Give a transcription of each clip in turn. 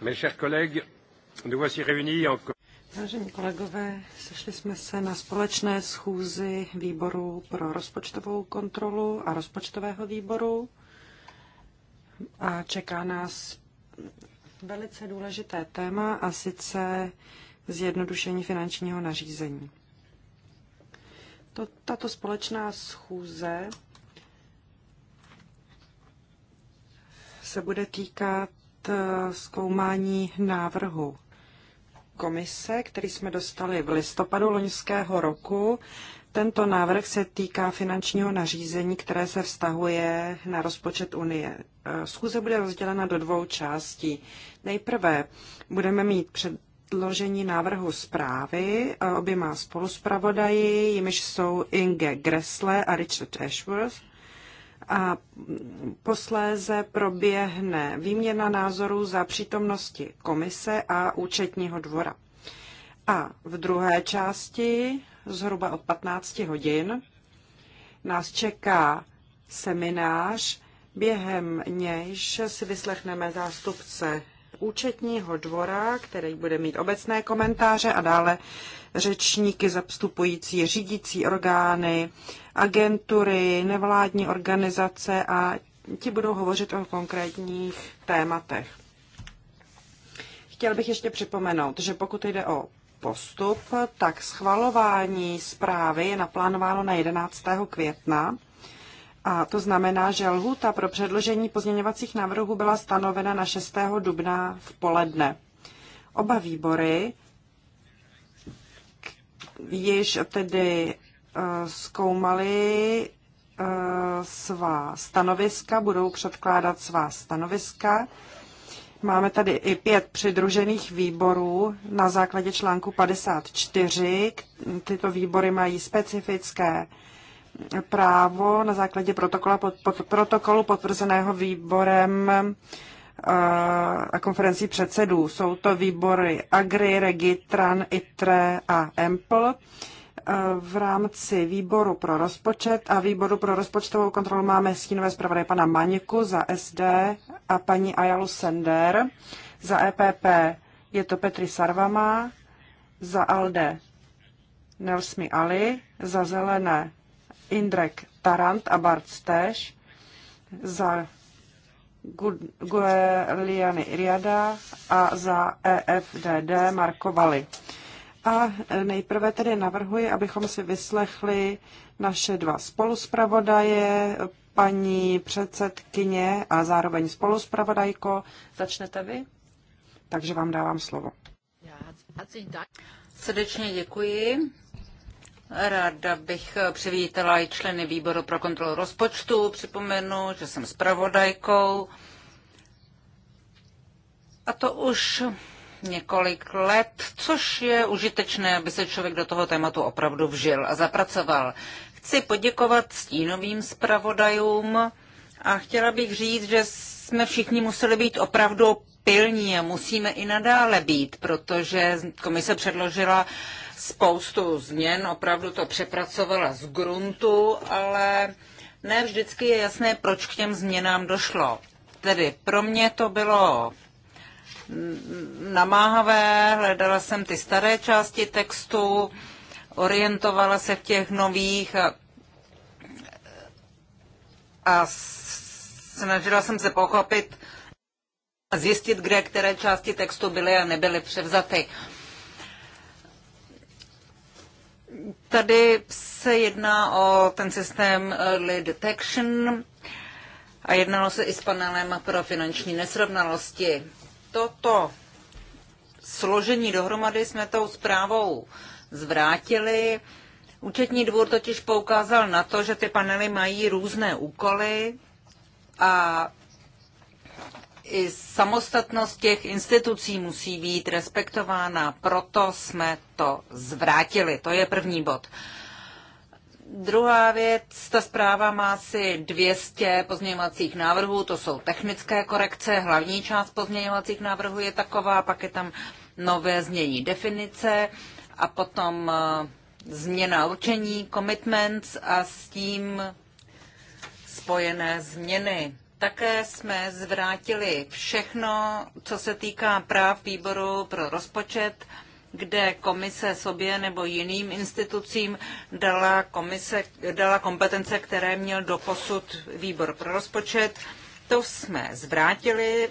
Vážení kolegové, sešli jsme se na společné schůzi výboru pro rozpočtovou kontrolu a rozpočtového výboru a čeká nás velice důležité téma a sice zjednodušení finančního nařízení. tato společná schůze se bude týkat Eh, zkoumání návrhu komise, který jsme dostali v listopadu loňského roku. Tento návrh se týká finančního nařízení, které se vztahuje na rozpočet Unie. Eh, schůze bude rozdělena do dvou částí. Nejprve budeme mít předložení návrhu zprávy eh, oběma spoluspravodaji, jimiž jsou Inge Gressle a Richard Ashworth a posléze proběhne výměna názorů za přítomnosti komise a účetního dvora. A v druhé části, zhruba od 15 hodin, nás čeká seminář, během nějž si vyslechneme zástupce účetního dvora, který bude mít obecné komentáře a dále řečníky zastupující řídící orgány, agentury, nevládní organizace a ti budou hovořit o konkrétních tématech. Chtěl bych ještě připomenout, že pokud jde o postup, tak schvalování zprávy je naplánováno na 11. května. A to znamená, že lhůta pro předložení pozměňovacích návrhů byla stanovena na 6. dubna v poledne. Oba výbory již tedy eh, zkoumali eh, svá stanoviska, budou předkládat svá stanoviska. Máme tady i pět přidružených výborů na základě článku 54. Tyto výbory mají specifické právo na základě protokola, pod, pod, protokolu potvrzeného výborem a konferencí předsedů. Jsou to výbory Agri, Regi, Tran, ITRE a EMPL. V rámci výboru pro rozpočet a výboru pro rozpočtovou kontrolu máme stínové zpravodaje pana Maniku za SD a paní Ayalu Sender. Za EPP je to Petri Sarvama, za ALDE Nelsmi Ali, za Zelené Indrek Tarant a Bart Stéž, za Gueliany Iriada a za EFDD Markovali. A nejprve tedy navrhuji, abychom si vyslechli naše dva spoluspravodaje, paní předsedkyně a zároveň spoluspravodajko. Začnete vy? Takže vám dávám slovo. Srdečně děkuji. Ráda bych přivítala i členy výboru pro kontrolu rozpočtu. Připomenu, že jsem zpravodajkou. A to už několik let, což je užitečné, aby se člověk do toho tématu opravdu vžil a zapracoval. Chci poděkovat stínovým zpravodajům a chtěla bych říct, že jsme všichni museli být opravdu pilní a musíme i nadále být, protože komise předložila uh, spoustu změn, opravdu to přepracovala z gruntu, ale ne vždycky je jasné, proč k těm změnám došlo. Tedy pro mě to bylo namáhavé, hledala jsem ty staré části textu, orientovala se v těch nových a, a snažila jsem se pochopit a zjistit, kde které části textu byly a nebyly převzaty. Uh, Tady se jedná o ten systém Early Detection a jednalo se i s panelem pro finanční nesrovnalosti. Toto složení dohromady jsme tou zprávou zvrátili. Účetní dvůr totiž poukázal na to, že ty panely mají různé úkoly a i samostatnost těch institucí musí být respektována, proto jsme to zvrátili. To je první bod. Druhá věc, ta zpráva má asi 200 pozměňovacích návrhů, to jsou technické korekce, hlavní část pozměňovacích návrhů je taková, pak je tam nové znění definice a potom eh, změna určení, commitments a s tím spojené změny. Také jsme zvrátili všechno, co se týká práv výboru pro rozpočet, kde komise sobě nebo jiným institucím dala, komise, dala kompetence, které měl doposud výbor pro rozpočet. To jsme zvrátili.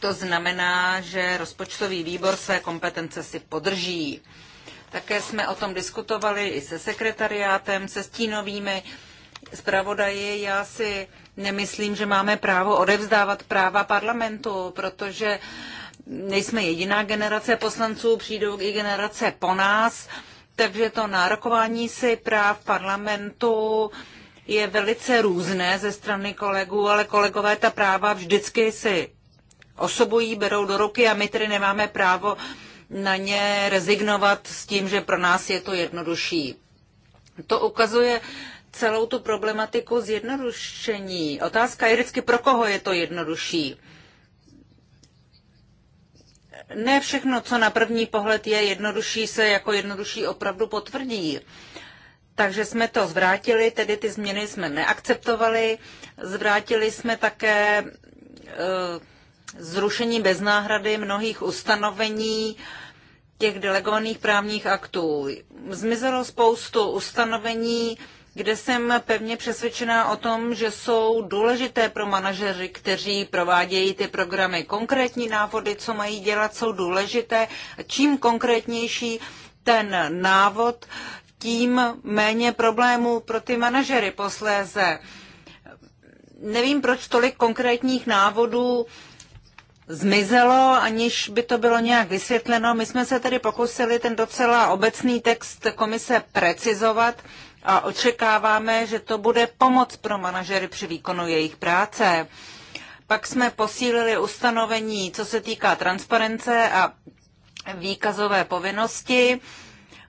To znamená, že rozpočtový výbor své kompetence si podrží. Také jsme o tom diskutovali i se sekretariátem, se stínovými zpravodaji. Já si nemyslím, že máme právo odevzdávat práva parlamentu, protože nejsme jediná generace poslanců, přijdou i generace po nás, takže to nárokování si práv parlamentu je velice různé ze strany kolegů, ale kolegové ta práva vždycky si osobují, berou do ruky a my tedy nemáme právo na ně rezignovat s tím, že pro nás je to jednodušší. To ukazuje celou tu problematiku zjednodušení. Otázka je vždycky, pro koho je to jednodušší. Ne všechno, co na první pohled je jednodušší, se jako jednodušší opravdu potvrdí. Takže jsme to zvrátili, tedy ty změny jsme neakceptovali. Zvrátili jsme také eh, zrušení bez náhrady mnohých ustanovení těch delegovaných právních aktů. Zmizelo spoustu ustanovení, kde jsem pevně přesvědčená o tom, že jsou důležité pro manažery, kteří provádějí ty programy. Konkrétní návody, co mají dělat, jsou důležité. Čím konkrétnější ten návod, tím méně problémů pro ty manažery posléze. Nevím, proč tolik konkrétních návodů zmizelo, aniž by to bylo nějak vysvětleno. My jsme se tedy pokusili ten docela obecný text komise precizovat a očekáváme, že to bude pomoc pro manažery při výkonu jejich práce. Pak jsme posílili ustanovení, co se týká transparence a výkazové povinnosti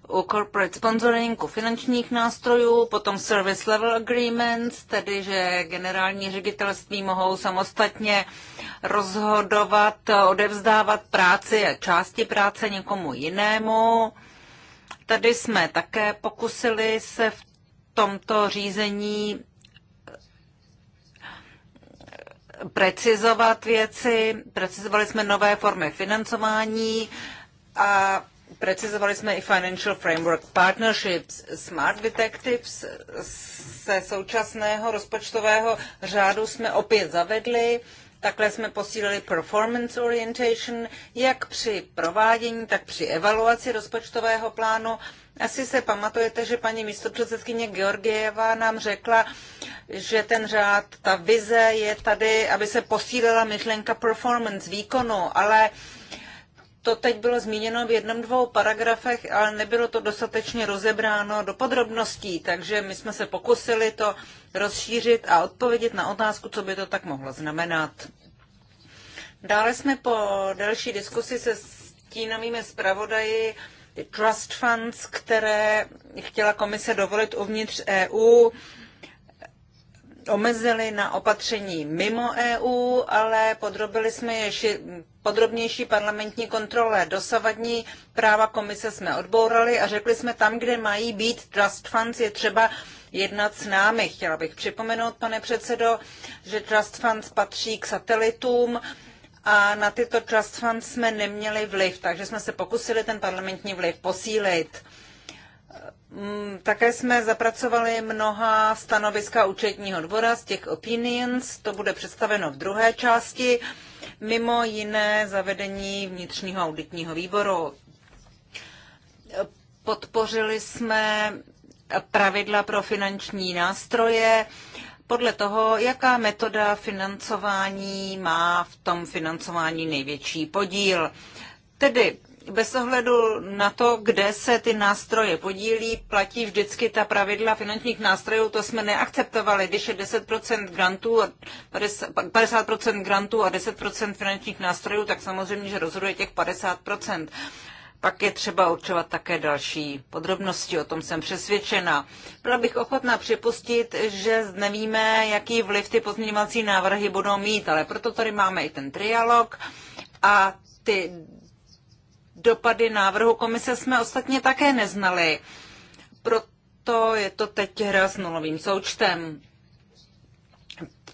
u corporate sponsoringu finančních nástrojů, potom service level agreements, tedy že generální ředitelství mohou samostatně rozhodovat, odevzdávat práci a části práce někomu jinému. Tady jsme také pokusili se v tomto řízení eh, precizovat věci, precizovali jsme nové formy financování a precizovali jsme i Financial Framework Partnerships. Smart Detectives se současného rozpočtového řádu jsme opět zavedli. Takhle jsme posílili performance orientation, jak při provádění, tak při evaluaci rozpočtového plánu. Asi se pamatujete, že paní místopředsedkyně Georgieva nám řekla, že ten řád, ta vize je tady, aby se posílila myšlenka performance, výkonu, ale uh, to teď bylo zmíněno v jednom, dvou paragrafech, ale nebylo to dostatečně rozebráno do podrobností, takže my jsme se pokusili to rozšířit a odpovědět na otázku, co by to tak mohlo znamenat. Dále jsme po další diskusi se stínovými zpravodaji trust funds, které chtěla komise dovolit uvnitř EU, omezili na opatření mimo EU, ale podrobili jsme je podrobnější parlamentní kontrole. Dosavadní práva komise jsme odbourali a řekli jsme tam, kde mají být trust funds, je třeba jednat s námi. Chtěla bych připomenout, pane předsedo, že trust funds patří k satelitům a na tyto trust funds jsme neměli vliv, takže jsme se pokusili ten parlamentní vliv posílit. Mm, také jsme zapracovali mnoha stanoviska účetního dvora z těch opinions, to bude představeno v druhé části, mimo jiné zavedení vnitřního auditního výboru. Podpořili jsme pravidla pro finanční nástroje podle toho, jaká metoda financování má v tom financování největší podíl. Tedy bez ohledu na to, kde se ty nástroje podílí, platí vždycky ta pravidla finančních nástrojů, to jsme neakceptovali. Když je 10% grantů a 50% grantů a 10% finančních nástrojů, tak samozřejmě, že rozhoduje těch 50%. Pak je třeba určovat také další podrobnosti, o tom jsem přesvědčena. Byla bych ochotná připustit, že nevíme, jaký vliv ty pozměňovací návrhy budou mít, ale proto tady máme i ten trialog a ty Dopady návrhu komise jsme ostatně také neznali. Proto je to teď hra s nulovým součtem.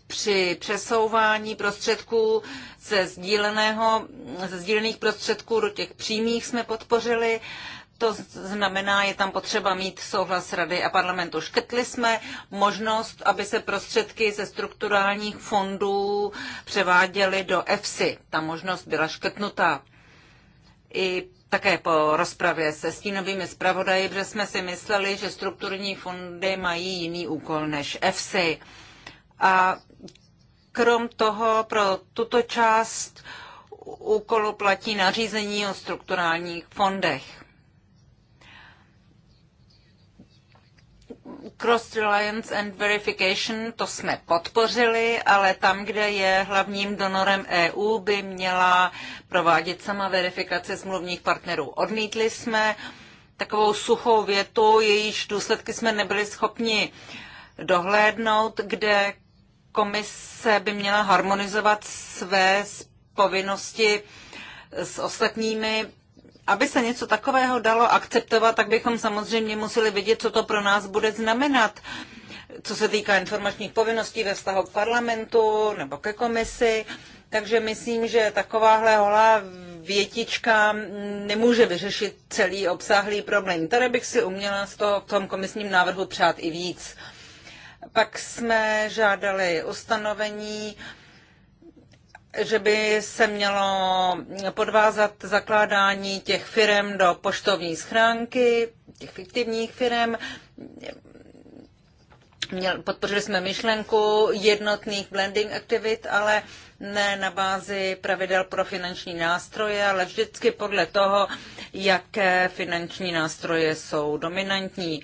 Při přesouvání prostředků ze, sdíleného, ze sdílených prostředků do těch přímých jsme podpořili to znamená, je tam potřeba mít souhlas Rady a parlamentu. Škrtli jsme možnost, aby se prostředky ze strukturálních fondů převáděly do EFSI. Ta možnost byla škrtnutá i také po rozpravě se stínovými zpravodaji, protože jsme si mysleli, že strukturní fondy mají jiný úkol než EFSI. A krom toho pro tuto část úkolu platí nařízení o strukturálních fondech. Cross-reliance and verification, to jsme podpořili, ale tam, kde je hlavním donorem EU, by měla provádět sama verifikace smluvních partnerů. Odmítli jsme takovou suchou větu, jejíž důsledky jsme nebyli schopni dohlédnout, kde komise by měla harmonizovat své povinnosti s ostatními aby se něco takového dalo akceptovat, tak bychom samozřejmě museli vidět, co to pro nás bude znamenat. Co se týká informačních povinností ve vztahu k parlamentu nebo ke komisi, takže myslím, že takováhle holá větička nemůže vyřešit celý obsáhlý problém. Tady bych si uměla z toho v tom komisním návrhu přát i víc. Pak jsme žádali ustanovení že by se mělo podvázat zakládání těch firm do poštovní schránky, těch fiktivních firm. Měl, podpořili jsme myšlenku jednotných blending aktivit, ale ne na bázi pravidel pro finanční nástroje, ale vždycky podle toho, jaké finanční nástroje jsou dominantní.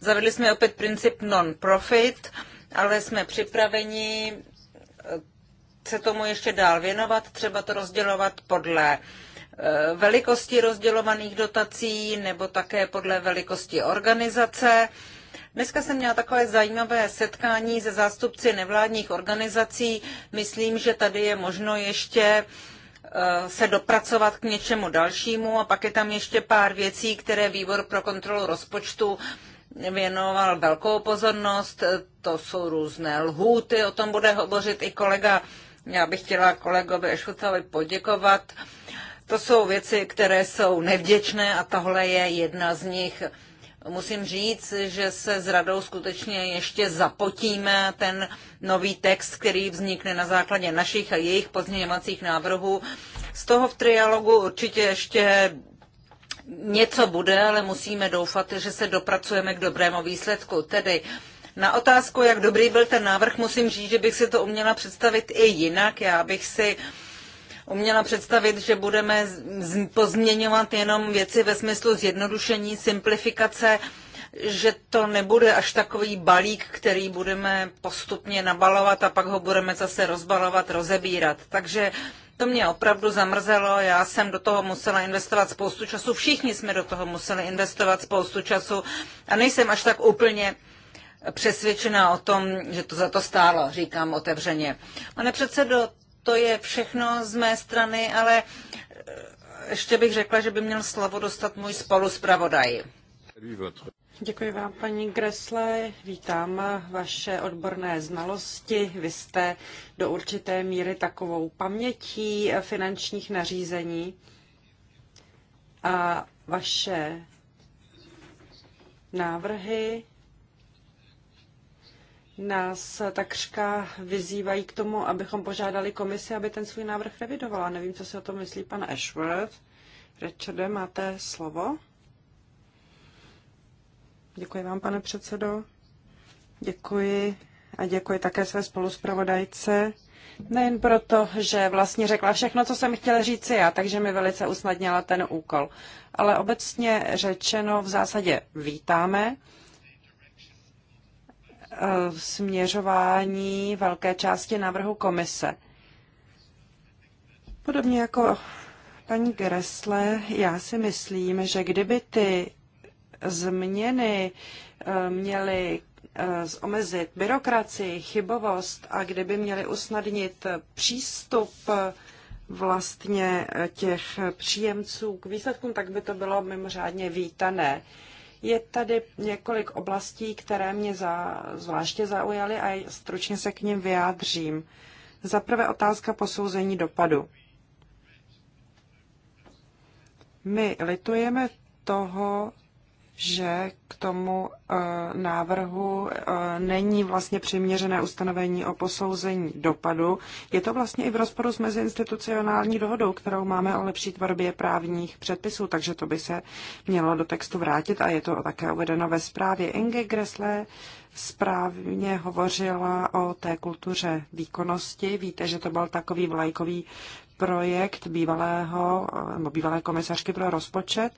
Zavedli jsme opět princip non-profit, ale jsme připraveni se tomu ještě dál věnovat, třeba to rozdělovat podle e, velikosti rozdělovaných dotací nebo také podle velikosti organizace. Dneska jsem měla takové zajímavé setkání se zástupci nevládních organizací. Myslím, že tady je možno ještě e, se dopracovat k něčemu dalšímu a pak je tam ještě pár věcí, které výbor pro kontrolu rozpočtu věnoval velkou pozornost. To jsou různé lhůty, o tom bude hovořit i kolega já bych chtěla kolegovi Ešutovi poděkovat. To jsou věci, které jsou nevděčné a tohle je jedna z nich. Musím říct, že se s radou skutečně ještě zapotíme ten nový text, který vznikne na základě našich a jejich pozměňovacích návrhů. Z toho v trialogu určitě ještě něco bude, ale musíme doufat, že se dopracujeme k dobrému výsledku. Tedy na otázku, jak dobrý byl ten návrh, musím říct, že bych si to uměla představit i jinak. Já bych si uměla představit, že budeme pozměňovat jenom věci ve smyslu zjednodušení, simplifikace, že to nebude až takový balík, který budeme postupně nabalovat a pak ho budeme zase rozbalovat, rozebírat. Takže to mě opravdu zamrzelo, já jsem do toho musela investovat spoustu času, všichni jsme do toho museli investovat spoustu času a nejsem až tak úplně přesvědčená o tom, že to za to stálo, říkám otevřeně. Pane předsedo, to je všechno z mé strany, ale eh, ještě bych řekla, že by měl slovo dostat můj spoluspravodaj. Děkuji vám, paní Gresle. Vítám vaše odborné znalosti. Vy jste do určité míry takovou pamětí finančních nařízení a vaše návrhy nás takřka vyzývají k tomu, abychom požádali komisi, aby ten svůj návrh revidovala. Nevím, co si o tom myslí pan Ashworth. Richard, máte slovo. Děkuji vám, pane předsedo. Děkuji a děkuji také své spoluspravodajce. Nejen proto, že vlastně řekla všechno, co jsem chtěla říci já, takže mi velice usnadnila ten úkol. Ale obecně řečeno v zásadě vítáme Eh, směřování velké části návrhu komise. Podobně jako paní Gressle, já si myslím, že kdyby ty změny eh, měly eh, omezit byrokracii, chybovost a kdyby měly usnadnit přístup vlastně těch příjemců k výsledkům, tak by to bylo mimořádně vítané. Je tady několik oblastí, které mě za, zvláště zaujaly a stručně se k ním vyjádřím. Za prvé otázka posouzení dopadu. My litujeme toho, že k tomu eh, návrhu eh, není vlastně přiměřené ustanovení o posouzení dopadu. Je to vlastně i v rozporu s meziinstitucionální dohodou, kterou máme o lepší tvorbě právních předpisů, takže to by se mělo do textu vrátit a je to také uvedeno ve zprávě. Inge Gresle správně hovořila o té kultuře výkonnosti. Víte, že to byl takový vlajkový projekt bývalého, eh, nebo bývalé komisařky pro rozpočet.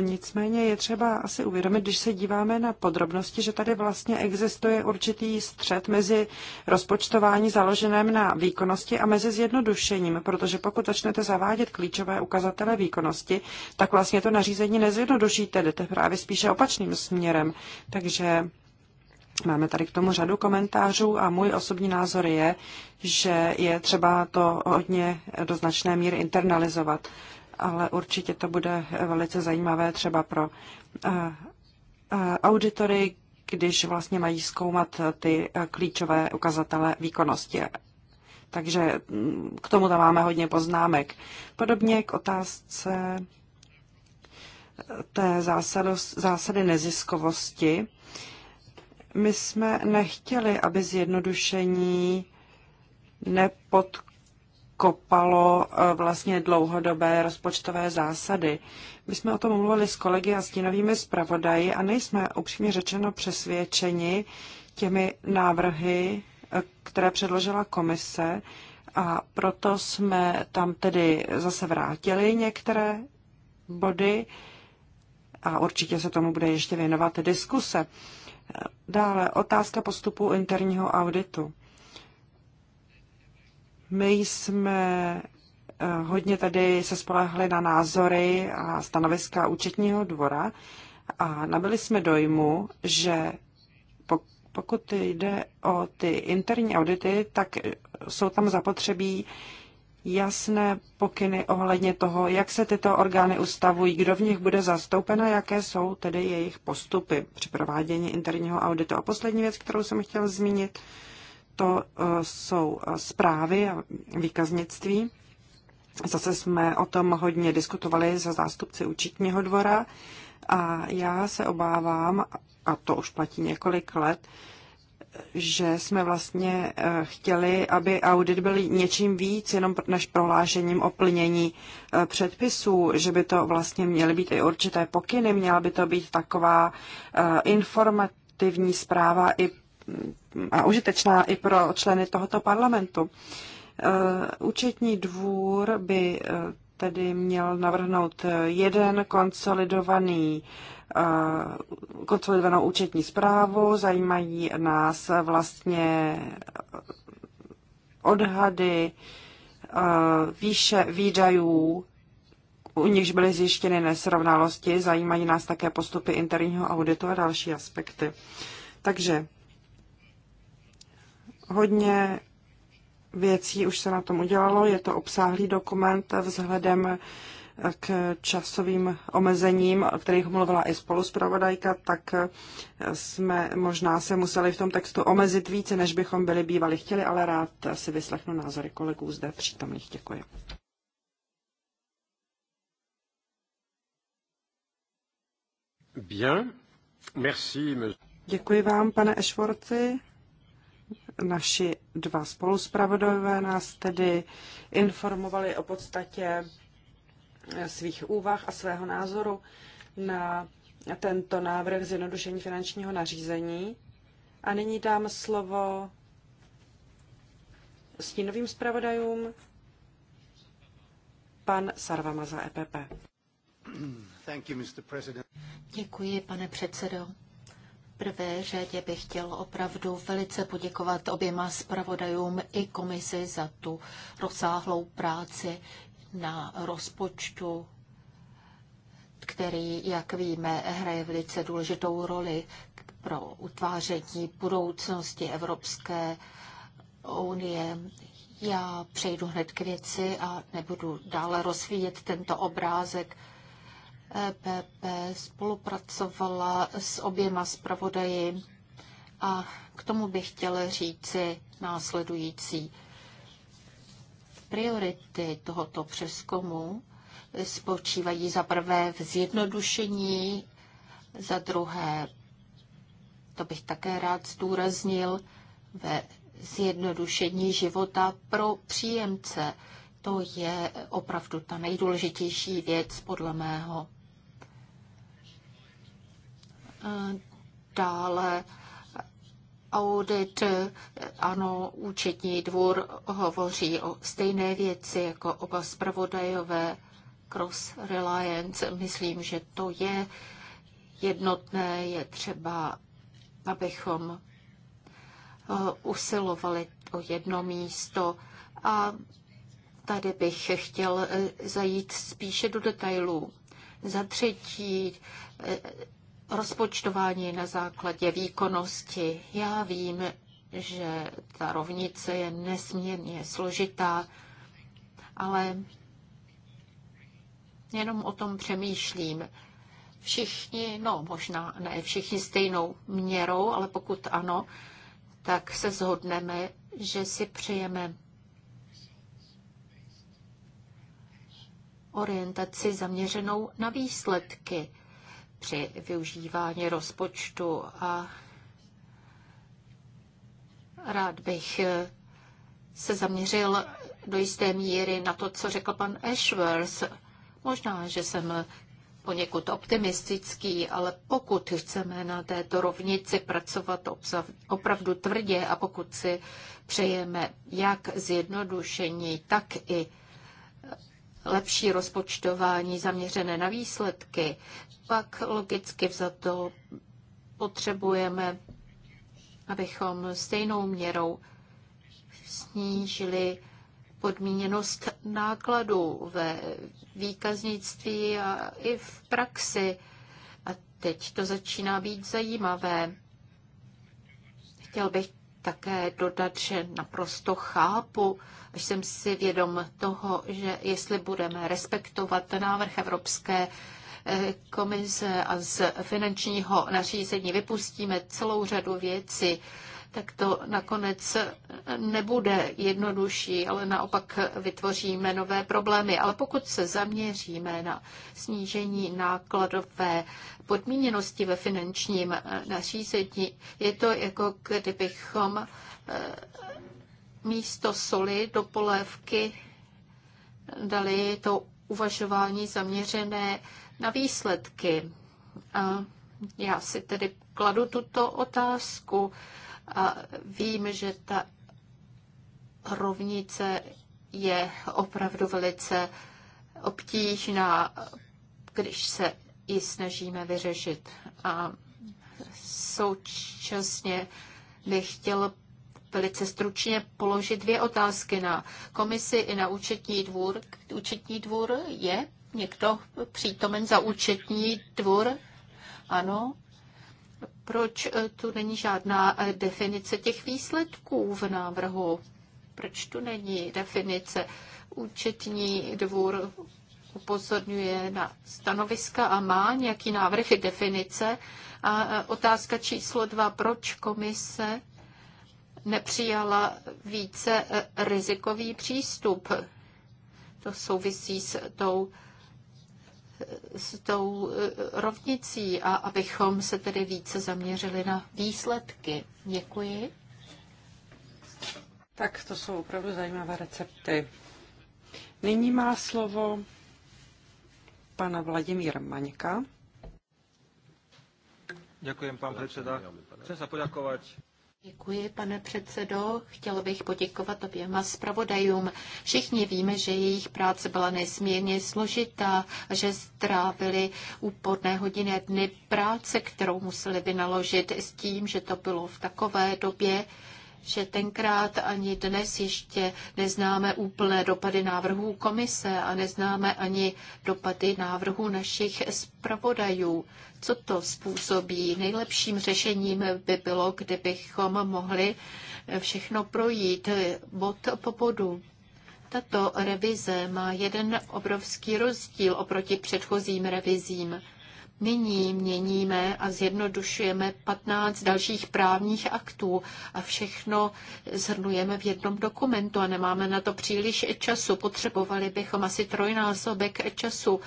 Nicméně je třeba asi uvědomit, když se díváme na podrobnosti, že tady vlastně existuje určitý střed mezi rozpočtování založeném na výkonnosti a mezi zjednodušením, protože pokud začnete zavádět klíčové ukazatele výkonnosti, tak vlastně to nařízení nezjednodušíte, jdete právě spíše opačným směrem. Takže Máme tady k tomu řadu komentářů a můj osobní názor je, že je třeba to hodně do značné míry internalizovat ale určitě to bude velice zajímavé třeba pro eh, eh, auditory, když vlastně mají zkoumat ty eh, klíčové ukazatele výkonnosti. Takže mm, k tomu tam máme hodně poznámek. Podobně k otázce té zásady neziskovosti. My jsme nechtěli, aby zjednodušení nepodkopalo kopalo eh, vlastně dlouhodobé rozpočtové zásady. My jsme o tom mluvili s kolegy a stínovými zpravodaji a nejsme upřímně řečeno přesvědčeni těmi návrhy, eh, které předložila komise a proto jsme tam tedy zase vrátili některé body a určitě se tomu bude ještě věnovat diskuse. Dále otázka postupu interního auditu. My jsme eh, hodně tady se spolehli na názory a stanoviska účetního dvora a nabili jsme dojmu, že pokud jde o ty interní audity, tak jsou tam zapotřebí jasné pokyny ohledně toho, jak se tyto orgány ustavují, kdo v nich bude zastoupen a jaké jsou tedy jejich postupy při provádění interního auditu. A poslední věc, kterou jsem chtěl zmínit, to eh, jsou eh, zprávy a výkaznictví. Zase jsme o tom hodně diskutovali se zástupci účetního dvora a já se obávám, a to už platí několik let, že jsme vlastně eh, chtěli, aby audit byl něčím víc, jenom než prohlášením o plnění předpisů, že by to vlastně měly být i určité pokyny, měla by to být taková informativní zpráva i a užitečná i pro členy tohoto parlamentu. E, účetní dvůr by e, tedy měl navrhnout jeden konsolidovaný e, konsolidovanou účetní zprávu. Zajímají nás vlastně odhady výše výdajů, u nichž byly zjištěny nesrovnalosti. Zajímají nás také postupy interního auditu a další aspekty. Takže Hodně věcí už se na tom udělalo, je to obsáhlý dokument vzhledem k časovým omezením, o kterých mluvila i spoluzpravodajka, tak jsme možná se museli v tom textu omezit více, než bychom byli bývali chtěli, ale rád si vyslechnu názory kolegů zde přítomných. Děkuji. Bien. Merci. Děkuji vám, pane Ešvorci. Naši dva spoluspravodové nás tedy informovali o podstatě svých úvah a svého názoru na tento návrh zjednodušení finančního nařízení. A nyní dám slovo stínovým zpravodajům pan Sarvama za EPP. Děkuji, pane předsedo prvé řadě bych chtěl opravdu velice poděkovat oběma zpravodajům i komisi za tu rozsáhlou práci na rozpočtu, který, jak víme, hraje velice důležitou roli pro utváření budoucnosti Evropské unie. Já přejdu hned k věci a nebudu dále rozvíjet tento obrázek EPP spolupracovala s oběma zpravodaji a k tomu bych chtěl říci následující. Priority tohoto přeskumu spočívají za prvé v zjednodušení, za druhé, to bych také rád zdůraznil, ve zjednodušení života pro příjemce. To je opravdu ta nejdůležitější věc podle mého. Dále audit, ano, účetní dvůr hovoří o stejné věci jako oba zpravodajové cross reliance. Myslím, že to je jednotné, je třeba, abychom eh, usilovali o jedno místo a tady bych chtěl eh, zajít spíše do detailů. Za třetí, eh, rozpočtování na základě výkonnosti. Já vím, že ta rovnice je nesmírně složitá, ale jenom o tom přemýšlím. Všichni, no možná ne všichni stejnou měrou, ale pokud ano, tak se zhodneme, že si přejeme orientaci zaměřenou na výsledky při využívání rozpočtu a rád bych se zaměřil do jisté míry na to, co řekl pan Ashworth. Možná, že jsem poněkud optimistický, ale pokud chceme na této rovnici pracovat opravdu tvrdě a pokud si přejeme jak zjednodušení, tak i lepší rozpočtování zaměřené na výsledky, pak logicky vzato potřebujeme, abychom stejnou měrou snížili podmíněnost nákladů ve výkaznictví a i v praxi. A teď to začíná být zajímavé. Chtěl bych také dodat, že naprosto chápu, až jsem si vědom toho, že jestli budeme respektovat návrh Evropské komise a z finančního nařízení vypustíme celou řadu věcí, tak to nakonec nebude jednodušší, ale naopak vytvoříme nové problémy. Ale pokud se zaměříme na snížení nákladové podmíněnosti ve finančním nařízení, je to jako kdybychom eh, místo soli do polévky dali to uvažování zaměřené na výsledky. A já si tedy kladu tuto otázku a vím, že ta rovnice je opravdu velice obtížná, když se ji snažíme vyřešit. A současně bych chtěl velice stručně položit dvě otázky na komisi i na účetní dvůr. Účetní dvůr je někdo přítomen za účetní dvor Ano. Proč eh, tu není žádná eh, definice těch výsledků v návrhu? Proč tu není definice? Účetní dvůr upozorňuje na stanoviska a má nějaký návrh i definice. A eh, otázka číslo dva, proč komise nepřijala více rizikový přístup? To souvisí s tou s tou eh, rovnicí a abychom se tedy více zaměřili na výsledky. Děkuji. Tak to jsou opravdu zajímavé recepty. Nyní má slovo pana Vladimír Maňka. Děkuji, pán předseda. Chcem se poděkovat Děkuji, pane předsedo. Chtěl bych poděkovat oběma zpravodajům. Všichni víme, že jejich práce byla nesmírně složitá a že strávili úporné hodiny dny práce, kterou museli vynaložit s tím, že to bylo v takové době, že tenkrát ani dnes ještě neznáme úplné dopady návrhů komise a neznáme ani dopady návrhů našich zpravodajů. Co to způsobí? Nejlepším řešením by bylo, kdybychom mohli všechno projít bod po bodu. Tato revize má jeden obrovský rozdíl oproti předchozím revizím. Nyní měníme a zjednodušujeme 15 dalších právních aktů a všechno zhrnujeme v jednom dokumentu a nemáme na to příliš času. Potřebovali bychom asi trojnásobek času,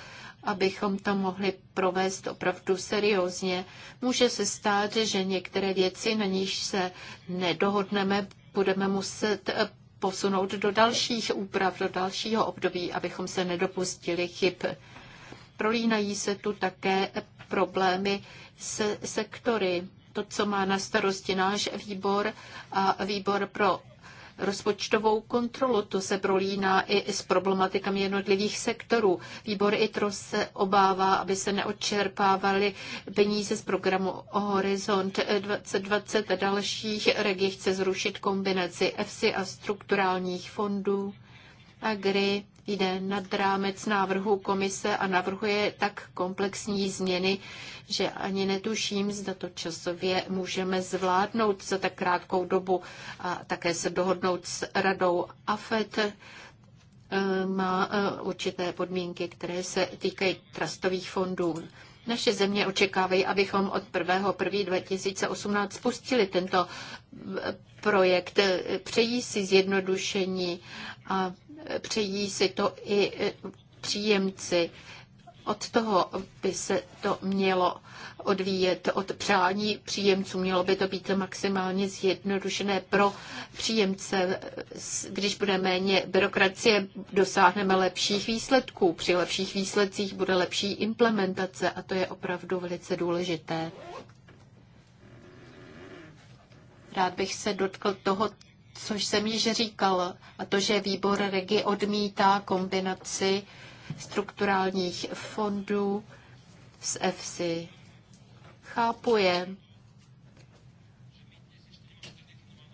abychom to mohli provést opravdu seriózně. Může se stát, že některé věci, na níž se nedohodneme, budeme muset posunout do dalších úprav, do dalšího období, abychom se nedopustili chyb prolínají se tu také problémy se sektory. To, co má na starosti náš výbor a výbor pro rozpočtovou kontrolu. To se prolíná i s problematikami jednotlivých sektorů. Výbor ITRO se obává, aby se neodčerpávaly peníze z programu Horizont 2020 a dalších regi chce zrušit kombinaci EFSI a strukturálních fondů, AGRI jde nad rámec návrhu komise a navrhuje tak komplexní změny, že ani netuším, zda to časově můžeme zvládnout za tak krátkou dobu a také se dohodnout s radou AFET eh, má eh, určité podmínky, které se týkají trastových fondů. Naše země očekávají, abychom od 1.1.2018 spustili tento eh, projekt. Přejí si zjednodušení a přejí si to i e, příjemci. Od toho by se to mělo odvíjet od přání příjemců. Mělo by to být maximálně zjednodušené pro příjemce. Když bude méně byrokracie, dosáhneme lepších výsledků. Při lepších výsledcích bude lepší implementace a to je opravdu velice důležité. Rád bych se dotkl toho což jsem již říkal, a to, že výbor Regi odmítá kombinaci strukturálních fondů s EFSI. Chápu je,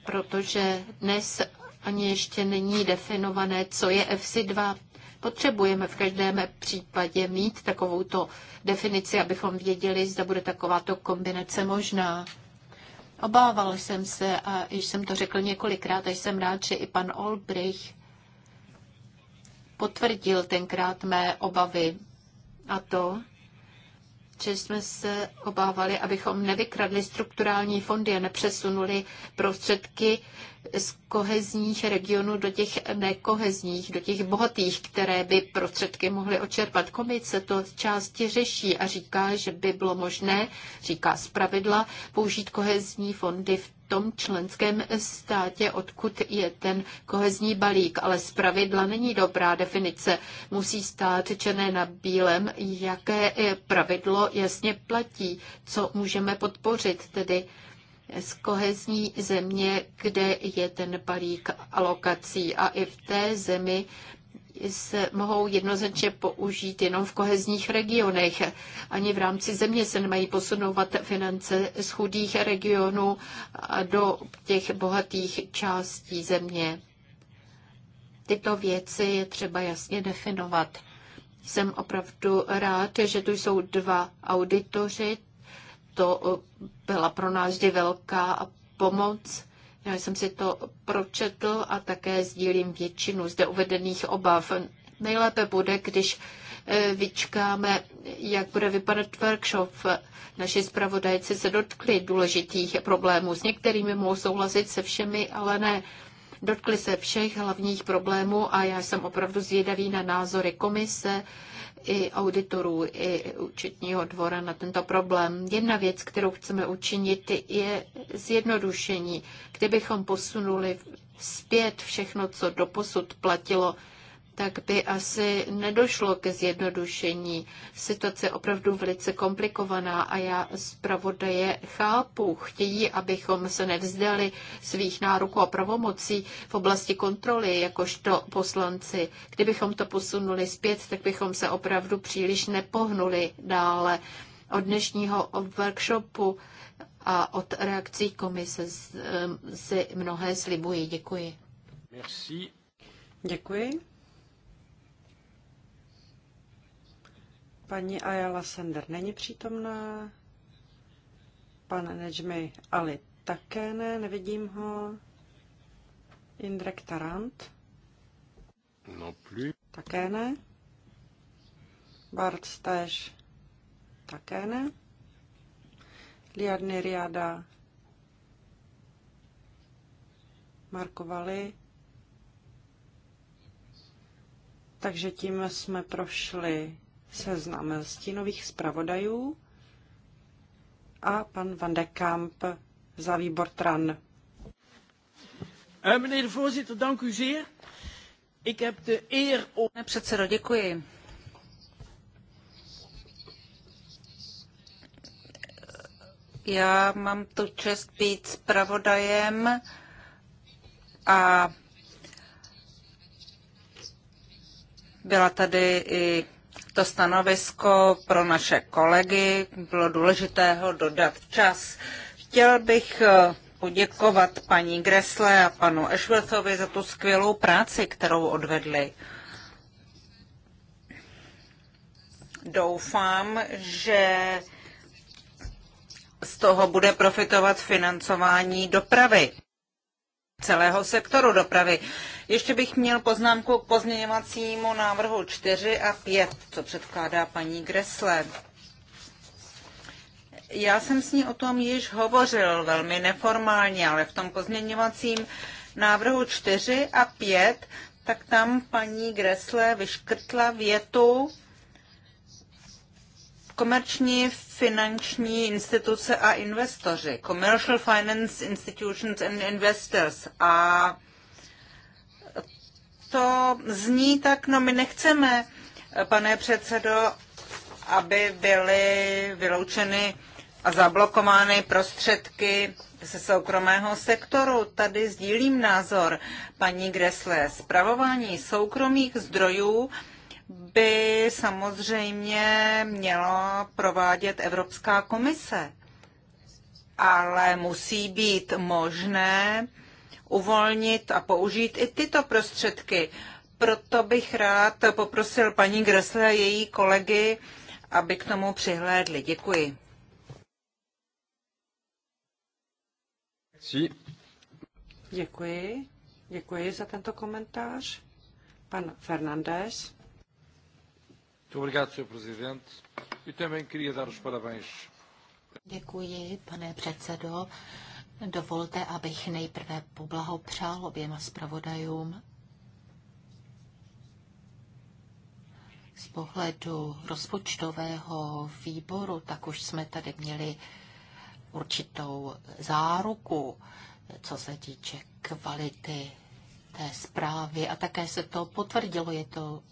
protože dnes ani ještě není definované, co je EFSI 2. Potřebujeme v každém případě mít takovouto definici, abychom věděli, zda bude takováto kombinace možná. Obával jsem se, a již jsem to řekl několikrát, až jsem rád, že i pan Olbrich potvrdil tenkrát mé obavy. A to, že jsme se obávali, abychom nevykradli strukturální fondy a nepřesunuli prostředky z kohezních regionů do těch nekohezních, do těch bohatých, které by prostředky mohly očerpat. Komice to části řeší a říká, že by bylo možné, říká pravidla použít kohezní fondy v tom členském státě, odkud je ten kohezní balík, ale z pravidla není dobrá definice. Musí stát černé na bílém, jaké pravidlo jasně platí, co můžeme podpořit, tedy z kohezní země, kde je ten balík alokací. A i v té zemi se mohou jednoznačně použít jenom v kohezních regionech. Ani v rámci země se nemají posunovat finance z chudých regionů do těch bohatých částí země. Tyto věci je třeba jasně definovat. Jsem opravdu rád, že tu jsou dva auditoři, to eh, byla pro nás vždy velká pomoc. Já jsem si to pročetl a také sdílím většinu zde uvedených obav. Nejlépe bude, když eh, vyčkáme, jak bude vypadat workshop. Naši zpravodajci se dotkli důležitých problémů. S některými mohou souhlasit se všemi, ale ne. Dotkli se všech hlavních problémů a já jsem opravdu zvědavý na názory komise, i auditorů, i účetního dvora na tento problém. Jedna věc, kterou chceme učinit, je zjednodušení, kdybychom posunuli zpět všechno, co doposud platilo tak by asi nedošlo ke zjednodušení. Situace je opravdu velice komplikovaná a já zpravodaje chápu. Chtějí, abychom se nevzdali svých nároků a pravomocí v oblasti kontroly, jakožto poslanci. Kdybychom to posunuli zpět, tak bychom se opravdu příliš nepohnuli dále. Od dnešního workshopu a od reakcí komise si mnohé slibuji. Děkuji. Merci. Děkuji. Paní Ayala Sender není přítomná. Pan Nejmi Ali také ne, nevidím ho. Indrek Tarant. No Také ne. Bart Stež. Také ne. Liadny Riada. Marko Vali. Takže tím jsme prošli seznam stínových zpravodajů a pan Van de Kamp za výbor TRAN. Eh, meneer de voorzitter, dank u zeer. Ik heb de eer om... Pane předsedo, děkuji. Já mám tu čest být zpravodajem a byla tady i to stanovisko pro naše kolegy. Bylo důležité ho dodat čas. Chtěl bych eh, poděkovat paní Gresle a panu Ashworthovi za tu skvělou práci, kterou odvedli. Doufám, že z toho bude profitovat financování dopravy, celého sektoru dopravy. Ještě bych měl poznámku k pozměňovacímu návrhu 4 a 5, co předkládá paní Gresle. Já jsem s ní o tom již hovořil velmi neformálně, ale v tom pozměňovacím návrhu 4 a 5, tak tam paní Gresle vyškrtla větu komerční finanční instituce a investoři, commercial finance institutions and investors a to zní tak, no my nechceme, pane předsedo, aby byly vyloučeny a zablokovány prostředky ze soukromého sektoru. Tady sdílím názor paní Gresle. Spravování soukromých zdrojů by samozřejmě měla provádět Evropská komise, ale musí být možné uvolnit a použít i tyto prostředky. Proto bych rád poprosil paní Gressle a její kolegy, aby k tomu přihlédli. Děkuji. Děkuji. Děkuji za tento komentář. Pan Fernandez. E Děkuji, pane předsedo. Dovolte, abych nejprve poblahopřál oběma zpravodajům z pohledu rozpočtového výboru, tak už jsme tady měli určitou záruku, co se týče kvality té zprávy. A také se to potvrdilo, je to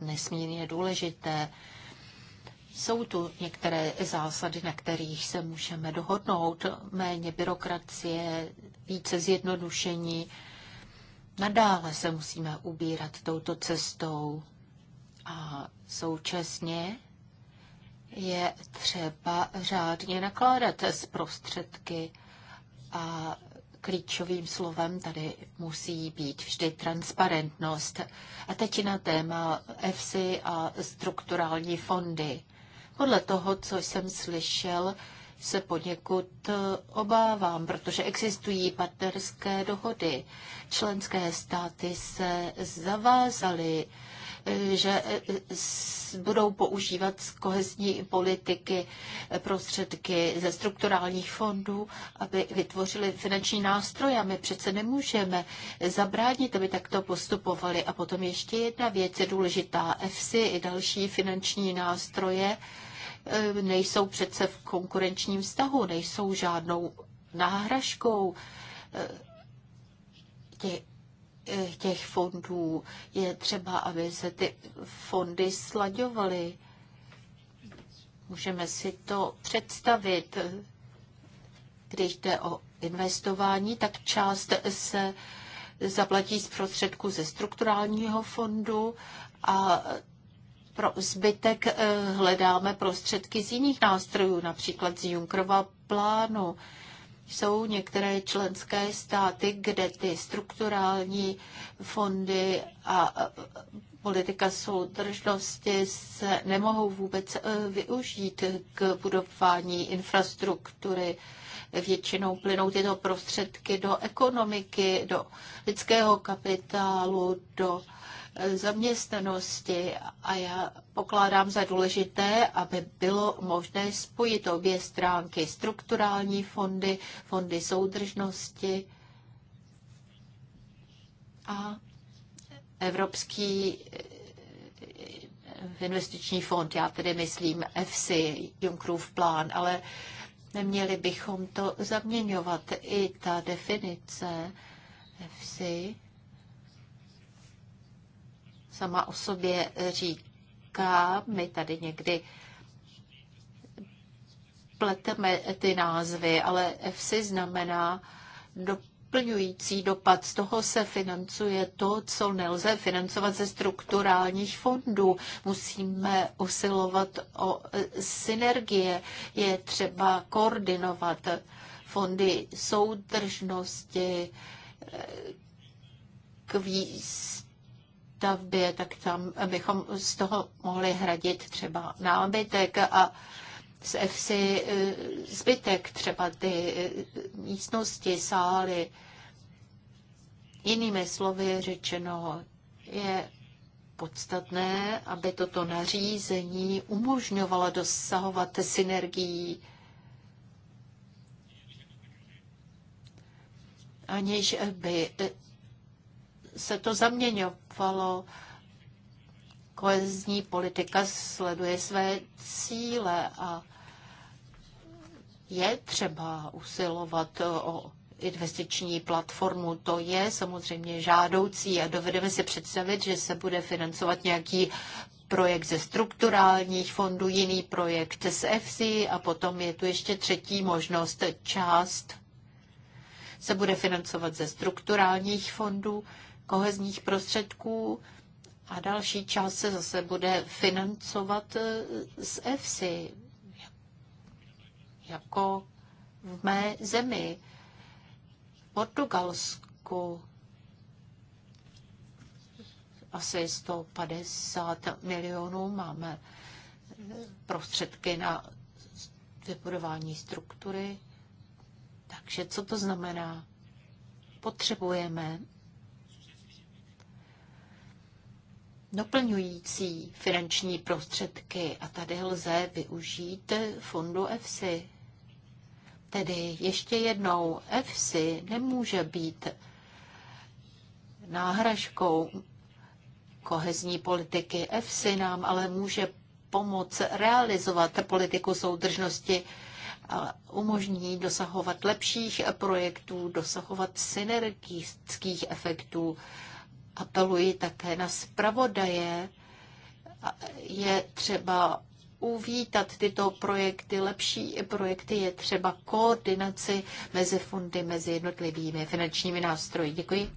nesmírně důležité. Jsou tu některé zásady, na kterých se můžeme dohodnout. Méně byrokracie, více zjednodušení. Nadále se musíme ubírat touto cestou. A současně je třeba řádně nakládat s prostředky a klíčovým slovem tady musí být vždy transparentnost. A teď na téma EFSI a strukturální fondy. Podle toho, co jsem slyšel, se poněkud eh, obávám, protože existují partnerské dohody. Členské státy se zavázaly, eh, že eh, budou používat z kohezní politiky prostředky ze strukturálních fondů, aby vytvořili finanční nástroje. A my přece nemůžeme zabránit, aby takto postupovali. A potom ještě jedna věc je důležitá. EFSI i další finanční nástroje Eh, nejsou přece v konkurenčním vztahu, nejsou žádnou náhražkou eh, těch, eh, těch fondů. Je třeba, aby se ty fondy slaďovaly. Můžeme si to představit. Když jde o investování, tak část se zaplatí z prostředku ze strukturálního fondu a pro zbytek eh, hledáme prostředky z jiných nástrojů, například z Junkrova plánu. Jsou některé členské státy, kde ty strukturální fondy a eh, politika soudržnosti se nemohou vůbec eh, využít k budování infrastruktury. Většinou plynou tyto prostředky do ekonomiky, do lidského kapitálu, do zaměstnanosti a já pokládám za důležité, aby bylo možné spojit obě stránky, strukturální fondy, fondy soudržnosti a Evropský eh, investiční fond, já tedy myslím EFSI, Junckerův plán, ale neměli bychom to zaměňovat. I ta definice EFSI sama o sobě říká. My tady někdy pleteme ty názvy, ale FSI znamená doplňující dopad. Z toho se financuje to, co nelze financovat ze strukturálních fondů. Musíme usilovat o synergie. Je třeba koordinovat fondy soudržnosti eh, k výstupu výstavbě, tak tam bychom z toho mohli hradit třeba nábytek a z EFSI e, zbytek, třeba ty e, místnosti, sály. Jinými slovy řečeno, je podstatné, aby toto nařízení umožňovalo dosahovat synergií aniž by se to zaměňovalo. Kohezní politika sleduje své cíle a je třeba usilovat o investiční platformu. To je samozřejmě žádoucí a dovedeme si představit, že se bude financovat nějaký projekt ze strukturálních fondů, jiný projekt z EFSI a potom je tu ještě třetí možnost. Část se bude financovat ze strukturálních fondů kohezních prostředků a další část se zase bude financovat e, z EFSI, jako v mé zemi, v Portugalsku. Asi 150 milionů máme prostředky na vybudování struktury. Takže co to znamená? Potřebujeme doplňující finanční prostředky a tady lze využít fondu EFSI. Tedy ještě jednou, EFSI nemůže být náhražkou kohezní politiky. EFSI nám ale může pomoct realizovat politiku soudržnosti a umožní dosahovat lepších projektů, dosahovat synergických efektů apeluji také na zpravodaje. Je třeba uvítat tyto projekty, lepší projekty je třeba koordinaci mezi fondy, mezi jednotlivými finančními nástroji. Děkuji.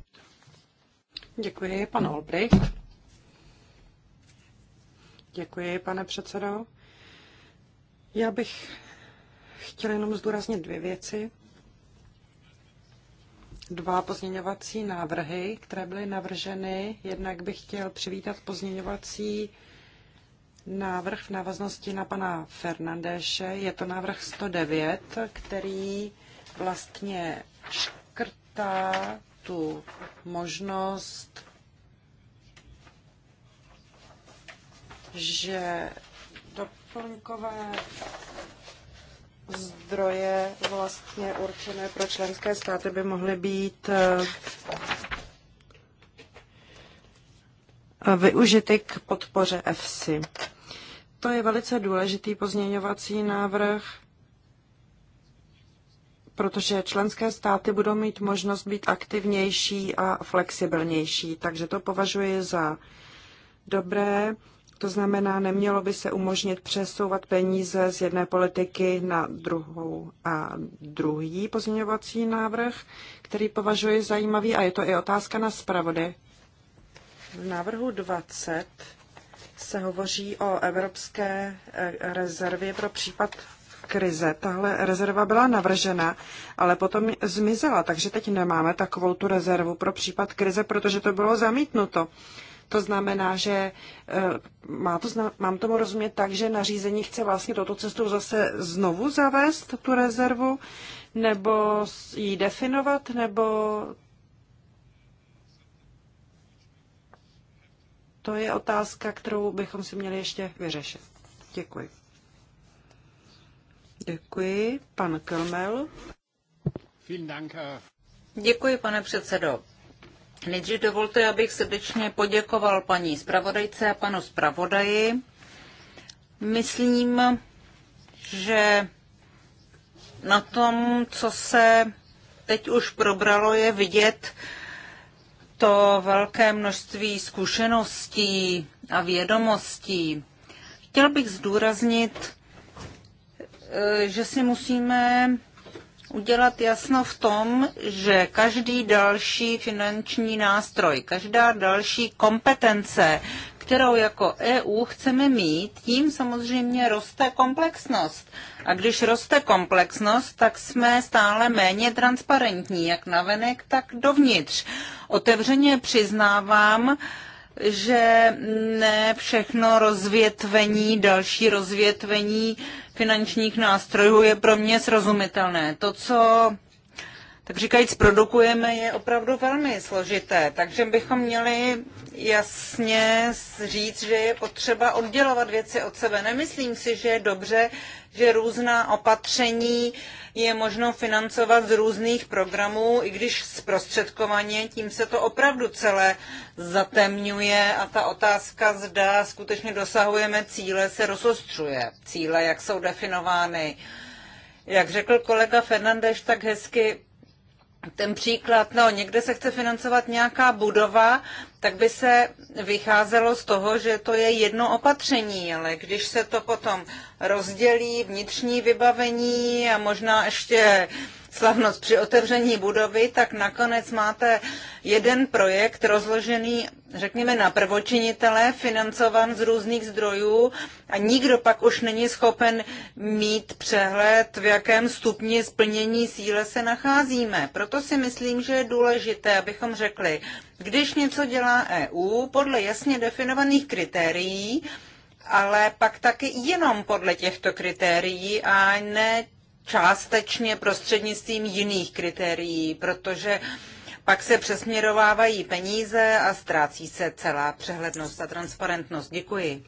Děkuji, pan Olbrich Děkuji, pane předsedo. Já bych chtěla jenom zdůraznit dvě věci dva pozměňovací návrhy, které byly navrženy. Jednak bych chtěl přivítat pozměňovací návrh v návaznosti na pana Fernandéše. Je to návrh 109, který vlastně škrtá tu možnost, že doplňkové zdroje vlastně určené pro členské státy by mohly být eh, eh, využity k podpoře EFSI. To je velice důležitý pozměňovací návrh, protože členské státy budou mít možnost být aktivnější a flexibilnější, takže to považuji za dobré. To znamená, nemělo by se umožnit přesouvat peníze z jedné politiky na druhou. A druhý pozměňovací návrh, který považuji zajímavý, a je to i otázka na zpravody. V návrhu 20 se hovoří o Evropské eh, rezervě pro případ krize. Tahle rezerva byla navržena, ale potom zmizela, takže teď nemáme takovou tu rezervu pro případ krize, protože to bylo zamítnuto. To znamená, že eh, má to, mám tomu rozumět tak, že nařízení chce vlastně toto cestou zase znovu zavést tu rezervu, nebo ji definovat, nebo to je otázka, kterou bychom si měli ještě vyřešit. Děkuji. Děkuji. Pan Kelmel. Děkuji, pane předsedo. Nejdřív dovolte, abych srdečně poděkoval paní zpravodajce a panu zpravodaji. Myslím, že na tom, co se teď už probralo, je vidět to velké množství zkušeností a vědomostí. Chtěl bych zdůraznit, eh, že si musíme udělat jasno v tom, že každý další finanční nástroj, každá další kompetence, kterou jako EU chceme mít, tím samozřejmě roste komplexnost. A když roste komplexnost, tak jsme stále méně transparentní, jak navenek, tak dovnitř. Otevřeně přiznávám, že ne všechno rozvětvení, další rozvětvení finančních nástrojů je pro mě srozumitelné. To, co tak říkajíc produkujeme, je opravdu velmi složité. Takže bychom měli jasně říct, že je potřeba oddělovat věci od sebe. Nemyslím si, že je dobře, že různá opatření je možno financovat z různých programů, i když zprostředkovaně, tím se to opravdu celé zatemňuje a ta otázka, zda skutečně dosahujeme cíle, se rozostřuje. Cíle, jak jsou definovány. Jak řekl kolega Fernandeš tak hezky, ten příklad, no někde se chce financovat nějaká budova, tak by se vycházelo z toho, že to je jedno opatření, ale když se to potom rozdělí, vnitřní vybavení a možná ještě slavnost při otevření budovy, tak nakonec máte jeden projekt rozložený, řekněme, na prvočinitele, financovan z různých zdrojů a nikdo pak už není schopen mít přehled, v jakém stupni splnění síle se nacházíme. Proto si myslím, že je důležité, abychom řekli, když něco dělá EU podle jasně definovaných kritérií, ale pak taky jenom podle těchto kritérií a ne částečně prostřednictvím jiných kritérií, protože pak se přesměrovávají peníze a ztrácí se celá přehlednost a transparentnost. Děkuji.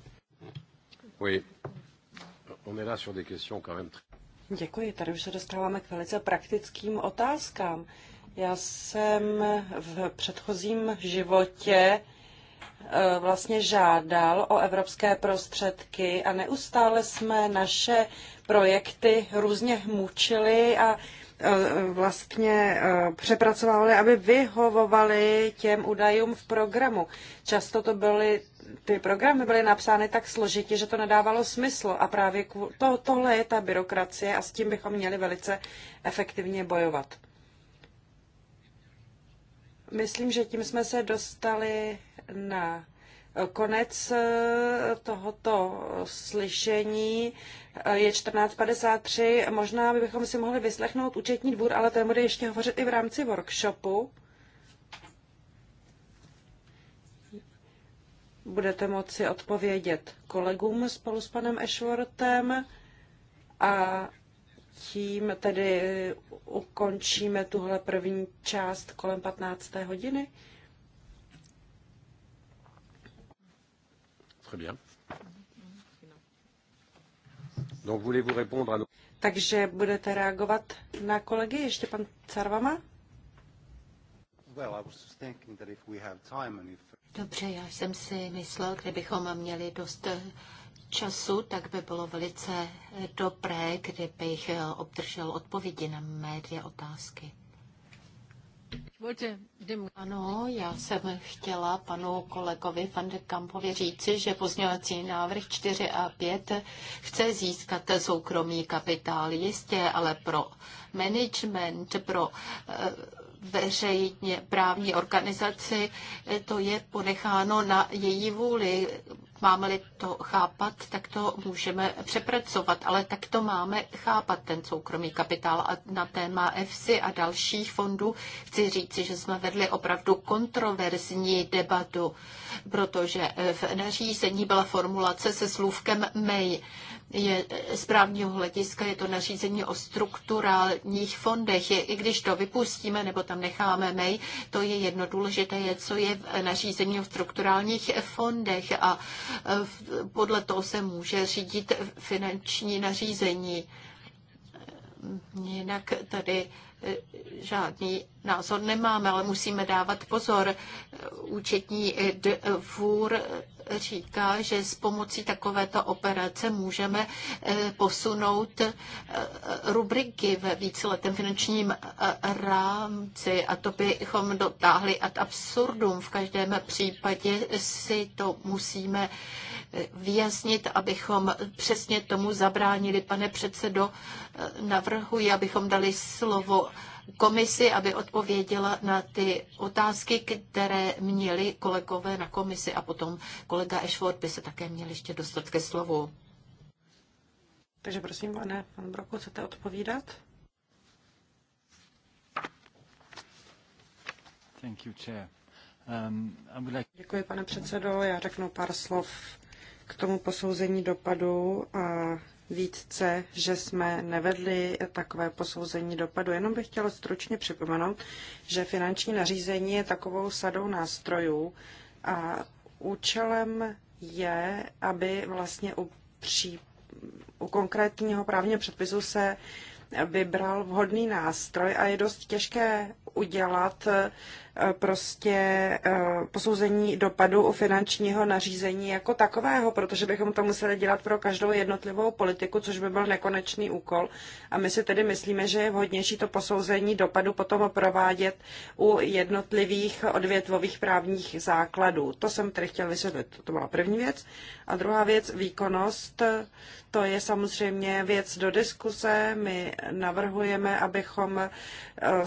Děkuji, tady už se dostáváme k velice praktickým otázkám. Já jsem v předchozím životě Eh, vlastně žádal o evropské prostředky a neustále jsme naše projekty různě hmučili a eh, vlastně eh, přepracovali, aby vyhovovali těm údajům v programu. Často to byly, ty programy byly napsány tak složitě, že to nedávalo smysl a právě to, tohle je ta byrokracie a s tím bychom měli velice efektivně bojovat. Myslím, že tím jsme se dostali na konec eh, tohoto slyšení eh, je 14.53. Možná bychom si mohli vyslechnout účetní dvůr, ale ten bude ještě hovořit i v rámci workshopu. Budete moci odpovědět kolegům spolu s panem Ashworthem a tím tedy ukončíme tuhle první část kolem 15. hodiny. Très bien. Donc, voulez-vous répondre à nos... Takže budete reagovat na kolegy, ještě pan Carvama? Dobře, já jsem si myslel, kdybychom měli dost eh, času, tak by bylo velice eh, dobré, kdybych eh, obdržel odpovědi na mé dvě otázky. Ano, já jsem chtěla panu kolegovi Van de Kampovi říci, že pozměňovací návrh 4 a 5 chce získat soukromý kapitál, jistě, ale pro management, pro eh, veřejně právní organizaci, eh, to je ponecháno na její vůli. Máme-li to chápat, tak to můžeme přepracovat, ale tak to máme chápat ten soukromý kapitál. A na téma EFSI a dalších fondů chci říci, že jsme vedli opravdu kontroverzní debatu, protože eh, v nařízení byla formulace se slůvkem may je eh, z právního hlediska je to nařízení o strukturálních fondech. Je, I když to vypustíme nebo tam necháme mej, to je jedno důležité, je, co je v eh, nařízení o strukturálních fondech a eh, podle toho se může řídit finanční nařízení. Jinak tady žádný názor nemáme, ale musíme dávat pozor. Účetní dvůr říká, že s pomocí takovéto operace můžeme eh, posunout eh, rubriky ve víceletém finančním eh, rámci a to bychom dotáhli ad absurdum. V každém případě si to musíme vyjasnit, abychom přesně tomu zabránili. Pane předsedo, navrhuji, abychom dali slovo komisi, aby odpověděla na ty otázky, které měli kolegové na komisi a potom kolega Ashford by se také měl ještě dostat ke slovu. Takže prosím, pane, pan Broku, chcete odpovídat? Thank you, chair. Um, like... Děkuji, pane předsedo. Já řeknu pár slov k tomu posouzení dopadu a Vítce, že jsme nevedli takové posouzení dopadu. Jenom bych chtěla stručně připomenout, že finanční nařízení je takovou sadou nástrojů a účelem je, aby vlastně u, pří, u konkrétního právního předpisu se vybral vhodný nástroj a je dost těžké udělat Eh, prostě eh, posouzení dopadu u finančního nařízení jako takového, protože bychom to museli dělat pro každou jednotlivou politiku, což by byl nekonečný úkol. A my si tedy myslíme, že je vhodnější to posouzení dopadu potom provádět u jednotlivých odvětvových právních základů. To jsem tedy chtěl vysvětlit. To byla první věc. A druhá věc, výkonnost. To je samozřejmě věc do diskuse. My navrhujeme, abychom eh,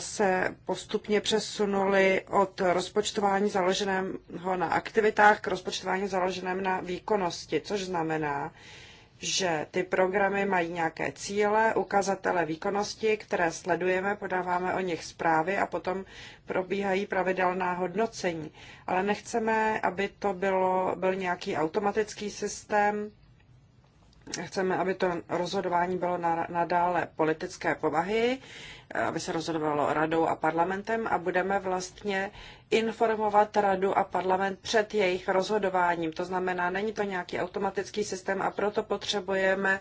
se postupně přesunuli od rozpočtování založeného na aktivitách k rozpočtování založeném na výkonnosti, což znamená, že ty programy mají nějaké cíle, ukazatele výkonnosti, které sledujeme, podáváme o nich zprávy a potom probíhají pravidelná hodnocení. Ale nechceme, aby to bylo, byl nějaký automatický systém, chceme, aby to rozhodování bylo nadále politické povahy aby se rozhodovalo radou a parlamentem a budeme vlastně informovat radu a parlament před jejich rozhodováním. To znamená, není to nějaký automatický systém a proto potřebujeme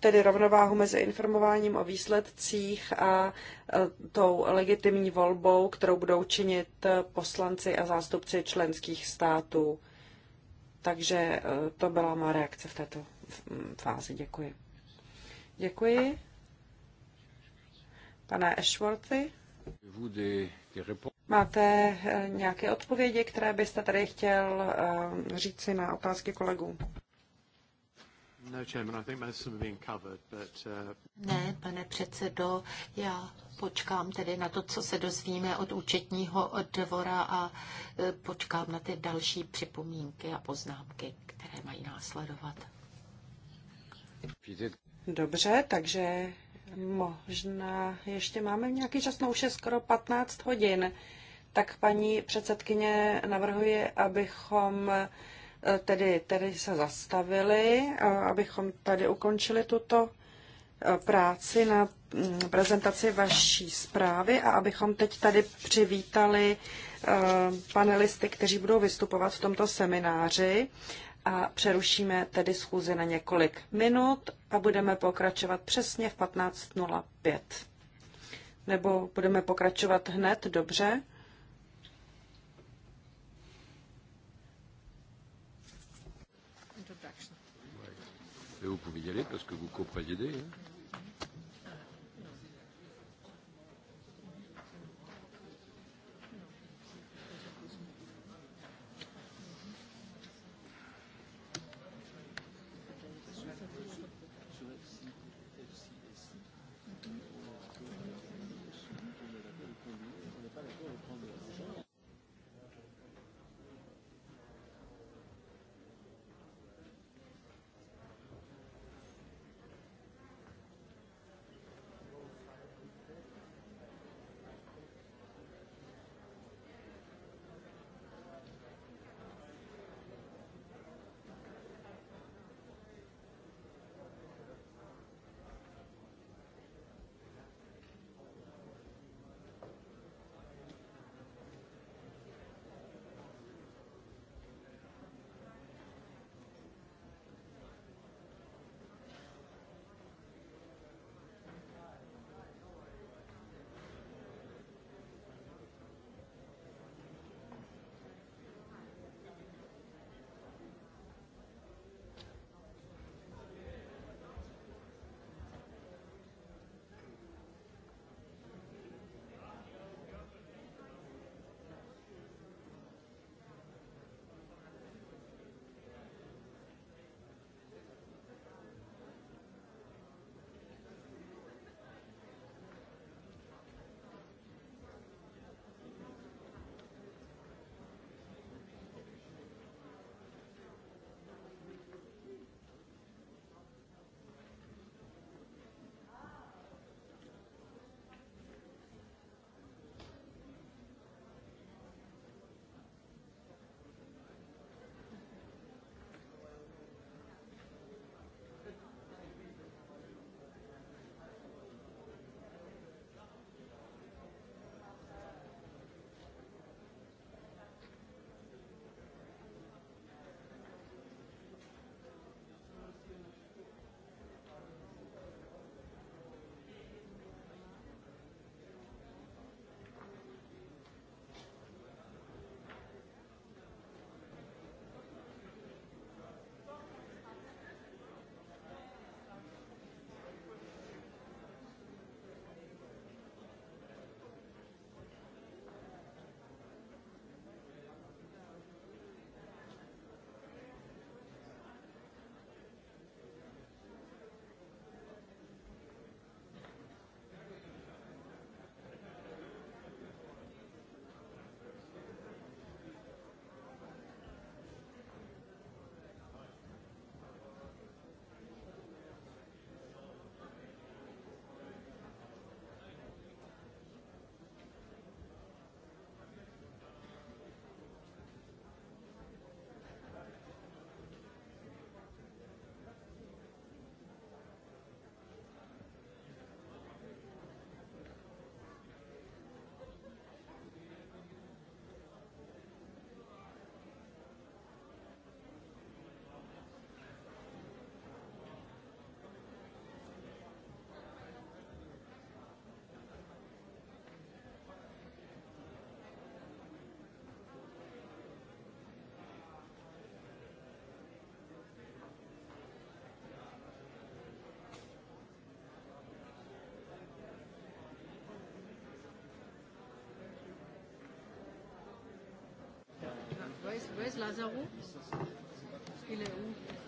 tedy rovnováhu mezi informováním o výsledcích a e, tou legitimní volbou, kterou budou činit poslanci a zástupci členských států. Takže e, to byla má reakce v této fázi. Děkuji. Děkuji. Pane Ashworthy, máte eh, nějaké odpovědi, které byste tady chtěl eh, říci na otázky kolegů? No, uh, ne, pane předsedo, já počkám tedy na to, co se dozvíme od účetního dvora a eh, počkám na ty další připomínky a poznámky, které mají následovat. Dobře, takže Možná ještě máme nějaký čas, no už je skoro 15 hodin. Tak paní předsedkyně navrhuje, abychom eh, tedy, tedy se zastavili, eh, abychom tady ukončili tuto eh, práci na mm, prezentaci vaší zprávy a abychom teď tady přivítali panelisty, kteří budou vystupovat v tomto semináři a přerušíme tedy schůzi na několik minut a budeme pokračovat přesně v 15.05. Nebo budeme pokračovat hned, dobře? vous pouvez y aller parce que vous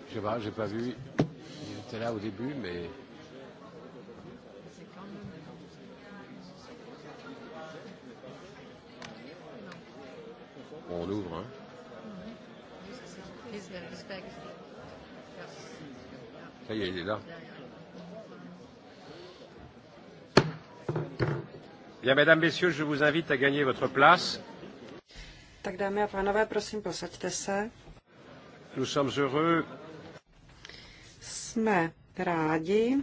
Je sais pas, j'ai pas vu. Il était là au début, mais. Bon, on ouvre, hein. Mhm. Ça y est, il est là. Bien, mesdames, messieurs, je vous invite à gagner votre place. Tak dámy a pánové, prosím, posaďte se. Jsme rádi.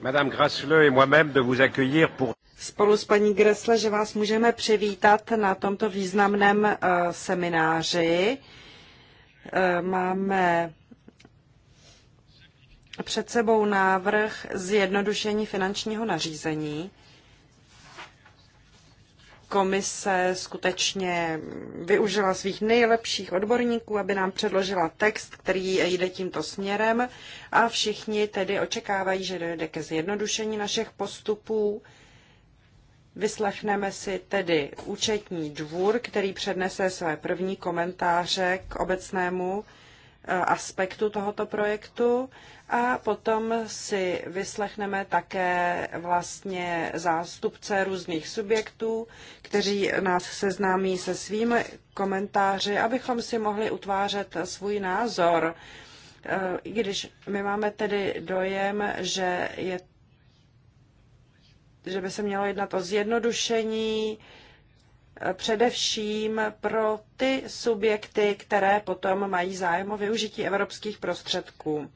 Madame Grasle et moi-même de vous accueillir pour spolu s paní Gresle, že vás můžeme přivítat na tomto významném eh, semináři. Eh, máme před sebou návrh zjednodušení finančního nařízení komise skutečně využila svých nejlepších odborníků, aby nám předložila text, který jde tímto směrem a všichni tedy očekávají, že dojde ke zjednodušení našich postupů. Vyslechneme si tedy účetní dvůr, který přednese své první komentáře k obecnému Eh, aspektu tohoto projektu a potom si vyslechneme také vlastně zástupce různých subjektů, kteří nás seznámí se svými komentáři, abychom si mohli utvářet svůj názor. Eh, I když my máme tedy dojem, že, je, že by se mělo jednat o zjednodušení, především pro ty subjekty, které potom mají zájem o využití evropských prostředků.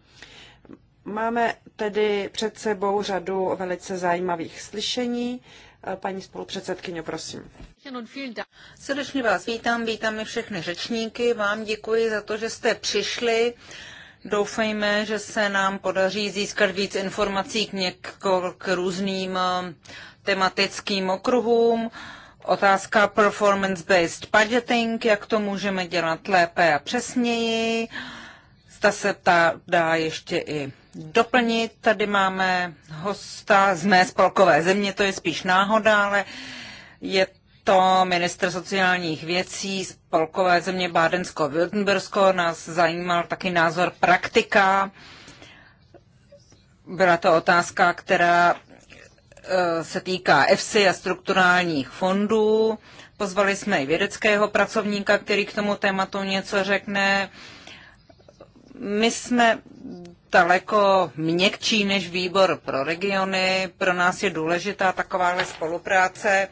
Máme tedy před sebou řadu velice zajímavých slyšení. Paní spolupředsedkyně, prosím. Srdečně vás vítám, vítám i všechny řečníky. Vám děkuji za to, že jste přišli. Doufejme, že se nám podaří získat víc informací k, několik k různým eh, tematickým okruhům. Otázka performance-based budgeting, jak to můžeme dělat lépe a přesněji. Zda se ta dá ještě i doplnit. Tady máme hosta z mé spolkové země, to je spíš náhoda, ale je to minister sociálních věcí spolkové země Bádensko-Württembersko. Nás zajímal taky názor praktika. Byla to otázka, která Eh, se týká EFSI a strukturálních fondů. Pozvali jsme i vědeckého pracovníka, který k tomu tématu něco řekne. My jsme daleko měkčí než výbor pro regiony. Pro nás je důležitá takováhle spolupráce.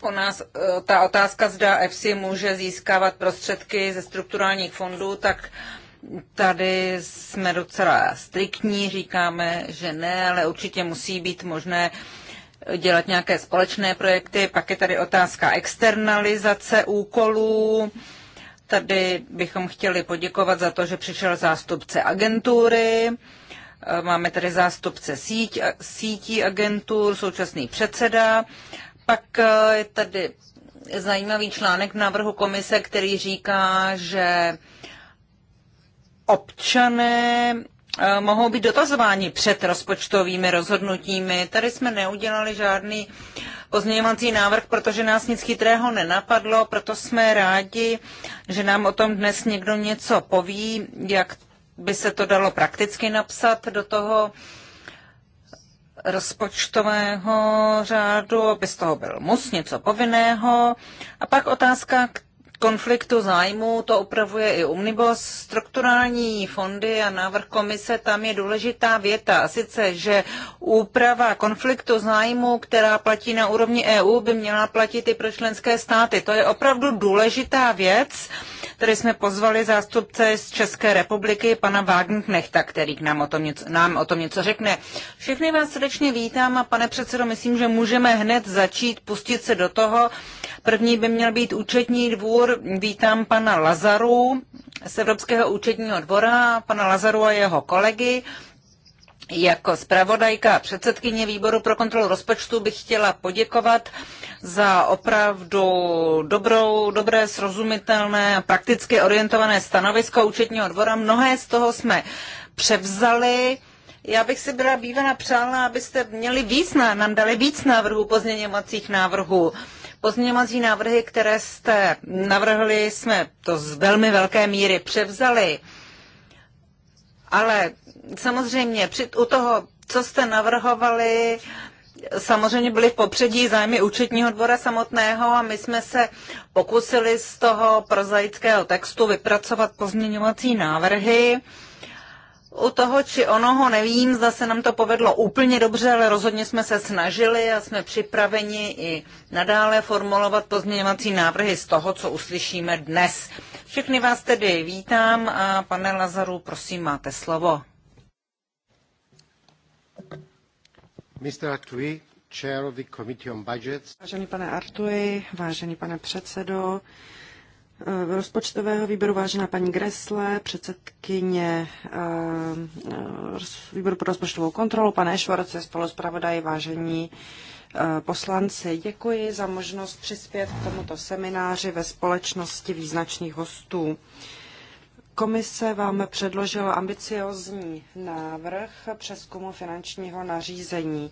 O nás eh, ta otázka, zda EFSI může získávat prostředky ze strukturálních fondů, tak uh, Tady jsme docela striktní, říkáme, že ne, ale určitě musí být možné dělat nějaké společné projekty. Pak je tady otázka externalizace úkolů. Tady bychom chtěli poděkovat za to, že přišel zástupce agentury. Máme tady zástupce síť, sítí agentur, současný předseda. Pak eh, je tady zajímavý článek v návrhu komise, který říká, že uh, občané eh, mohou být dotazováni před rozpočtovými rozhodnutími. Tady jsme neudělali žádný pozměňovací návrh, protože nás nic chytrého nenapadlo, proto jsme rádi, že nám o tom dnes někdo něco poví, jak by se to dalo prakticky napsat do toho rozpočtového řádu, aby z toho byl mus, něco povinného. A pak otázka, konfliktu zájmu, to upravuje i Omnibus. Strukturální fondy a návrh komise, tam je důležitá věta, a sice, že úprava konfliktu zájmu, která platí na úrovni EU, by měla platit i pro členské státy. To je opravdu důležitá věc. Tady jsme pozvali zástupce z České republiky, pana Wagenknechta, který k nám o tom něco, nám o tom něco řekne. Všechny vás srdečně vítám a pane předsedo, myslím, že můžeme hned začít pustit se do toho, První by měl být účetní dvůr. Vítám pana Lazaru z Evropského účetního dvora, pana Lazaru a jeho kolegy. Jako zpravodajka a předsedkyně výboru pro kontrolu rozpočtu bych chtěla poděkovat za opravdu dobrou, dobré, srozumitelné, prakticky orientované stanovisko účetního dvora. Mnohé z toho jsme převzali. Já bych si byla bývala přála, abyste měli víc, nám dali víc návrhů pozměněvacích návrhů. Pozměňovací návrhy, které jste navrhli, jsme to z velmi velké míry převzali. Ale samozřejmě při, u toho, co jste navrhovali, samozřejmě byly v popředí zájmy účetního dvora samotného a my jsme se pokusili z toho prozaického textu vypracovat pozměňovací návrhy, u toho či onoho nevím, zase nám to povedlo úplně dobře, ale rozhodně jsme se snažili a jsme připraveni i nadále formulovat pozměňovací návrhy z toho, co uslyšíme dnes. Všechny vás tedy vítám a pane Lazaru, prosím, máte slovo. Mr. Artui, chair of the Committee on Budgets. Vážený pane Artui, vážený pane předsedo, Eh, rozpočtového výboru vážená paní Gresle, předsedkyně eh, výboru pro rozpočtovou kontrolu, pane Švorce, spoluzpravodaj, vážení eh, poslanci. Děkuji za možnost přispět k tomuto semináři ve společnosti význačných hostů. Komise vám předložila ambiciozní návrh přeskumu finančního nařízení.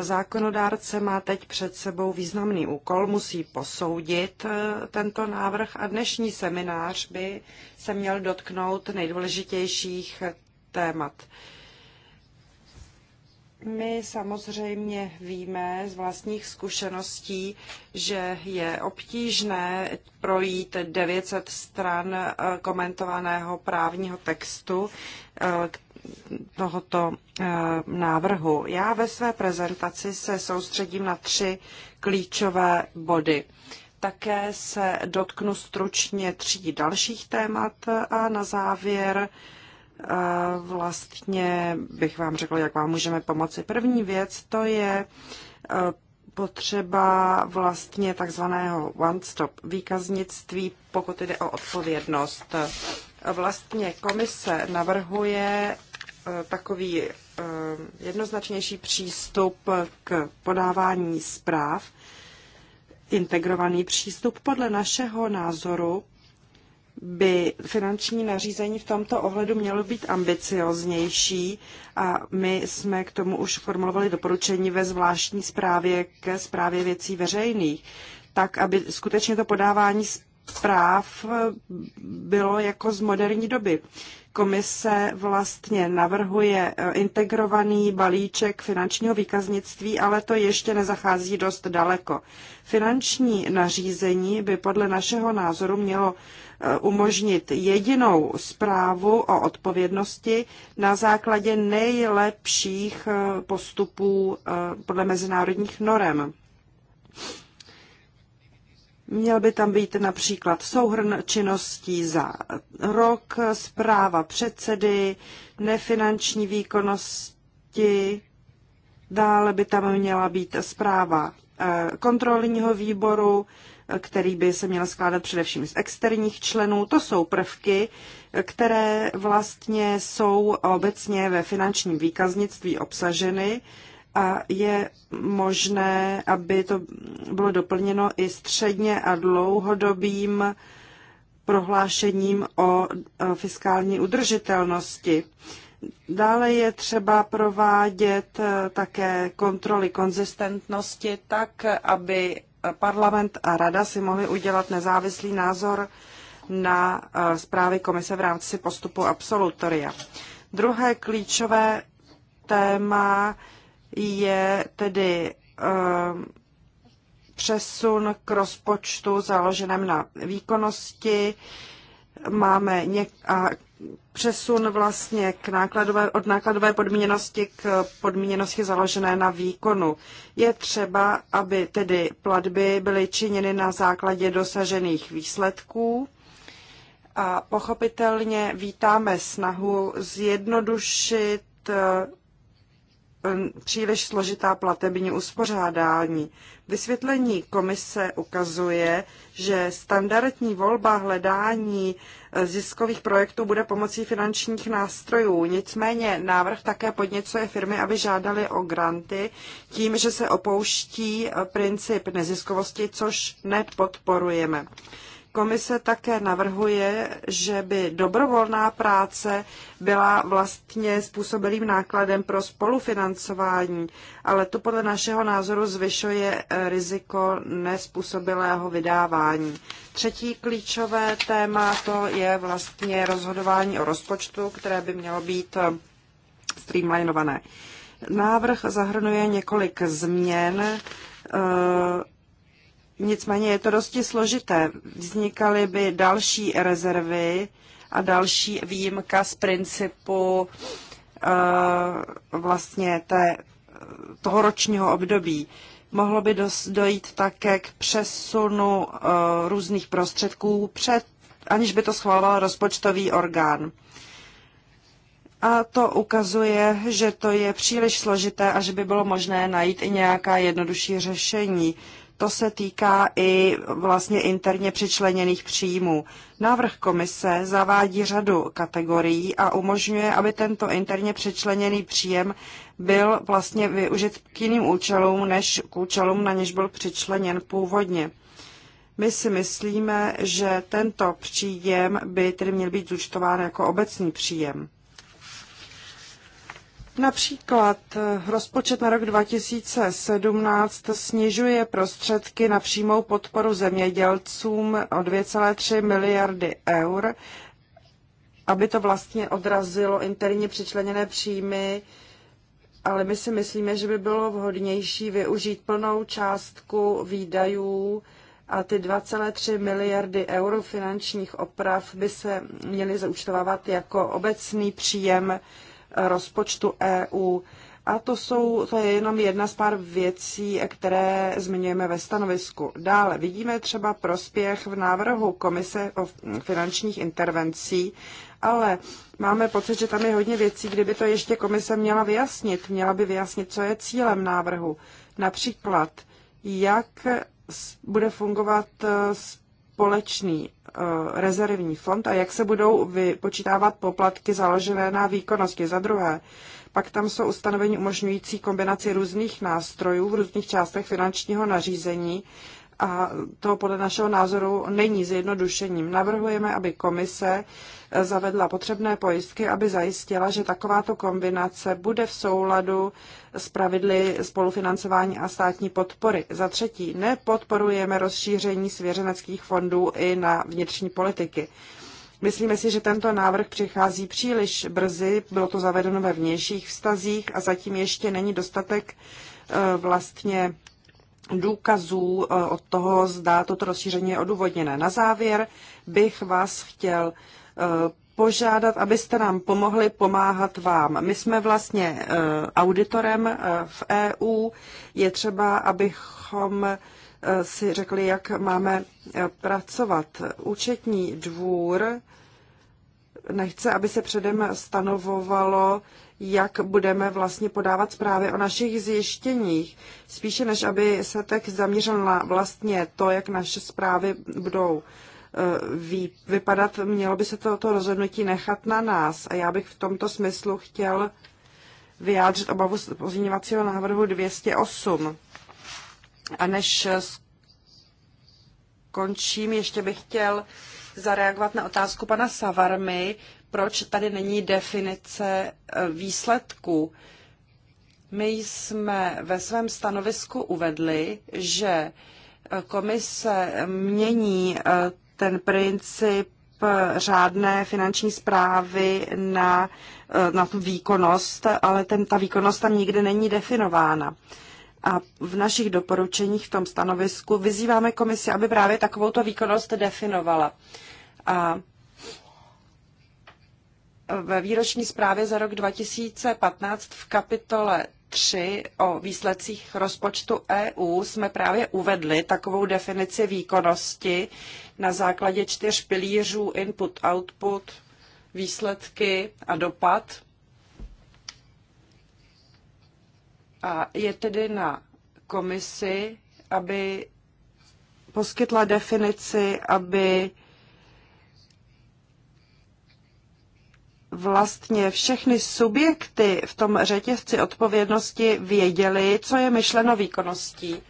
Zákonodárce má teď před sebou významný úkol, musí posoudit e, tento návrh a dnešní seminář by se měl dotknout nejdůležitějších témat. My samozřejmě víme z vlastních zkušeností, že je obtížné projít 900 stran e, komentovaného právního textu, e, tohoto eh, návrhu. Já ve své prezentaci se soustředím na tři klíčové body. Také se dotknu stručně tří dalších témat a na závěr eh, vlastně bych vám řekla, jak vám můžeme pomoci. První věc to je eh, potřeba vlastně takzvaného one-stop výkaznictví, pokud jde o odpovědnost. Vlastně komise navrhuje Eh, takový eh, jednoznačnější přístup k podávání zpráv, integrovaný přístup podle našeho názoru by finanční nařízení v tomto ohledu mělo být ambicioznější a my jsme k tomu už formulovali doporučení ve zvláštní zprávě ke zprávě věcí veřejných, tak aby skutečně to podávání zpráv bylo jako z moderní doby. Komise vlastně navrhuje eh, integrovaný balíček finančního výkaznictví, ale to ještě nezachází dost daleko. Finanční nařízení by podle našeho názoru mělo eh, umožnit jedinou zprávu o odpovědnosti na základě nejlepších eh, postupů podle mezinárodních norem. Měl by tam být například souhrn činností za rok, zpráva předsedy, nefinanční výkonnosti, dále by tam měla být zpráva eh, kontrolního výboru, který by se měl skládat především z externích členů. To jsou prvky, které vlastně jsou obecně ve finančním výkaznictví obsaženy a je možné, aby to bylo doplněno i středně a dlouhodobým prohlášením o fiskální udržitelnosti. Dále je třeba provádět e, také kontroly konzistentnosti tak, aby parlament a rada si mohli udělat nezávislý názor na e, zprávy komise v rámci postupu absolutoria. Druhé klíčové téma je tedy ehm, přesun k rozpočtu založeném na výkonnosti. Máme něk- a přesun vlastně k nákladové, od nákladové podmíněnosti k podmíněnosti založené na výkonu. Je třeba, aby tedy platby byly činěny na základě dosažených výsledků a pochopitelně vítáme snahu zjednodušit Um, příliš složitá platební uspořádání. Vysvětlení komise ukazuje, že standardní volba hledání eh, ziskových projektů bude pomocí finančních nástrojů. Nicméně návrh také podněcuje firmy, aby žádali o granty tím, že se opouští eh, princip neziskovosti, což nepodporujeme. podporujeme. Komise také navrhuje, že by dobrovolná práce byla vlastně způsobilým nákladem pro spolufinancování, ale to podle našeho názoru zvyšuje riziko nespůsobilého vydávání. Třetí klíčové téma to je vlastně rozhodování o rozpočtu, které by mělo být streamlinované. Návrh zahrnuje několik změn eh, Nicméně je to dosti složité. Vznikaly by další rezervy a další výjimka z principu eh, vlastně té, toho ročního období. Mohlo by dos, dojít také k přesunu eh, různých prostředků, před, aniž by to schvaloval rozpočtový orgán. A to ukazuje, že to je příliš složité a že by bylo možné najít i nějaká jednodušší řešení to se týká i vlastně interně přičleněných příjmů. Návrh komise zavádí řadu kategorií a umožňuje, aby tento interně přičleněný příjem byl vlastně využit k jiným účelům, než k účelům, na něž byl přičleněn původně. My si myslíme, že tento příjem by tedy měl být zúčtován jako obecný příjem. Například eh, rozpočet na rok 2017 snižuje prostředky na přímou podporu zemědělcům o 2,3 miliardy eur, aby to vlastně odrazilo interně přičleněné příjmy, ale my si myslíme, že by bylo vhodnější využít plnou částku výdajů a ty 2,3 miliardy euro finančních oprav by se měly zaučtovávat jako obecný příjem rozpočtu EU. A to, jsou, to je jenom jedna z pár věcí, které zmiňujeme ve stanovisku. Dále vidíme třeba prospěch v návrhu Komise o finančních intervencí, ale máme pocit, že tam je hodně věcí, kdyby to ještě komise měla vyjasnit. Měla by vyjasnit, co je cílem návrhu. Například, jak bude fungovat eh, společný Eh, rezervní fond a jak se budou vypočítávat poplatky založené na výkonnosti. Za druhé, pak tam jsou ustanovení umožňující kombinaci různých nástrojů v různých částech finančního nařízení a to podle našeho názoru není zjednodušením. Navrhujeme, aby komise eh, zavedla potřebné pojistky, aby zajistila, že takováto kombinace bude v souladu s pravidly spolufinancování a státní podpory. Za třetí, nepodporujeme rozšíření svěřeneckých fondů i na vnitřní politiky. Myslíme si, že tento návrh přichází příliš brzy, bylo to zavedeno ve vnějších vztazích a zatím ještě není dostatek eh, vlastně důkazů eh, od toho, zda toto rozšíření je odůvodněné. Na závěr bych vás chtěl eh, požádat, abyste nám pomohli pomáhat vám. My jsme vlastně eh, auditorem v EU. Je třeba, abychom si řekli, jak máme pracovat. Účetní dvůr nechce, aby se předem stanovovalo, jak budeme vlastně podávat zprávy o našich zjištěních, spíše než aby se tak zaměřil na vlastně to, jak naše zprávy budou eh, vypadat, mělo by se toto rozhodnutí nechat na nás. A já bych v tomto smyslu chtěl vyjádřit obavu z pozměňovacího návrhu 208. A než eh, skončím, ještě bych chtěl zareagovat na otázku pana Savarmy, proč tady není definice eh, výsledků. My jsme ve svém stanovisku uvedli, že eh, komise mění eh, ten princip řádné finanční zprávy na, na tu výkonnost, ale ten, ta výkonnost tam nikdy není definována. A v našich doporučeních v tom stanovisku vyzýváme komisi, aby právě takovouto výkonnost definovala. A ve výroční zprávě za rok 2015 v kapitole 3 o výsledcích rozpočtu EU jsme právě uvedli takovou definici výkonnosti na základě čtyř pilířů input, output, výsledky a dopad. A je tedy na komisi, aby poskytla definici, aby vlastně všechny subjekty v tom řetězci odpovědnosti věděli, co je myšleno výkonností.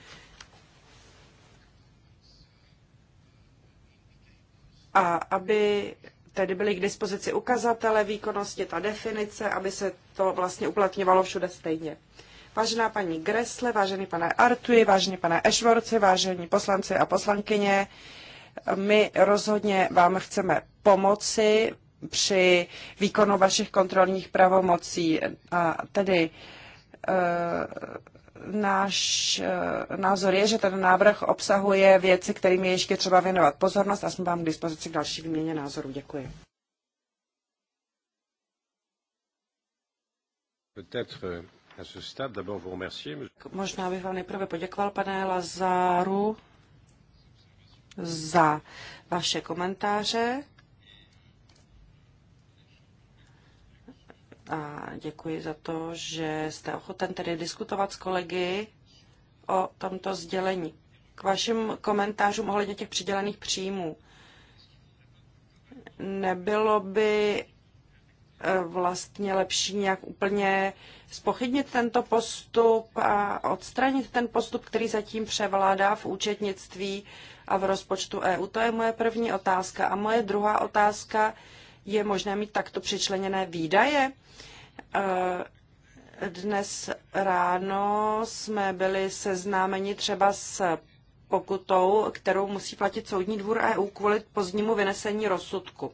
A aby tedy byly k dispozici ukazatele výkonnosti, ta definice, aby se to vlastně uplatňovalo všude stejně. Vážená paní Gresle, vážený pane Artuji, vážený pane Ešvorci, vážení poslanci a poslankyně, my rozhodně vám chceme pomoci při výkonu vašich kontrolních pravomocí. A tedy eh, náš eh, názor je, že ten návrh obsahuje věci, kterým je ještě třeba věnovat pozornost a jsme vám k dispozici k další výměně názorů. Děkuji. Euh, Možná bych vám nejprve poděkoval, pane Lazáru, za vaše komentáře. A děkuji za to, že jste ochoten tedy diskutovat s kolegy o tomto sdělení. K vašim komentářům ohledně těch přidělených příjmů. Nebylo by eh, vlastně lepší nějak úplně spochybnit tento postup a odstranit ten postup, který zatím převládá v účetnictví a v rozpočtu EU? To je moje první otázka. A moje druhá otázka je možné mít takto přičleněné výdaje. Eh, dnes ráno jsme byli seznámeni třeba s pokutou, kterou musí platit Soudní dvůr EU kvůli pozdnímu vynesení rozsudku.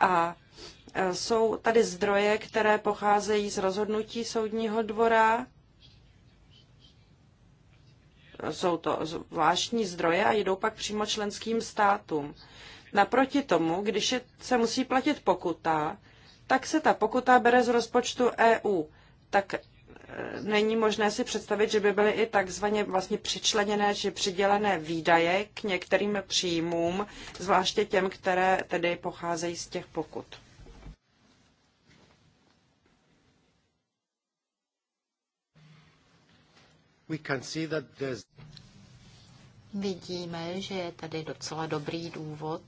A eh, jsou tady zdroje, které pocházejí z rozhodnutí Soudního dvora. Jsou to zvláštní zdroje a jdou pak přímo členským státům. Naproti tomu, když se musí platit pokuta, tak se ta pokuta bere z rozpočtu EU. Tak e, není možné si představit, že by byly i takzvaně vlastně přičleněné či přidělené výdaje k některým příjmům, zvláště těm, které tedy pocházejí z těch pokut vidíme, že je tady docela dobrý důvod,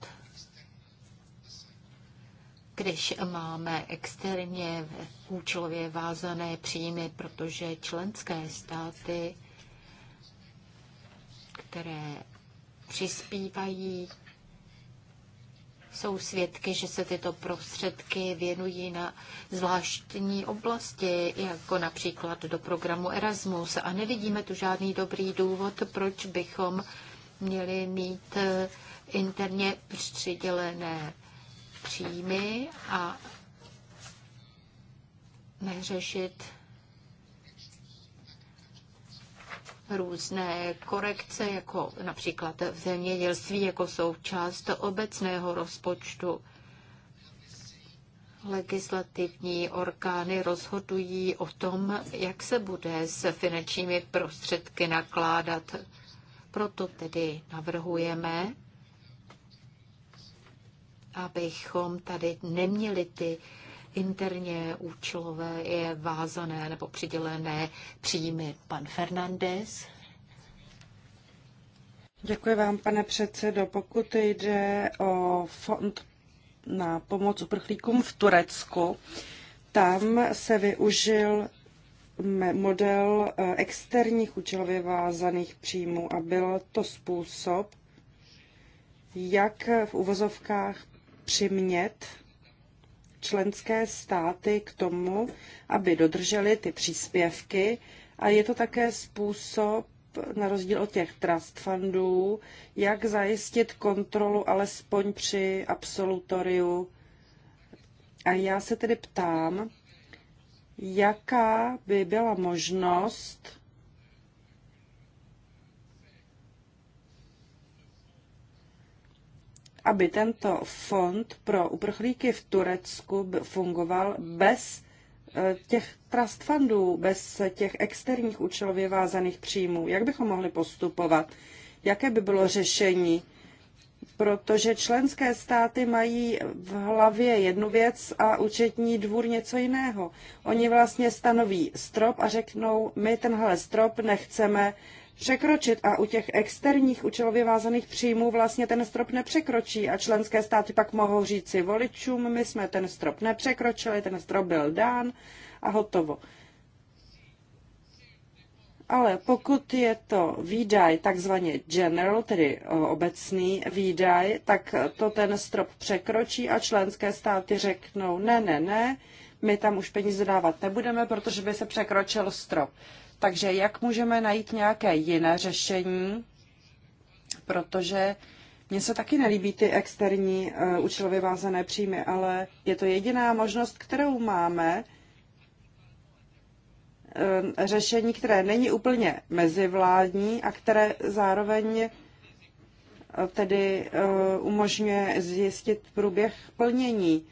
když máme externě účelově vázané příjmy, protože členské státy, které přispívají jsou svědky, že se tyto prostředky věnují na zvláštní oblasti, jako například do programu Erasmus. A nevidíme tu žádný dobrý důvod, proč bychom měli mít eh, interně přidělené příjmy a neřešit různé korekce, jako například v zemědělství, jako součást obecného rozpočtu. Legislativní orgány rozhodují o tom, jak se bude s finančními prostředky nakládat. Proto tedy navrhujeme, abychom tady neměli ty interně účelové je vázané nebo přidělené příjmy. Pan Fernandez. Děkuji vám, pane předsedo. Pokud jde o fond na pomoc uprchlíkům v Turecku, tam se využil model eh, externích účelově vázaných příjmů a byl to způsob, jak v uvozovkách přimět členské státy k tomu, aby dodrželi ty příspěvky a je to také způsob, na rozdíl od těch trust fundů, jak zajistit kontrolu alespoň při absolutoriu. A já se tedy ptám, jaká by byla možnost aby tento fond pro uprchlíky v Turecku fungoval bez e, těch trust fundů, bez těch externích účelově vázaných příjmů. Jak bychom mohli postupovat? Jaké by bylo řešení? Protože členské státy mají v hlavě jednu věc a účetní dvůr něco jiného. Oni vlastně stanoví strop a řeknou, my tenhle strop nechceme uh, překročit a u těch externích účelově vázaných příjmů vlastně ten strop nepřekročí a členské státy pak mohou říci voličům, my jsme ten strop nepřekročili, ten strop byl dán a hotovo. Ale pokud je to výdaj takzvaně general, tedy obecný výdaj, tak to ten strop překročí a členské státy řeknou ne, ne, ne, my tam už peníze dávat nebudeme, protože by se překročil strop. Takže jak můžeme najít nějaké jiné řešení, protože mně se taky nelíbí ty externí uh, účelově vázané příjmy, ale je to jediná možnost, kterou máme, eh, řešení, které není úplně mezivládní a které zároveň eh, tedy umožňuje zjistit průběh plnění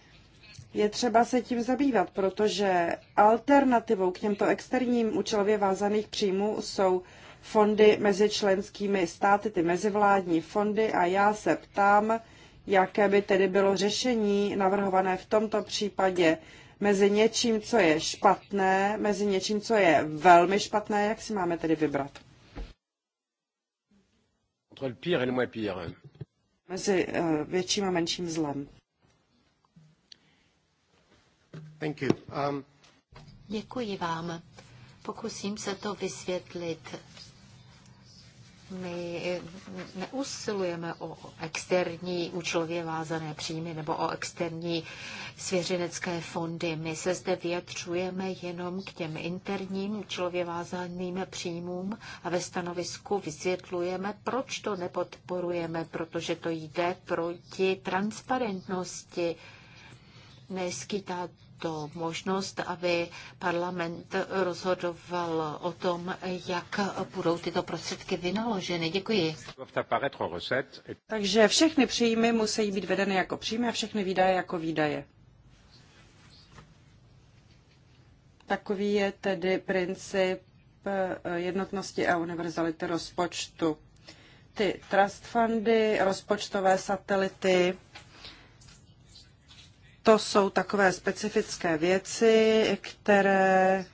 je třeba se tím zabývat, protože alternativou k těmto externím účelově vázaných příjmů jsou fondy mezi členskými státy, ty mezivládní fondy a já se ptám, jaké by tedy bylo řešení navrhované v tomto případě mezi něčím, co je špatné, mezi něčím, co je velmi špatné, jak si máme tedy vybrat? Mezi eh, větším a menším zlem. Thank you. Um... Děkuji vám. Pokusím se to vysvětlit. My neusilujeme o externí účelově vázané příjmy nebo o externí svěřenecké fondy. My se zde vyjadřujeme jenom k těm interním účelově vázaným příjmům a ve stanovisku vysvětlujeme, proč to nepodporujeme, protože to jde proti transparentnosti neskytá to možnost, aby parlament rozhodoval o tom, jak budou tyto prostředky vynaloženy. Děkuji. Takže všechny příjmy musí být vedeny jako příjmy a všechny výdaje jako výdaje. Takový je tedy princip eh, jednotnosti a univerzality rozpočtu. Ty trust fundy, rozpočtové satelity, to jsou takové specifické věci, které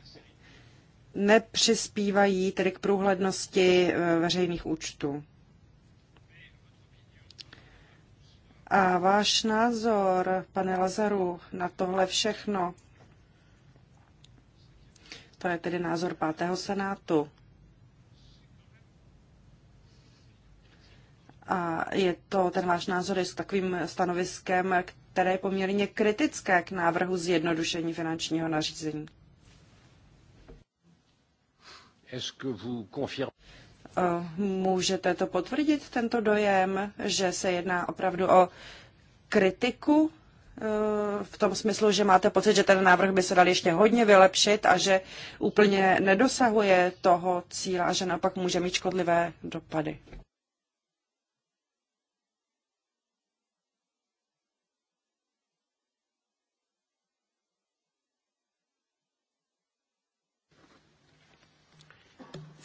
nepřispívají tedy k průhlednosti eh, veřejných účtů. A váš názor, pane Lazaru, na tohle všechno, to je tedy názor pátého senátu. A je to ten váš názor je s takovým stanoviskem, které je poměrně kritické k návrhu zjednodušení finančního nařízení. Můžete to potvrdit, tento dojem, že se jedná opravdu o kritiku v tom smyslu, že máte pocit, že ten návrh by se dal ještě hodně vylepšit a že úplně nedosahuje toho cíle a že naopak může mít škodlivé dopady.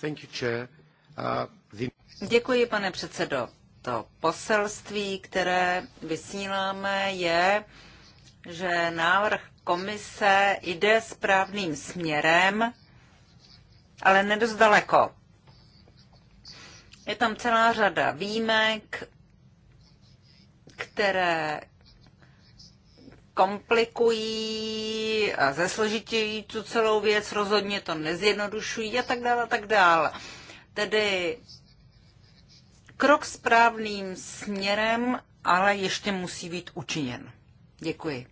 Uh, Děkuji, pane předsedo. To poselství, které vysíláme, je, že návrh komise jde správným směrem, ale nedost daleko. Je tam celá řada výjimek, které komplikují zesložitějí tu celou věc, rozhodně to nezjednodušují a tak dále a tak dále. Tedy krok správným směrem, ale ještě musí být učiněn. Děkuji.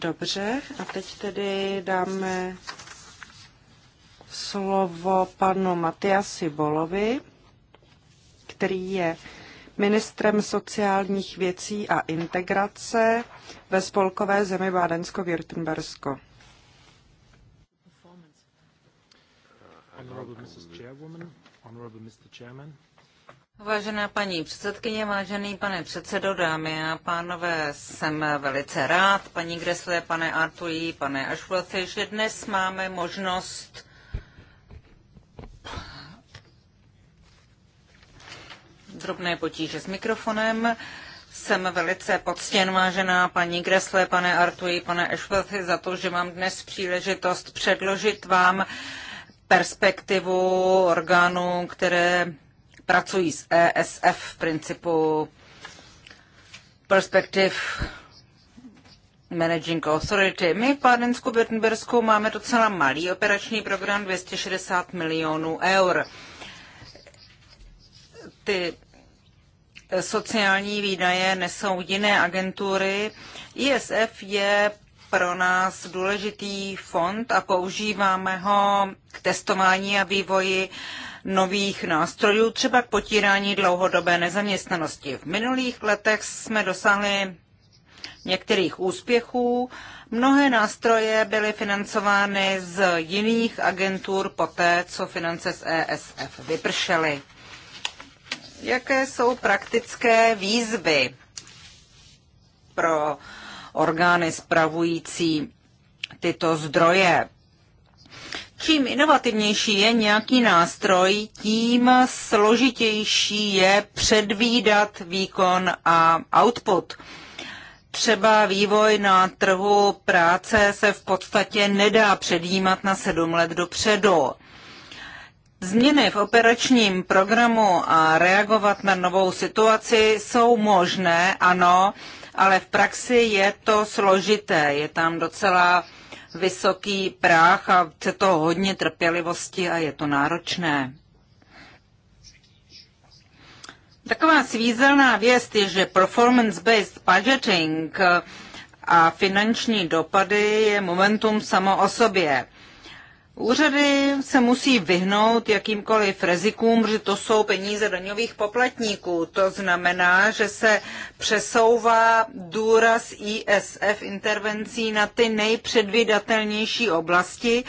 Dobře, a teď tedy dáme slovo panu Matiasi Bolovi, který je ministrem sociálních věcí a integrace ve spolkové zemi Bádensko-Württembersko. Vážená paní předsedkyně, vážený pane předsedo, dámy a pánové, jsem velice rád, paní Gresle, pane Artuji, pane Ashworthy, že dnes máme možnost drobné potíže s mikrofonem. Jsem velice poctěn, vážená paní Gresle, pane Artuji, pane Ashworthy, za to, že mám dnes příležitost předložit vám perspektivu orgánů, které pracují s ESF v principu Perspective Managing Authority. My v Pádensku Württembersku máme docela malý operační program 260 milionů eur. Ty sociální výdaje nesou jiné agentury. ISF je pro nás důležitý fond a používáme ho k testování a vývoji nových nástrojů, třeba k potírání dlouhodobé nezaměstnanosti. V minulých letech jsme dosáhli některých úspěchů. Mnohé nástroje byly financovány z jiných agentur poté, co finance z ESF vypršely. Jaké jsou praktické výzvy pro orgány spravující tyto zdroje? Čím inovativnější je nějaký nástroj, tím složitější je předvídat výkon a output. Třeba vývoj na trhu práce se v podstatě nedá předjímat na sedm let dopředu. Změny v operačním programu a reagovat na novou situaci jsou možné, ano, ale v praxi je to složité. Je tam docela vysoký práh a chce to hodně trpělivosti a je to náročné. Taková svízelná věst je, že performance-based budgeting a finanční dopady je momentum samo o sobě. Úřady se musí vyhnout jakýmkoliv rizikům, že to jsou peníze daňových poplatníků. To znamená, že se přesouvá důraz ISF intervencí na ty nejpředvídatelnější oblasti.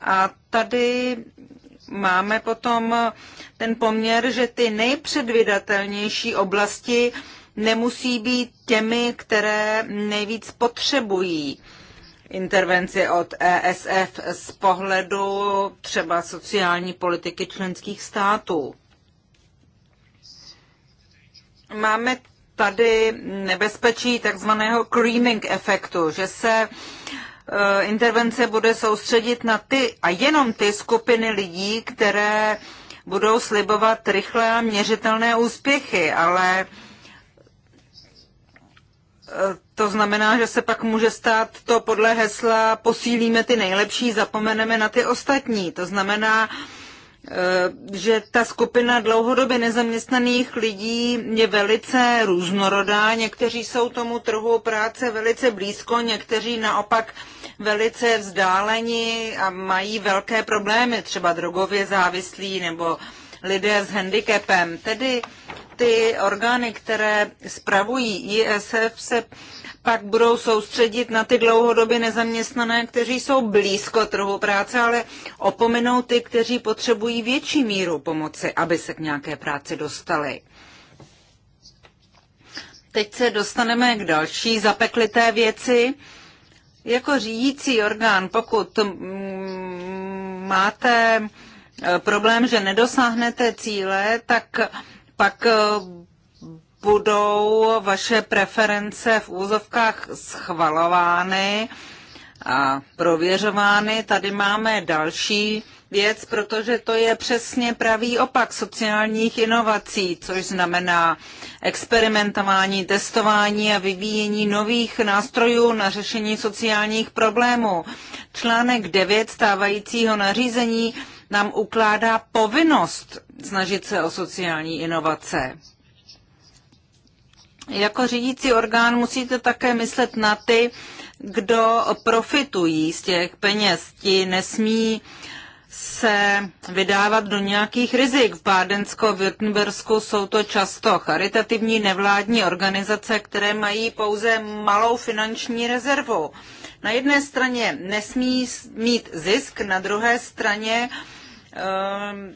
A tady máme potom ten poměr, že ty nejpředvídatelnější oblasti nemusí být těmi, které nejvíc potřebují intervenci od ESF z pohledu třeba sociální politiky členských států. Máme tady nebezpečí takzvaného creaming efektu, že se eh, intervence bude soustředit na ty a jenom ty skupiny lidí, které budou slibovat rychlé a měřitelné úspěchy, ale eh, to znamená, že se pak může stát to podle hesla posílíme ty nejlepší, zapomeneme na ty ostatní. To znamená, eh, že ta skupina dlouhodobě nezaměstnaných lidí je velice různorodá. Někteří jsou tomu trhu práce velice blízko, někteří naopak velice vzdáleni a mají velké problémy, třeba drogově závislí nebo lidé s handicapem. Tedy ty orgány, které spravují ISF, se pak budou soustředit na ty dlouhodobě nezaměstnané, kteří jsou blízko trhu práce, ale opomenou ty, kteří potřebují větší míru pomoci, aby se k nějaké práci dostali. Teď se dostaneme k další zapeklité věci. Jako řídící orgán, pokud mm, máte eh, problém, že nedosáhnete cíle, tak pak eh, budou vaše preference v úzovkách schvalovány a prověřovány. Tady máme další věc, protože to je přesně pravý opak sociálních inovací, což znamená experimentování, testování a vyvíjení nových nástrojů na řešení sociálních problémů. Článek 9 stávajícího nařízení nám ukládá povinnost snažit se o sociální inovace. Jako řídící orgán musíte také myslet na ty, kdo profitují z těch peněz. Ti nesmí se vydávat do nějakých rizik. V Bádensko-Württembersku jsou to často charitativní nevládní organizace, které mají pouze malou finanční rezervu. Na jedné straně nesmí mít zisk, na druhé straně uh, Ehm,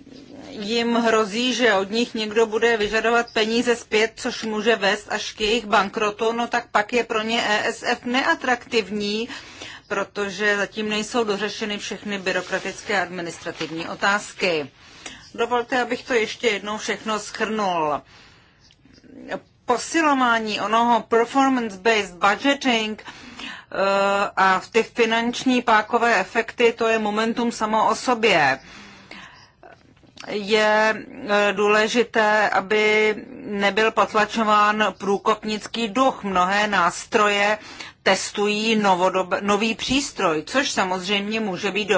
jim hrozí, že od nich někdo bude vyžadovat peníze zpět, což může vést až k jejich bankrotu, no tak pak je pro ně ESF neatraktivní, protože zatím nejsou dořešeny všechny byrokratické a administrativní otázky. Dovolte, abych to ještě jednou všechno schrnul. Posilování onoho performance-based budgeting eh, a v ty finanční pákové efekty, to je momentum samo o sobě je e, důležité, aby nebyl potlačován průkopnický duch. Mnohé nástroje testují novodob, nový přístroj, což samozřejmě může být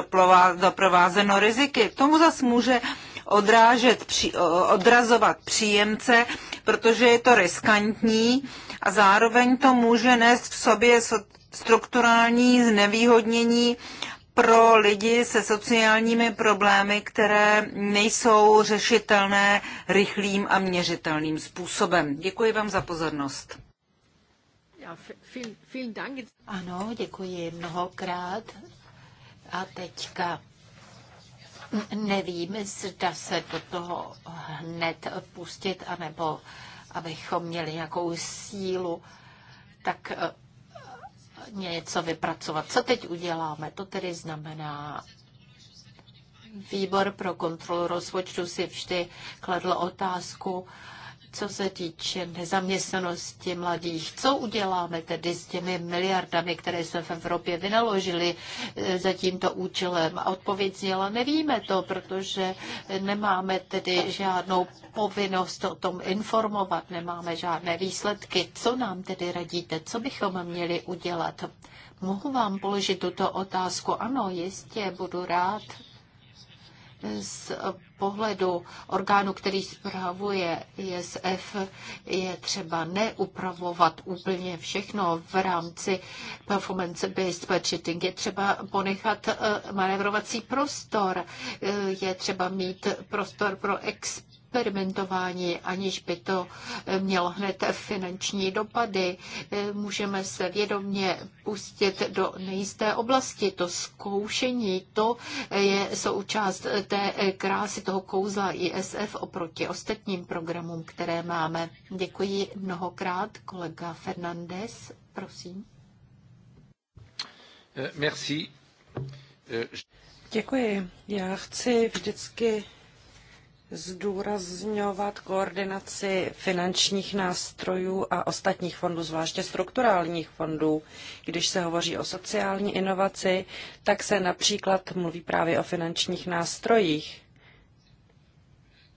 doprovázeno riziky. Tomu zas může odrážet, při, odrazovat příjemce, protože je to riskantní a zároveň to může nést v sobě strukturální znevýhodnění pro lidi se sociálními problémy, které nejsou řešitelné rychlým a měřitelným způsobem. Děkuji vám za pozornost. Ano, děkuji mnohokrát. A teďka nevím, zda se do toho hned pustit, anebo abychom měli nějakou sílu, tak eh, něco vypracovat. Co teď uděláme? To tedy znamená, výbor pro kontrolu rozpočtu si vždy kladl otázku, co se týče nezaměstnanosti mladých, co uděláme tedy s těmi miliardami, které se v Evropě vynaložily e, za tímto účelem? A odpověď zněla, nevíme to, protože nemáme tedy žádnou povinnost o tom informovat, nemáme žádné výsledky. Co nám tedy radíte? Co bychom měli udělat? Mohu vám položit tuto otázku? Ano, jistě, budu rád z pohledu orgánu, který zpravuje ISF, je třeba neupravovat úplně všechno v rámci performance-based budgeting. Je třeba ponechat eh, manévrovací prostor, eh, je třeba mít prostor pro expert experimentování, aniž by to mělo hned finanční dopady. Můžeme se vědomně pustit do nejisté oblasti. To zkoušení, to je součást té krásy, toho kouzla ISF oproti ostatním programům, které máme. Děkuji mnohokrát, kolega Fernandez, prosím. Eh, merci. Eh, Děkuji. Já chci vždycky zdůrazňovat koordinaci finančních nástrojů a ostatních fondů, zvláště strukturálních fondů. Když se hovoří o sociální inovaci, tak se například mluví právě o finančních nástrojích.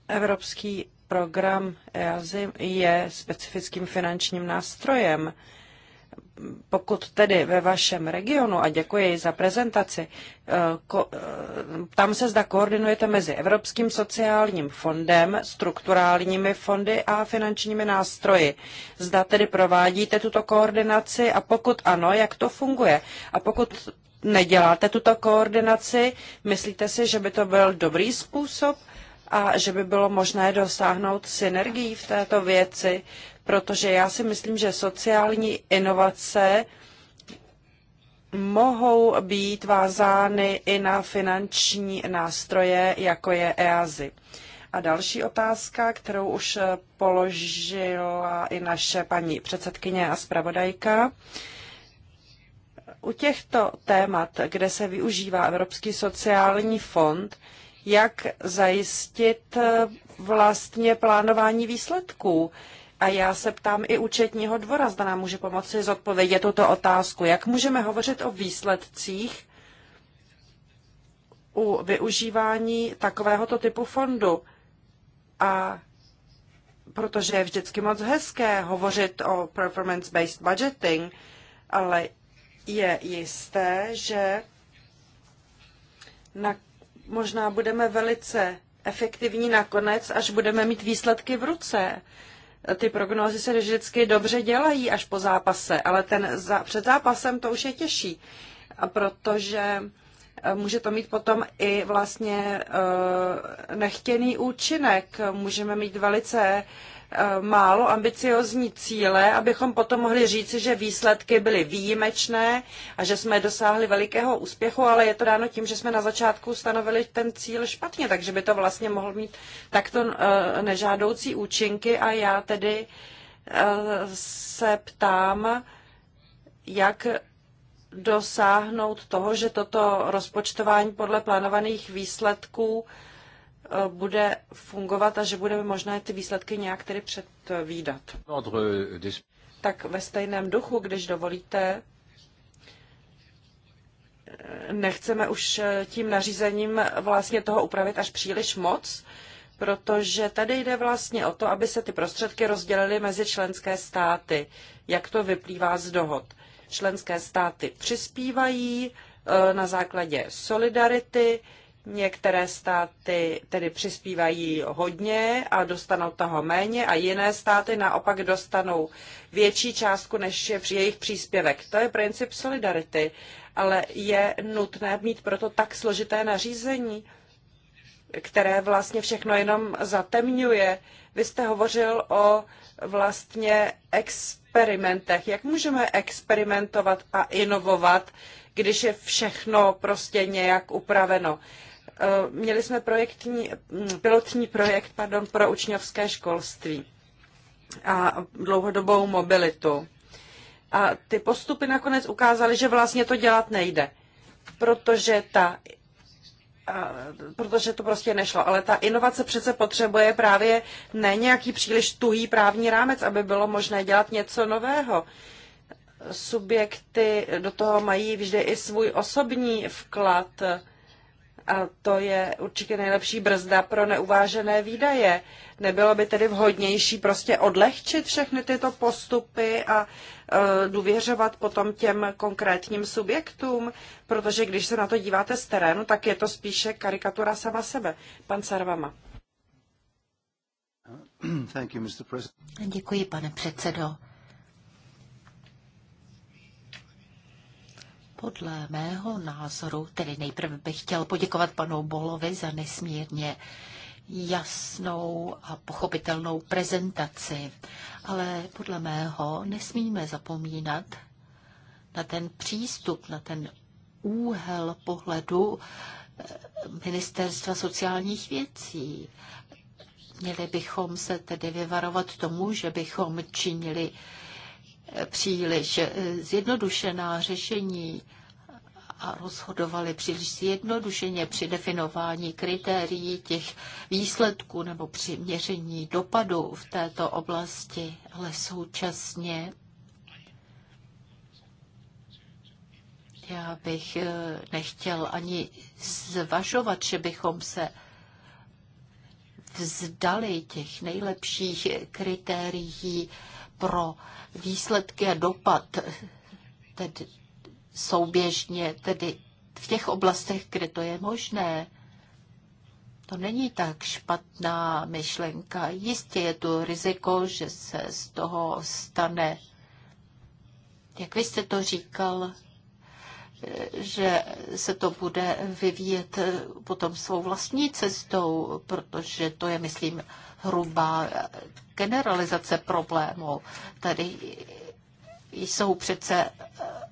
Evropský program EASY je specifickým finančním nástrojem pokud tedy ve vašem regionu, a děkuji za prezentaci, eh, ko, eh, tam se zda koordinujete mezi Evropským sociálním fondem, strukturálními fondy a finančními nástroji. Zda tedy provádíte tuto koordinaci a pokud ano, jak to funguje? A pokud neděláte tuto koordinaci, myslíte si, že by to byl dobrý způsob? a že by bylo možné dosáhnout synergií v této věci, protože já si myslím, že sociální inovace mohou být vázány i na finanční nástroje, jako je EASY. A další otázka, kterou už položila i naše paní předsedkyně a zpravodajka. U těchto témat, kde se využívá Evropský sociální fond, jak zajistit eh, vlastně plánování výsledků? A já se ptám i účetního dvora, zda nám může pomoci zodpovědět tuto otázku. Jak můžeme hovořit o výsledcích u využívání takovéhoto typu fondu? A protože je vždycky moc hezké hovořit o performance-based budgeting, ale je jisté, že na, možná budeme velice efektivní nakonec, až budeme mít výsledky v ruce ty prognózy se vždycky dobře dělají až po zápase, ale ten za, před zápasem to už je těžší, protože e, může to mít potom i vlastně e, nechtěný účinek. Můžeme mít velice Eh, málo ambiciozní cíle, abychom potom mohli říci, že výsledky byly výjimečné a že jsme dosáhli velikého úspěchu, ale je to dáno tím, že jsme na začátku stanovili ten cíl špatně, takže by to vlastně mohlo mít takto eh, nežádoucí účinky a já tedy eh, se ptám, jak dosáhnout toho, že toto rozpočtování podle plánovaných výsledků bude fungovat a že bude možné ty výsledky nějak tedy předvídat. Tak ve stejném duchu, když dovolíte, nechceme už tím nařízením vlastně toho upravit až příliš moc, protože tady jde vlastně o to, aby se ty prostředky rozdělily mezi členské státy, jak to vyplývá z dohod. Členské státy přispívají eh, na základě solidarity, Některé státy tedy přispívají hodně a dostanou toho méně a jiné státy naopak dostanou větší částku, než je jejich příspěvek. To je princip solidarity, ale je nutné mít proto tak složité nařízení, které vlastně všechno jenom zatemňuje. Vy jste hovořil o vlastně experimentech. Jak můžeme experimentovat a inovovat, když je všechno prostě nějak upraveno? Eh, měli jsme projektní, mm, pilotní projekt pardon, pro učňovské školství a dlouhodobou mobilitu. A ty postupy nakonec ukázaly, že vlastně to dělat nejde, protože ta protože to prostě nešlo. Ale ta inovace přece potřebuje právě ne nějaký příliš tuhý právní rámec, aby bylo možné dělat něco nového. Subjekty do toho mají vždy i svůj osobní vklad. A to je určitě nejlepší brzda pro neuvážené výdaje. Nebylo by tedy vhodnější prostě odlehčit všechny tyto postupy a e, důvěřovat potom těm konkrétním subjektům, protože když se na to díváte z terénu, tak je to spíše karikatura sama sebe. Pan Sarvama. Děkuji, pane předsedo. Podle mého názoru, tedy nejprve bych chtěl poděkovat panu Bolovi za nesmírně jasnou a pochopitelnou prezentaci, ale podle mého nesmíme zapomínat na ten přístup, na ten úhel pohledu eh, Ministerstva sociálních věcí. Měli bychom se tedy vyvarovat tomu, že bychom činili příliš zjednodušená řešení a rozhodovali příliš zjednodušeně při definování kritérií těch výsledků nebo při měření dopadu v této oblasti, ale současně já bych eh, nechtěl ani zvažovat, že bychom se vzdali těch nejlepších kritérií pro výsledky a dopad tedy souběžně, tedy v těch oblastech, kde to je možné. To není tak špatná myšlenka. Jistě je to riziko, že se z toho stane, jak vy jste to říkal, že se to bude vyvíjet potom svou vlastní cestou, protože to je, myslím, hrubá generalizace problému. Tady jsou přece eh,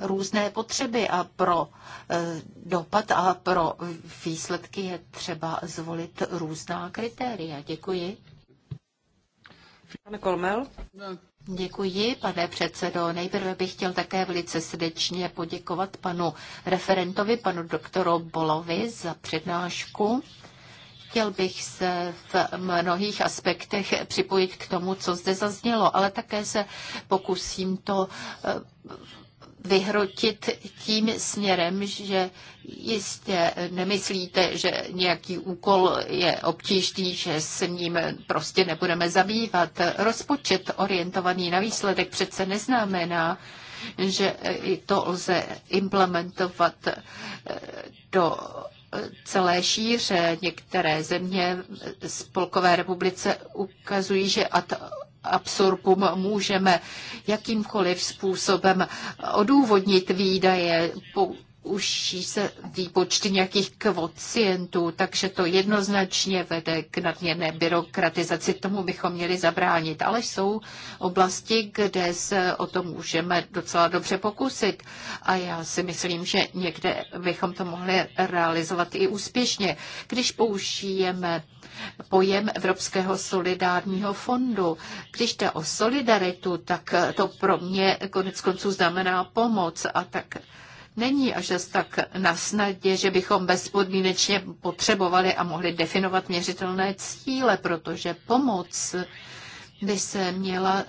různé potřeby a pro eh, dopad a pro výsledky je třeba zvolit různá kritéria. Děkuji. Pane Kolmel? No. Děkuji, pane předsedo. Nejprve bych chtěl také velice srdečně poděkovat panu referentovi, panu doktoru Bolovi za přednášku. Chtěl bych se v mnohých aspektech připojit k tomu, co zde zaznělo, ale také se pokusím to eh, vyhrotit tím směrem, že jistě nemyslíte, že nějaký úkol je obtížný, že s ním prostě nebudeme zabývat. Rozpočet orientovaný na výsledek přece neznamená, že to lze implementovat eh, do celé šíře. Některé země Spolkové republice ukazují, že ad absurdum můžeme jakýmkoliv způsobem odůvodnit výdaje, užší se výpočty nějakých kvocientů, takže to jednoznačně vede k nadměrné byrokratizaci. Tomu bychom měli zabránit. Ale jsou oblasti, kde se o to můžeme docela dobře pokusit. A já si myslím, že někde bychom to mohli realizovat i úspěšně. Když použijeme pojem Evropského solidárního fondu. Když jde o solidaritu, tak to pro mě konec konců znamená pomoc a tak není až tak na snadě, že bychom bezpodmínečně potřebovali a mohli definovat měřitelné cíle, protože pomoc by se měla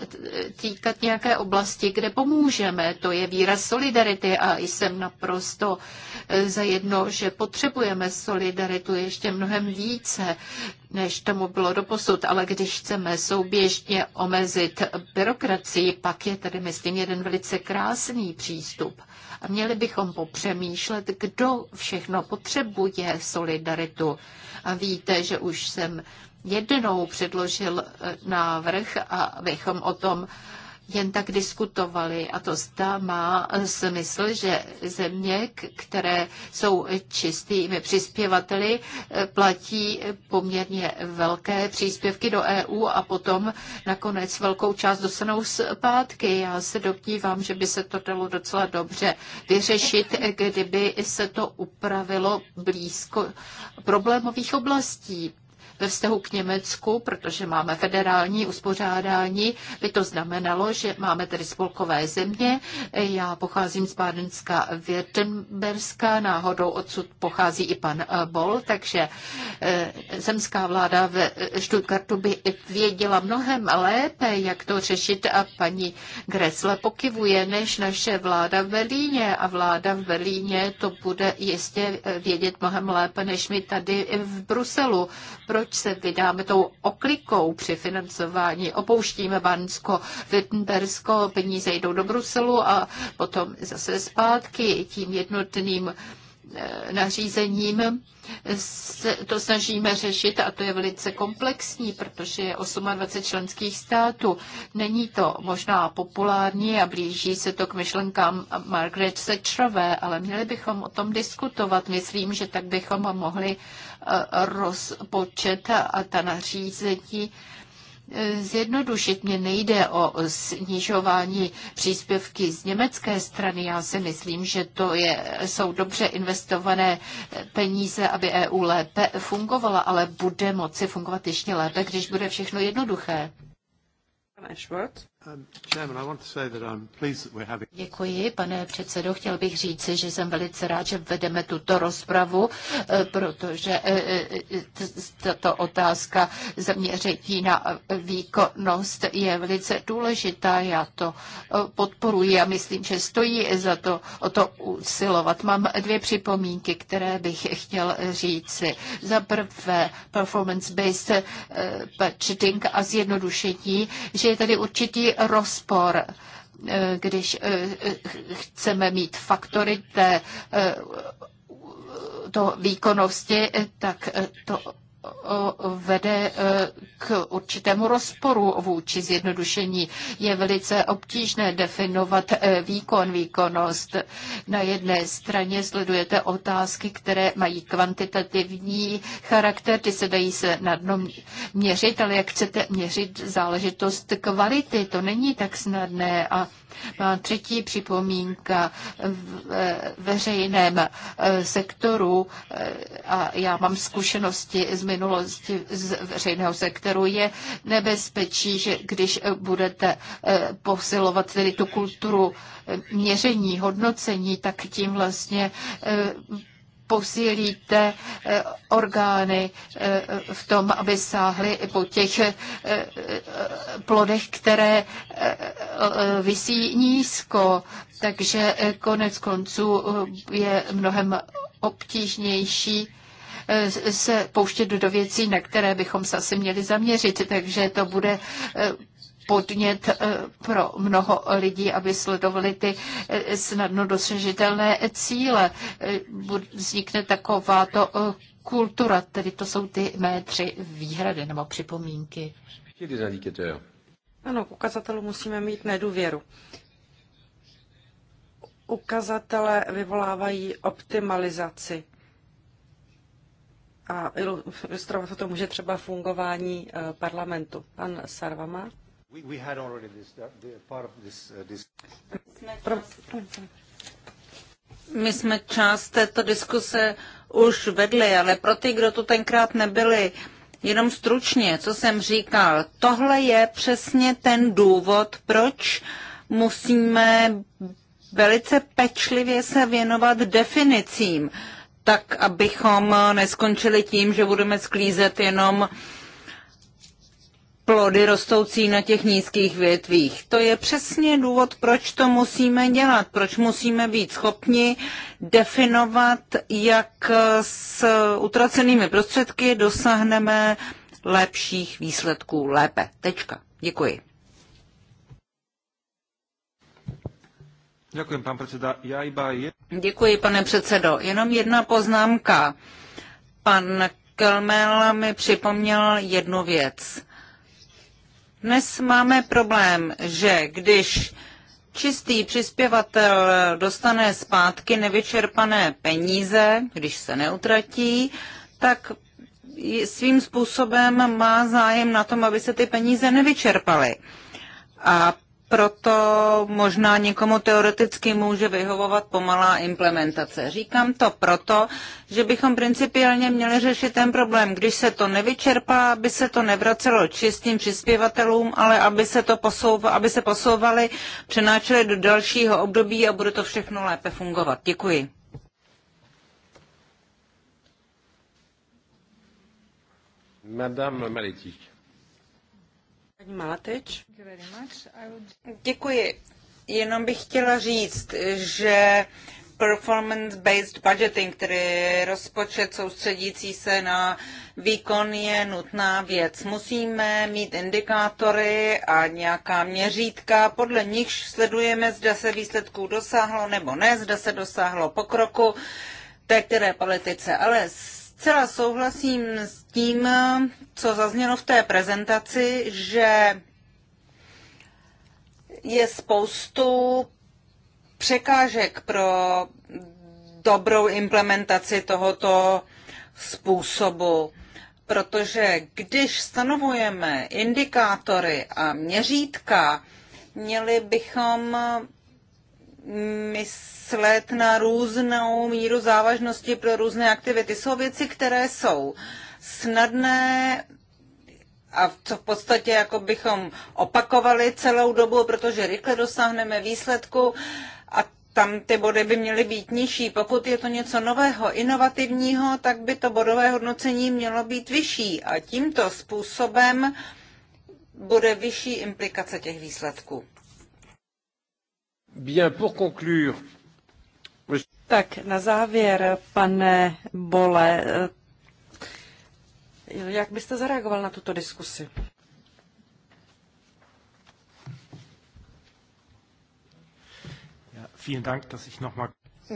týkat nějaké oblasti, kde pomůžeme. To je výraz solidarity a jsem naprosto za jedno, že potřebujeme solidaritu ještě mnohem více, než tomu bylo doposud, ale když chceme souběžně omezit byrokracii, pak je tady, myslím, jeden velice krásný přístup. A měli bychom popřemýšlet, kdo všechno potřebuje solidaritu. A víte, že už jsem jednou předložil eh, návrh, abychom o tom jen tak diskutovali. A to zda má smysl, že země, které jsou čistými přispěvateli, platí poměrně velké příspěvky do EU a potom nakonec velkou část dostanou zpátky. Já se domnívám, že by se to dalo docela dobře vyřešit, kdyby se to upravilo blízko problémových oblastí ve vztahu k Německu, protože máme federální uspořádání, by to znamenalo, že máme tedy spolkové země. Já pocházím z Bádenska Württemberska, náhodou odsud pochází i pan eh, Bol, takže eh, zemská vláda ve Stuttgartu by věděla mnohem lépe, jak to řešit a paní Gresle pokivuje, než naše vláda v Berlíně a vláda v Berlíně to bude jistě eh, vědět mnohem lépe, než my tady v Bruselu. Proč proč se vydáme tou oklikou při financování. Opouštíme Bansko, Wittenbersko, peníze jdou do Bruselu a potom zase zpátky tím jednotným Eh, nařízením se to snažíme řešit a to je velice komplexní, protože je 28 členských států. Není to možná populární a blíží se to k myšlenkám Margaret Thatcherové, ale měli bychom o tom diskutovat. Myslím, že tak bychom mohli eh, rozpočet a ta nařízení zjednodušit. Mně nejde o snižování příspěvky z německé strany. Já si myslím, že to je, jsou dobře investované peníze, aby EU lépe fungovala, ale bude moci fungovat ještě lépe, když bude všechno jednoduché. Pan Um, Děkuji, pane předsedo. Chtěl bych říci, že jsem velice rád, že vedeme tuto rozpravu, eh, protože eh, eh, tato otázka zaměření na výkonnost je velice důležitá. Já to podporuji a myslím, že stojí za to o to usilovat. Mám dvě připomínky, které bych chtěl říci. Za prvé performance-based budgeting a zjednodušení, že je tady určitý rozpor eh, když eh, eh, chceme mít faktory té to výkonnosti, tak to vede e, k určitému rozporu vůči zjednodušení. Je velice obtížné definovat e, výkon, výkonnost. Na jedné straně sledujete otázky, které mají kvantitativní charakter, ty se dají se na dno měřit, ale jak chcete měřit záležitost kvality, to není tak snadné a má třetí připomínka v e, veřejném e, sektoru, e, a já mám zkušenosti z minulosti z veřejného sektoru, je nebezpečí, že když budete posilovat tedy tu kulturu měření, hodnocení, tak tím vlastně posílíte eh, orgány eh, v tom, aby sáhly po těch eh, plodech, které visí nízko. Takže konec konců je mnohem obtížnější se pouštět do věcí, na které bychom se asi měli zaměřit. Takže to bude podnět eh, pro mnoho lidí, aby sledovali ty eh, snadno dosažitelné cíle. Eh, vznikne takováto kultura, tedy to jsou ty mé tři výhrady nebo připomínky. Ano, k ukazatelům musíme mít nedůvěru. Ukazatele vyvolávají optimalizaci. A ilustrovat to může třeba fungování parlamentu. Pan Sarvama. We, had already this, part of uh, this, My jsme část této diskuse už vedli, ale pro ty, kdo tu tenkrát nebyli, jenom stručně, co jsem říkal, tohle je přesně ten důvod, proč musíme velice pečlivě se věnovat definicím, tak abychom neskončili tím, že budeme sklízet jenom uh, plody rostoucí na těch nízkých větvích. To je přesně důvod, proč to musíme dělat, proč musíme být schopni definovat, jak s utracenými prostředky dosáhneme lepších výsledků lépe. Tečka. Děkuji. Děkuji, pan předseda. Já iba je... Děkuji, pane předsedo. Jenom jedna poznámka. Pan Kelmel mi připomněl jednu věc. Dnes máme problém, že když čistý přispěvatel dostane zpátky nevyčerpané peníze, když se neutratí, tak svým způsobem má zájem na tom, aby se ty peníze nevyčerpaly. A proto možná někomu teoreticky může vyhovovat pomalá implementace. Říkám to proto, že bychom principiálně měli řešit ten problém, když se to nevyčerpá, aby se to nevracelo čistým přispěvatelům, ale aby se to posouva, aby se posouvali, přenáčeli do dalšího období a bude to všechno lépe fungovat. Děkuji. Madame Maletich. Paní Děkuji. Jenom bych chtěla říct, že performance-based budgeting, je rozpočet soustředící se na výkon, je nutná věc. Musíme mít indikátory a nějaká měřítka, podle nichž sledujeme, zda se výsledků dosáhlo nebo ne, zda se dosáhlo pokroku té které politice, ale Zcela souhlasím s tím, co zaznělo v té prezentaci, že je spoustu překážek pro dobrou implementaci tohoto způsobu. Protože když stanovujeme indikátory a měřítka, měli bychom myslet na různou míru závažnosti pro různé aktivity. Jsou věci, které jsou snadné a co v podstatě jako bychom opakovali celou dobu, protože rychle dosáhneme výsledku a tam ty body by měly být nižší. Pokud je to něco nového, inovativního, tak by to bodové hodnocení mělo být vyšší a tímto způsobem bude vyšší implikace těch výsledků. Bien, pour conclure, tak na závěr, pane Bole, eh, jak byste zareagoval na tuto diskusi?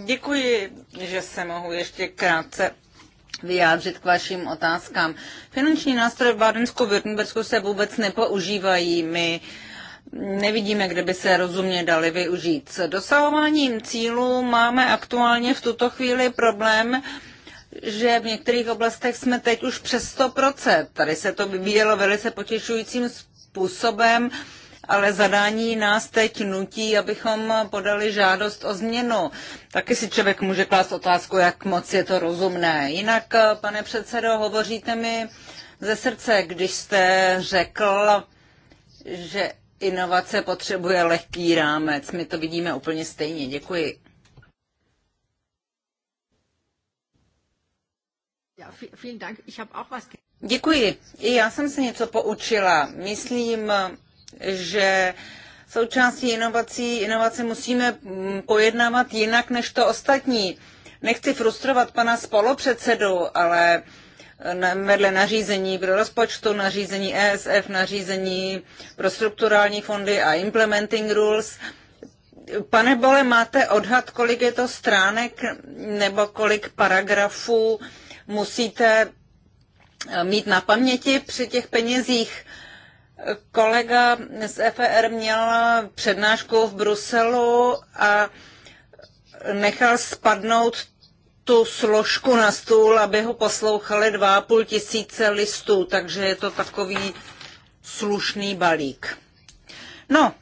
Děkuji, že se mohu ještě krátce vyjádřit k vašim otázkám. Finanční nástroje v Bádensku-Württembersku se vůbec nepoužívají. My uh, nevidíme, kde by se rozumně dali využít. S dosahováním cílů máme aktuálně v tuto chvíli problém, že v některých oblastech jsme teď už přes 100%. Tady se to vyvíjelo velice potěšujícím způsobem, ale zadání nás teď nutí, abychom podali žádost o změnu. Taky si člověk může klást otázku, jak moc je to rozumné. Jinak, pane předsedo, hovoříte mi ze srdce, když jste řekl, že inovace potřebuje lehký rámec. My to vidíme úplně stejně. Děkuji. Děkuji. I já jsem se něco poučila. Myslím, že součástí inovací inovace musíme mm, pojednávat jinak než to ostatní. Nechci frustrovat pana spolupředsedu, ale vedle nařízení pro rozpočtu, nařízení ESF, nařízení pro strukturální fondy a implementing rules. Pane Bole, máte odhad, kolik je to stránek nebo kolik paragrafů musíte eh, mít na paměti při těch penězích? Kolega z FER měl přednášku v Bruselu a nechal spadnout tu složku na stůl, aby ho poslouchali dva a půl tisíce listů, takže je to takový slušný balík. No,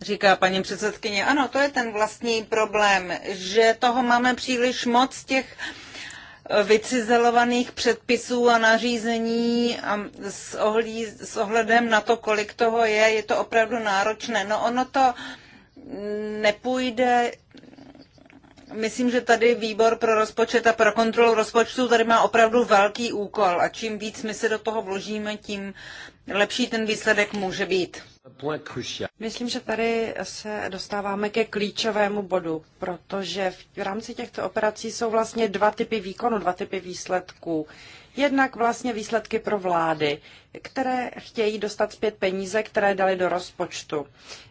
říká paní předsedkyně, ano, to je ten vlastní problém, že toho máme příliš moc těch eh, vycizelovaných předpisů a nařízení a s, ohlí, s ohledem na to, kolik toho je, je to opravdu náročné. No ono to nepůjde myslím, že tady výbor pro rozpočet a pro kontrolu rozpočtu tady má opravdu velký úkol a čím víc my se do toho vložíme, tím lepší ten výsledek může být. Myslím, že tady se dostáváme ke klíčovému bodu, protože v rámci těchto operací jsou vlastně dva typy výkonu, dva typy výsledků. Jednak vlastně výsledky pro vlády, které chtějí dostat zpět peníze, které dali do rozpočtu.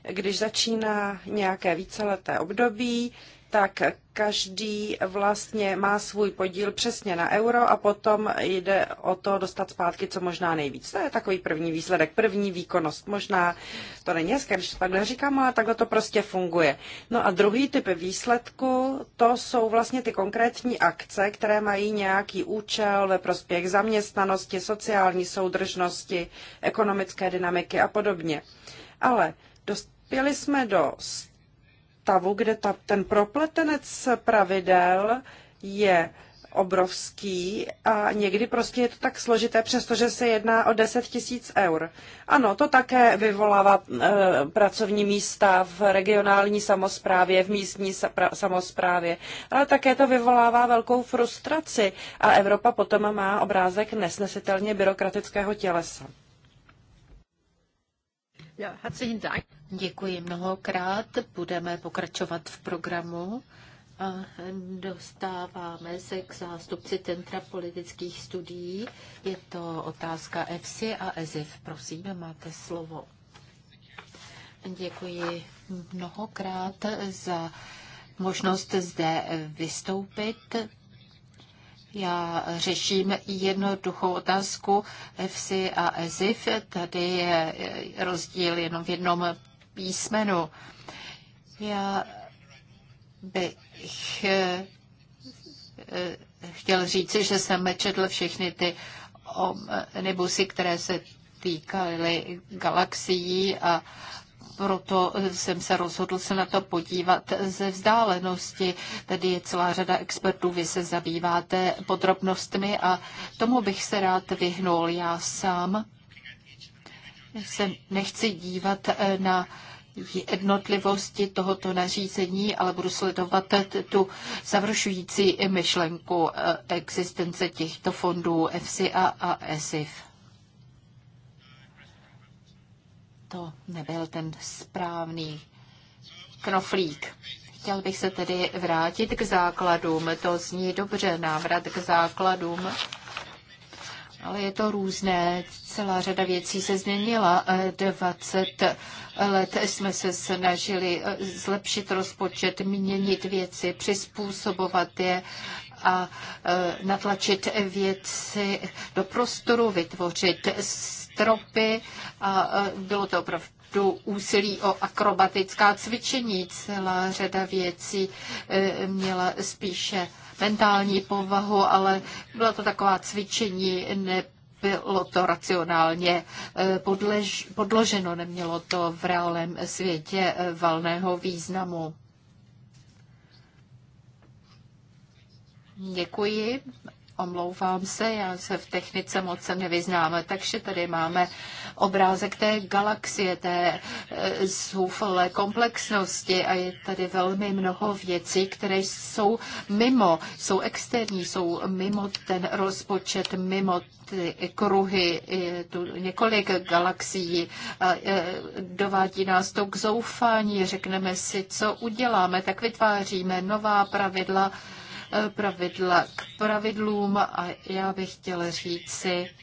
Když začíná nějaké víceleté období, tak každý vlastně má svůj podíl přesně na euro a potom jde o to dostat zpátky co možná nejvíc. To je takový první výsledek, první výkonnost. Možná to není hezké, když to takhle říkám, ale takhle to prostě funguje. No a druhý typ výsledku, to jsou vlastně ty konkrétní akce, které mají nějaký účel ve prospěch zaměstnanosti, sociální soudržnosti, ekonomické dynamiky a podobně. Ale dospěli jsme do stavu, kde ta, ten propletenec pravidel je obrovský a někdy prostě je to tak složité, přestože se jedná o 10 tisíc eur. Ano, to také vyvolává e, pracovní místa v regionální samozprávě, v místní samozprávě, ale také to vyvolává velkou frustraci a Evropa potom má obrázek nesnesitelně byrokratického tělesa. Ja, herzlichen Dank. Děkuji mnohokrát. Budeme pokračovat v programu. A dostáváme se k zástupci Centra politických studií. Je to otázka EFSI a EZIF. Prosím, máte slovo. Děkuji mnohokrát za možnost zde vystoupit. Já řeším jednoduchou otázku EFSI a EZIF. Tady je rozdíl jenom v jednom písmenu. Já bych eh, eh, chtěl říci, že jsem četl všechny ty omnibusy, které se týkaly galaxií a proto jsem se rozhodl se na to podívat ze vzdálenosti. Tady je celá řada expertů, vy se zabýváte podrobnostmi a tomu bych se rád vyhnul. Já sám se nechci dívat eh, na jednotlivosti tohoto nařízení, ale budu sledovat eh, tu završující myšlenku eh, existence těchto fondů FCA a ESIF. To nebyl ten správný knoflík. Chtěl bych se tedy vrátit k základům. To zní dobře, návrat k základům ale je to různé. Celá řada věcí se změnila. 20 let jsme se snažili eh, zlepšit rozpočet, měnit věci, přizpůsobovat je a eh, natlačit věci do prostoru, vytvořit stropy a eh, bylo to opravdu do úsilí o akrobatická cvičení. Celá řada věcí měla spíše mentální povahu, ale byla to taková cvičení, nebylo to racionálně eh, podlež, podloženo, nemělo to v reálném světě eh, valného významu. Děkuji Omlouvám se, já se v technice moc nevyznám. Takže tady máme obrázek té galaxie, té e, zoufalé komplexnosti a je tady velmi mnoho věcí, které jsou mimo, jsou externí, jsou mimo ten rozpočet, mimo ty kruhy, je tu několik galaxií, a e, dovádí nás to k zoufání, řekneme si, co uděláme, tak vytváříme nová pravidla, pravidla k pravidlům a já bych chtěla říci,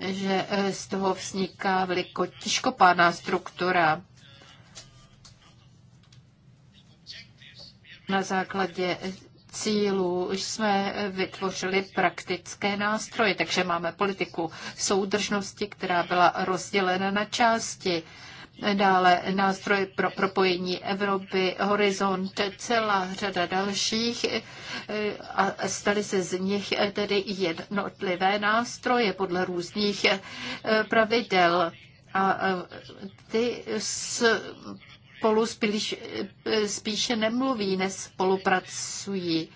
že eh, z toho vzniká veliko těžkopádná struktura. Na základě cílů jsme vytvořili praktické nástroje, takže máme politiku soudržnosti, která byla rozdělena na části dále nástroje pro propojení Evropy, Horizont, celá řada dalších eh, a staly se z nich eh, tedy jednotlivé nástroje podle různých eh, pravidel. A ty spolu spíš, spíše nemluví, nespolupracují.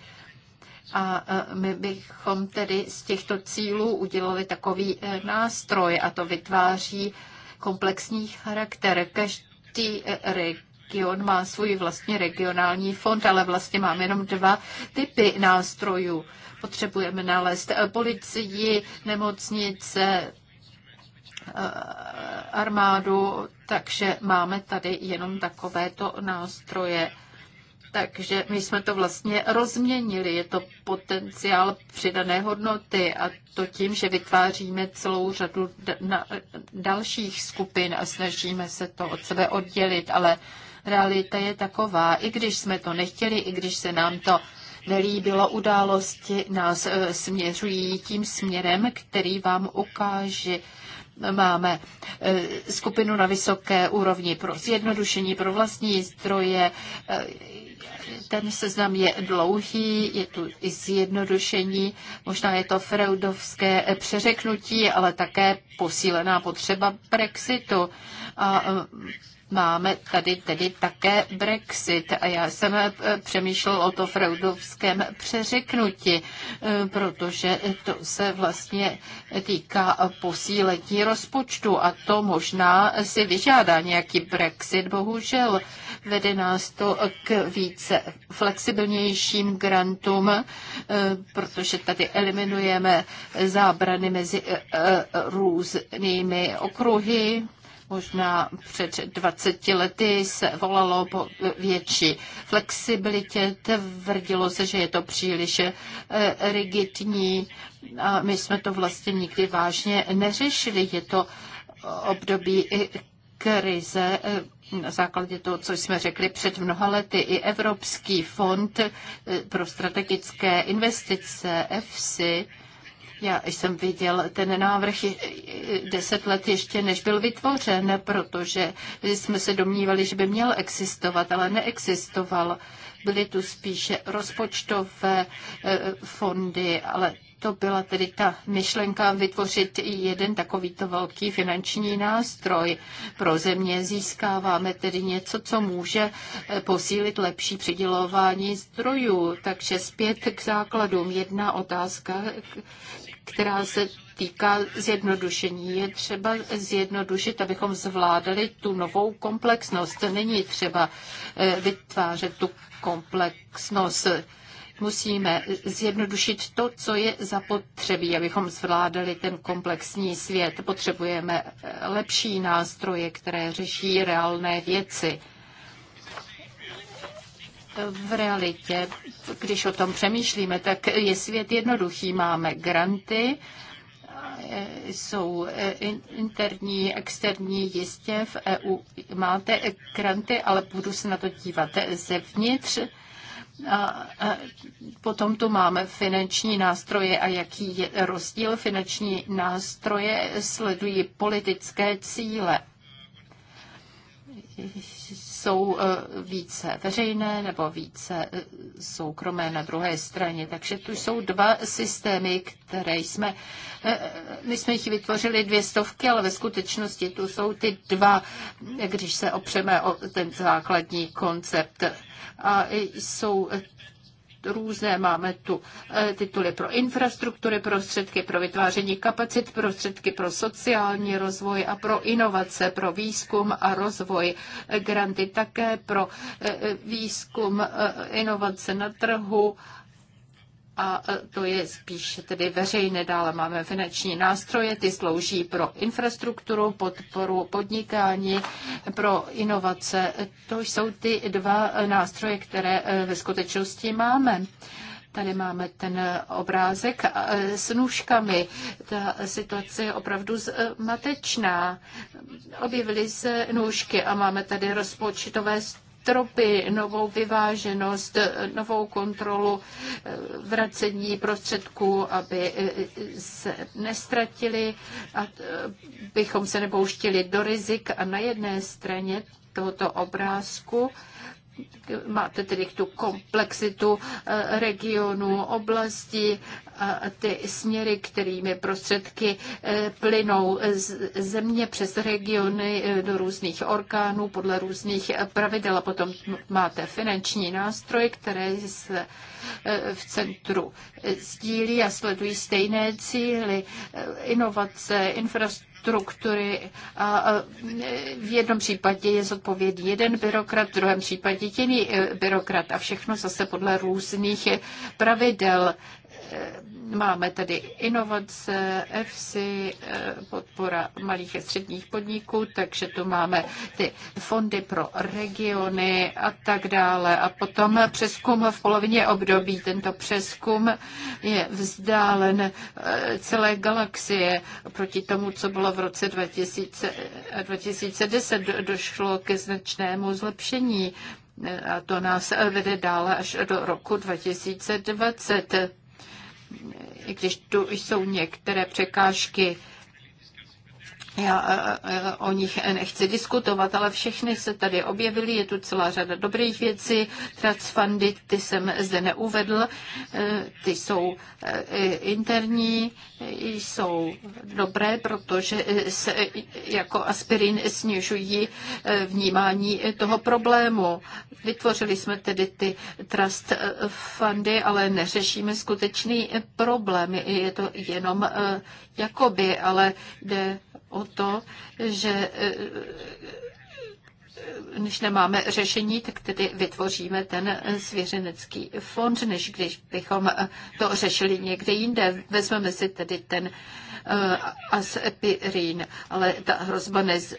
A my bychom tedy z těchto cílů udělali takový nástroj a to vytváří komplexní charakter. Každý region má svůj vlastně regionální fond, ale vlastně máme jenom dva typy nástrojů. Potřebujeme nalézt policii, nemocnice, eh, armádu, takže máme tady jenom takovéto nástroje. Takže my jsme to vlastně rozměnili. Je to potenciál přidané hodnoty a to tím, že vytváříme celou řadu dalších skupin a snažíme se to od sebe oddělit, ale realita je taková. I když jsme to nechtěli, i když se nám to nelíbilo, události nás e, směřují tím směrem, který vám ukáže máme e, skupinu na vysoké úrovni pro zjednodušení, pro vlastní zdroje, e, ten seznam je dlouhý, je tu i zjednodušení, možná je to freudovské přeřeknutí, ale také posílená potřeba Brexitu. A eh, máme tady tedy také Brexit a já jsem eh, přemýšlel o to freudovském přeřeknutí, eh, protože to se vlastně týká posílení rozpočtu a to možná si vyžádá nějaký Brexit. Bohužel Vede nás to k více flexibilnějším grantům, eh, protože tady eliminujeme zábrany mezi eh, eh, různými okruhy. Možná před 20 lety se volalo po větší flexibilitě, tvrdilo se, že je to příliš rigidní a my jsme to vlastně nikdy vážně neřešili. Je to období krize na základě toho, co jsme řekli před mnoha lety, i Evropský fond eh, pro strategické investice, EFSI, já jsem viděl ten návrh eh, eh, deset let ještě, než byl vytvořen, protože jsme se domnívali, že by měl existovat, ale neexistoval. Byly tu spíše rozpočtové fondy, ale to byla tedy ta myšlenka vytvořit jeden takovýto velký finanční nástroj pro země. Získáváme tedy něco, co může eh, posílit lepší přidělování zdrojů. Takže zpět k základům. Jedna otázka, která se týká zjednodušení. Je třeba zjednodušit, abychom zvládali tu novou komplexnost. Není třeba eh, vytvářet tu komplexnost Musíme zjednodušit to, co je zapotřebí, abychom zvládali ten komplexní svět. Potřebujeme eh, lepší nástroje, které řeší reálné věci v realitě, když o tom přemýšlíme, tak je svět jednoduchý. Máme granty, eh, jsou eh, interní, externí, jistě v EU máte granty, ale budu se na to dívat zevnitř. A potom tu máme finanční nástroje a jaký je rozdíl. Finanční nástroje sledují politické cíle jsou eh, více veřejné nebo více eh, soukromé na druhé straně. Takže tu jsou dva systémy, které jsme, eh, my jsme jich vytvořili dvě stovky, ale ve skutečnosti tu jsou ty dva, když se opřeme o ten základní koncept. A jsou různé. Máme tu eh, tituly pro infrastruktury, prostředky pro vytváření kapacit, prostředky pro sociální rozvoj a pro inovace, pro výzkum a rozvoj. Granty také pro eh, eh, výzkum, inovace na trhu a e, to je spíš tedy veřejné. Dále máme finanční nástroje, ty slouží pro infrastrukturu, podporu podnikání, pro inovace. To jsou ty dva nástroje, které e, ve skutečnosti máme. Tady máme ten obrázek e, s nůžkami. Ta situace je opravdu zmatečná. Objevily se nůžky a máme tady rozpočtové stropy, novou vyváženost, novou kontrolu eh, vracení prostředků, aby eh, se nestratili, abychom eh, se nepouštili do rizik a na jedné straně tohoto obrázku máte tedy tu komplexitu eh, regionu, oblasti, ty směry, kterými prostředky eh, plynou z země přes regiony eh, do různých orgánů podle různých pravidel. A potom máte finanční nástroje, které se v centru sdílí a sledují stejné cíly, inovace, infrastruktura, struktury v jednom případě je zodpovědný jeden byrokrat, v druhém případě jiný e, byrokrat a všechno zase podle různých e, pravidel. Eh, máme tedy inovace, EFSI, eh, podpora malých a středních podniků, takže tu máme ty fondy pro regiony a tak dále. A potom přeskum v polovině období. Tento přeskum je vzdálen eh, celé galaxie proti tomu, co bylo v roce 2000, 2010. Došlo ke značnému zlepšení a to nás vede dále až do roku 2020 i když tu jsou některé překážky, já e, e, e, o nich nechci diskutovat, ale všechny se tady objevily. Je tu celá řada dobrých věcí. Transfundy, ty jsem zde neuvedl. Ty jsou interní, jsou dobré, protože se jako aspirin snižují vnímání toho problému. Vytvořili jsme tedy ty trust fundy, ale neřešíme skutečný problém. Je to jenom jakoby, ale jde o to, že než eh, nemáme řešení, tak tedy vytvoříme ten svěřenecký fond, než když bychom to řešili někde jinde. Vezmeme si tedy ten Eh, aspirin, ale ta hrozba nez,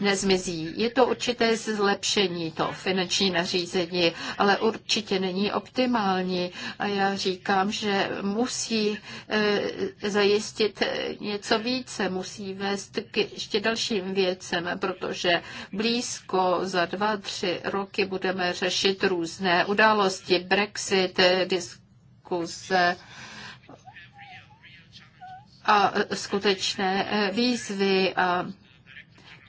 nezmizí. Je to určité zlepšení, to finanční nařízení, ale určitě není optimální. A já říkám, že musí eh, zajistit něco více, musí vést k ještě dalším věcem, protože blízko za dva, tři roky budeme řešit různé události, Brexit, eh, diskuse, a skutečné e, výzvy a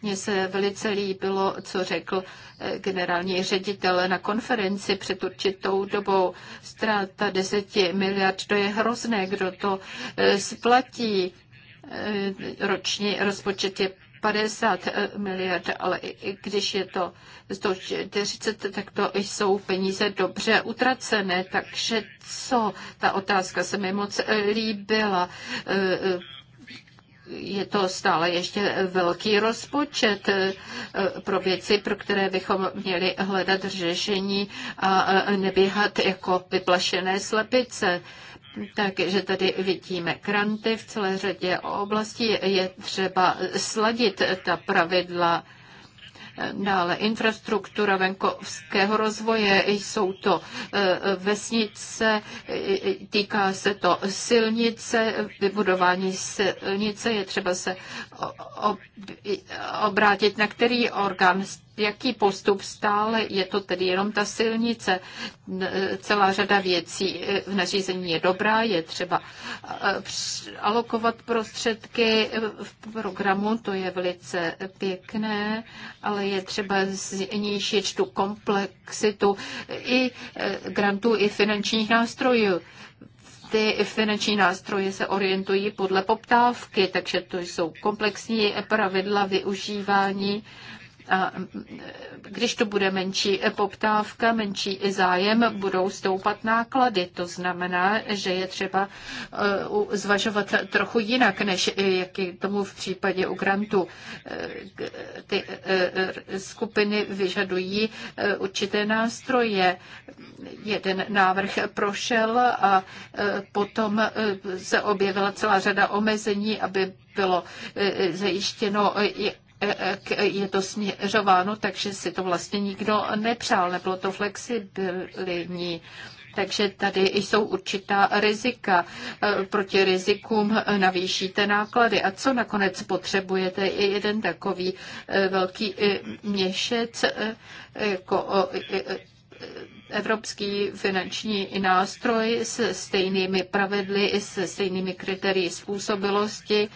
mně se velice líbilo, co řekl e, generální ředitel na konferenci před určitou dobou. Ztráta 10 miliard, to je hrozné, kdo to e, splatí. Roční rozpočet je 50 eh, miliard, ale i když je to 140, tak to jsou peníze dobře utracené. Takže co? Ta otázka se mi moc eh, líbila eh, je to stále ještě velký rozpočet pro věci, pro které bychom měli hledat řešení a neběhat jako vyplašené slepice. Takže tady vidíme kranty v celé řadě oblastí. Je třeba sladit ta pravidla Dále infrastruktura venkovského rozvoje, jsou to e, vesnice, e, týká se to silnice, vybudování silnice, je třeba se obrátit na který orgán jaký postup stále, je to tedy jenom ta silnice. Celá řada věcí eh, v nařízení je dobrá, je třeba eh, alokovat prostředky eh, v programu, to je velice pěkné, ale je třeba znižit tu komplexitu i grantů, i finančních nástrojů ty finanční nástroje se orientují podle poptávky, takže to jsou komplexní pravidla využívání a když to bude menší poptávka, menší zájem, budou stoupat náklady. To znamená, že je třeba eh, zvažovat trochu jinak, než jak je tomu v případě u grantu. Eh, ty eh, skupiny vyžadují určité nástroje. Jeden návrh prošel a potom se objevila celá řada omezení, aby bylo zajištěno E, e, je to směřováno, takže si to vlastně nikdo nepřál, nebylo to flexibilní. Takže tady jsou určitá rizika. E, proti rizikům navýšíte náklady. A co nakonec potřebujete? Je jeden takový velký měšec, jako evropský finanční nástroj se stejnými pravidly, se stejnými kritérii způsobilosti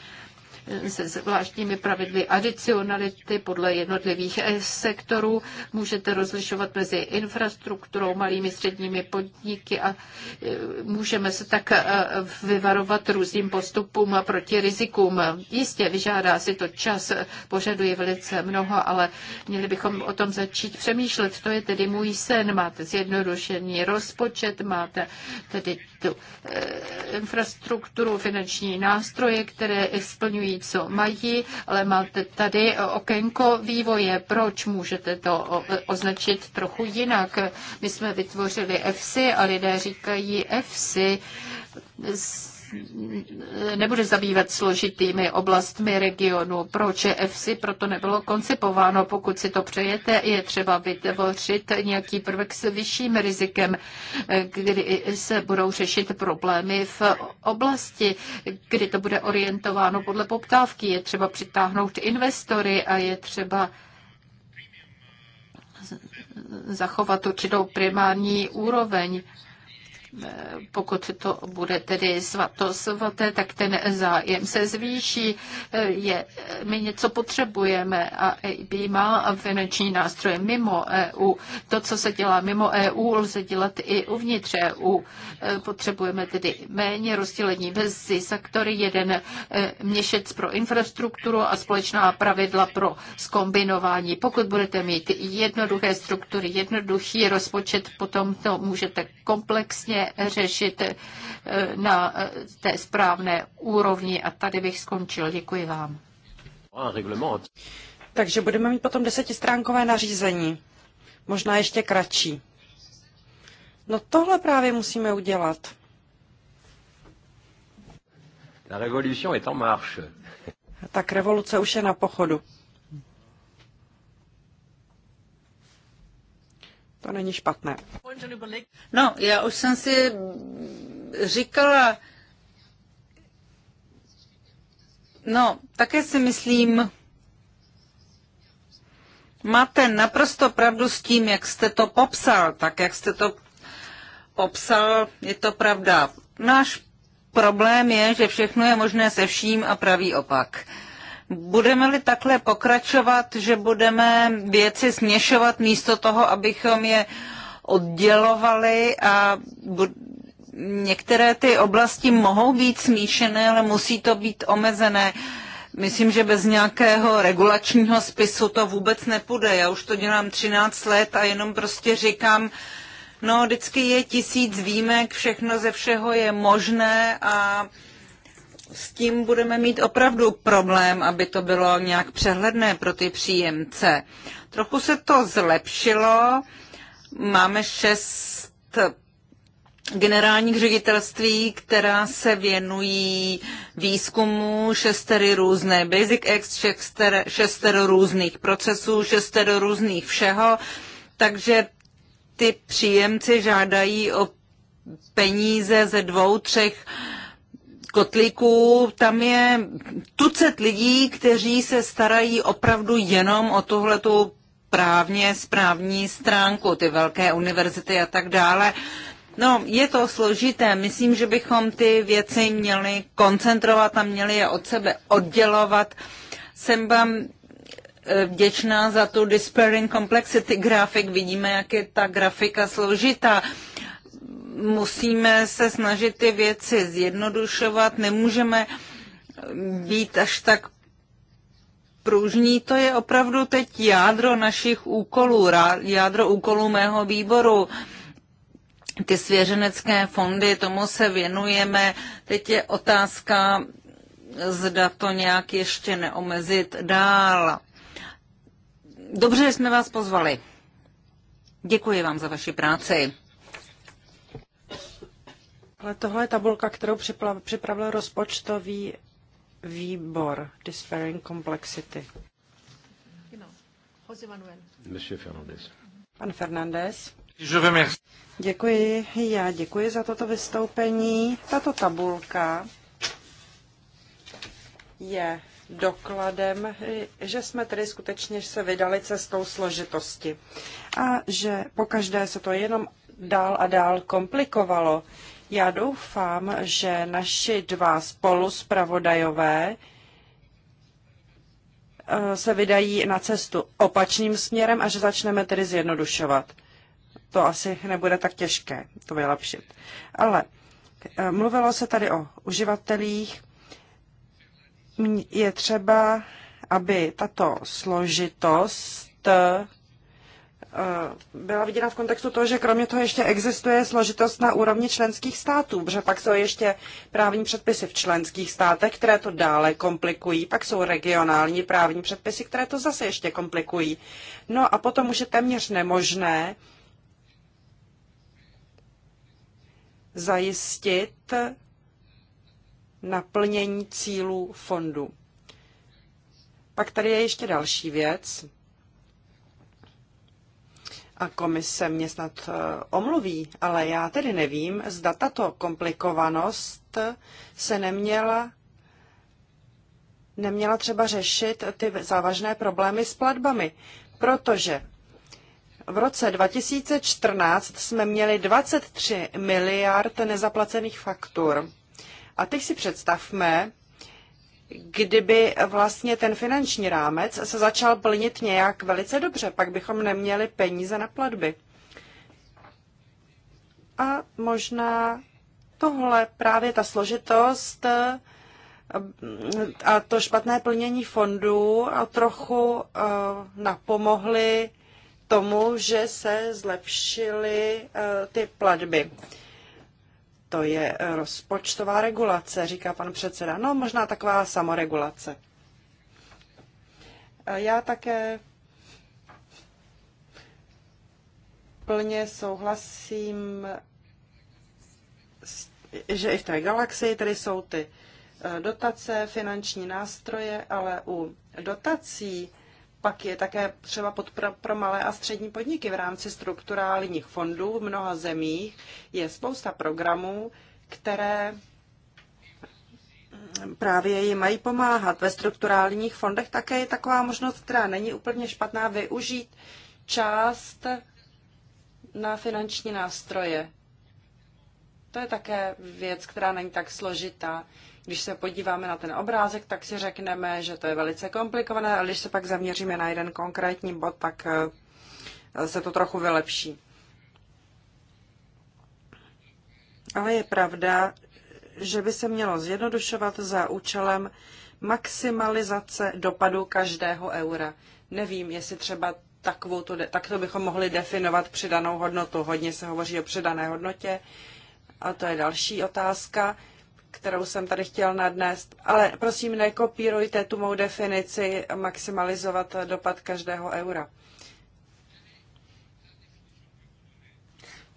se zvláštními pravidly adicionality podle jednotlivých eh, sektorů. Můžete rozlišovat mezi infrastrukturou, malými středními podniky a eh, můžeme se tak eh, vyvarovat různým postupům a proti rizikům. Jistě vyžádá si to čas, požaduje velice mnoho, ale měli bychom o tom začít přemýšlet. To je tedy můj sen. Máte zjednodušený rozpočet, máte tedy tu eh, infrastrukturu, finanční nástroje, které splňují, co mají, ale máte tady okénko vývoje. Proč můžete to označit trochu jinak? My jsme vytvořili EFSI a lidé říkají EFSI nebude zabývat složitými oblastmi regionu. Proč FC? proto nebylo koncipováno? Pokud si to přejete, je třeba vytvořit nějaký prvek s vyšším rizikem, kdy se budou řešit problémy v oblasti, kdy to bude orientováno podle poptávky. Je třeba přitáhnout investory a je třeba zachovat určitou primární úroveň pokud to bude tedy svato svaté, tak ten zájem se zvýší. Je, my něco potřebujeme a EIB má finanční nástroje mimo EU. To, co se dělá mimo EU, lze dělat i uvnitř EU. Potřebujeme tedy méně rozdělení bez sektory, jeden eh, měšec pro infrastrukturu a společná pravidla pro skombinování. Pokud budete mít jednoduché struktury, jednoduchý rozpočet, potom to můžete komplexně vlastně řešit eh, na eh, té správné úrovni. A tady bych skončil. Děkuji vám. Takže budeme mít potom desetistránkové nařízení. Možná ještě kratší. No tohle právě musíme udělat. La révolution est en marche. Tak revoluce už je na pochodu. To není špatné. No, já už jsem si říkala, no, také si myslím, máte naprosto pravdu s tím, jak jste to popsal, tak jak jste to popsal, je to pravda. Náš problém je, že všechno je možné se vším a pravý opak. Budeme-li takhle pokračovat, že budeme věci směšovat místo toho, abychom je oddělovali a některé ty oblasti mohou být smíšené, ale musí to být omezené. Myslím, že bez nějakého regulačního spisu to vůbec nepůjde. Já už to dělám 13 let a jenom prostě říkám, no vždycky je tisíc výjimek, všechno ze všeho je možné a s tím budeme mít opravdu problém, aby to bylo nějak přehledné pro ty příjemce. Trochu se to zlepšilo. Máme šest generálních ředitelství, která se věnují výzkumu, šestery různé Basic Acts, šester, šestero různých procesů, šestero různých všeho, takže ty příjemci žádají o peníze ze dvou, třech uh, kotlíků, tam je tucet lidí, kteří se starají opravdu jenom o tuhletu právně správní stránku, ty velké univerzity a tak dále. No, je to složité. Myslím, že bychom ty věci měli koncentrovat a měli je od sebe oddělovat. Jsem vám eh, vděčná za tu Dispairing Complexity grafik. Vidíme, jak je ta grafika složitá musíme se snažit ty věci zjednodušovat, nemůžeme být až tak pružní, to je opravdu teď jádro našich úkolů, jádro úkolů mého výboru. Ty svěřenecké fondy, tomu se věnujeme. Teď je otázka, zda to nějak ještě neomezit dál. Dobře, že jsme vás pozvali. Děkuji vám za vaši práci. Ale tohle je tabulka, kterou připravil rozpočtový výbor Disfering Complexity. Monsieur Fernandez. Pan Fernandez. Děkuji, já děkuji za toto vystoupení. Tato tabulka je dokladem, že jsme tedy skutečně se vydali cestou složitosti a že po se to jenom dál a dál komplikovalo. Já doufám, že naši dva spoluspravodajové eh, se vydají na cestu opačným směrem a že začneme tedy zjednodušovat. To asi nebude tak těžké to vylepšit. Ale eh, mluvilo se tady o uživatelích. Je třeba, aby tato složitost Eh, byla viděna v kontextu toho, že kromě toho ještě existuje složitost na úrovni členských států, protože pak jsou ještě právní předpisy v členských státech, které to dále komplikují, pak jsou regionální právní předpisy, které to zase ještě komplikují. No a potom už je téměř nemožné zajistit naplnění cílů fondu. Pak tady je ještě další věc, a komise mě snad eh, omluví, ale já tedy nevím, zda tato komplikovanost se neměla neměla třeba řešit ty závažné problémy s platbami, protože v roce 2014 jsme měli 23 miliard nezaplacených faktur. A teď si představme, kdyby vlastně ten finanční rámec se začal plnit nějak velice dobře, pak bychom neměli peníze na platby. A možná tohle právě ta složitost a to špatné plnění fondů trochu eh, napomohly tomu, že se zlepšily eh, ty platby. To je rozpočtová regulace, říká pan předseda. No, možná taková samoregulace. Já také plně souhlasím, že i v té galaxii tedy jsou ty e, dotace, finanční nástroje, ale u dotací pak je také třeba podpora pro malé a střední podniky v rámci strukturálních fondů v mnoha zemích. Je spousta programů, které právě jim mají pomáhat. Ve strukturálních fondech také je taková možnost, která není úplně špatná, využít část na finanční nástroje. To je také věc, která není tak složitá. Když se podíváme na ten obrázek, tak si řekneme, že to je velice komplikované, ale když se pak zaměříme na jeden konkrétní bod, tak eh, se to trochu vylepší. Ale je pravda, že by se mělo zjednodušovat za účelem maximalizace dopadu každého eura. Nevím, jestli třeba takovou to, tak to bychom mohli definovat přidanou hodnotu. Hodně se hovoří o přidané hodnotě. A to je další otázka kterou jsem tady chtěl nadnést. Ale prosím, nekopírujte tu mou definici maximalizovat dopad každého eura.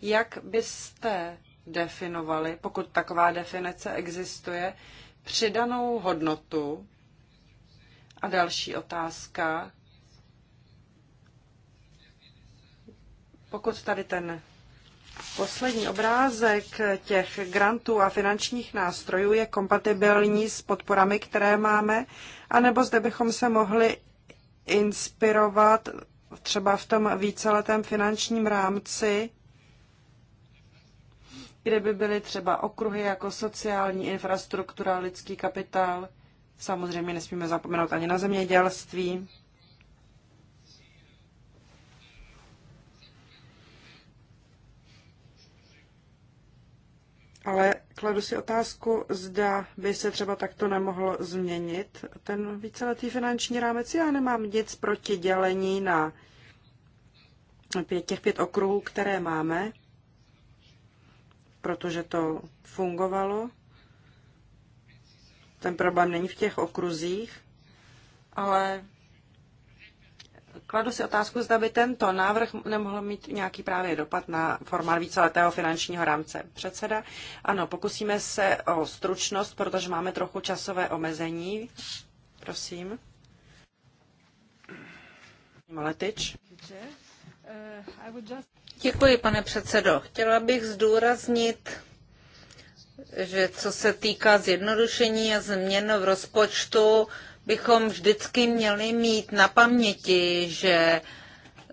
Jak byste definovali, pokud taková definice existuje, přidanou hodnotu? A další otázka. Pokud tady ten Poslední obrázek těch grantů a finančních nástrojů je kompatibilní s podporami, které máme, anebo zde bychom se mohli inspirovat třeba v tom víceletém finančním rámci, kde by byly třeba okruhy jako sociální infrastruktura, lidský kapitál. Samozřejmě nesmíme zapomenout ani na zemědělství. Ale kladu si otázku, zda by se třeba takto nemohl změnit ten víceletý finanční rámec. Já nemám nic proti dělení na pět, těch pět okruhů, které máme, protože to fungovalo. Ten problém není v těch okruzích, ale Kladu si otázku, zda by tento návrh nemohl mít nějaký právě dopad na formát víceletého finančního rámce. Předseda, ano, pokusíme se o stručnost, protože máme trochu časové omezení. Prosím. Maletič. Děkuji, pane předsedo. Chtěla bych zdůraznit, že co se týká zjednodušení a změn v rozpočtu, bychom vždycky měli mít na paměti, že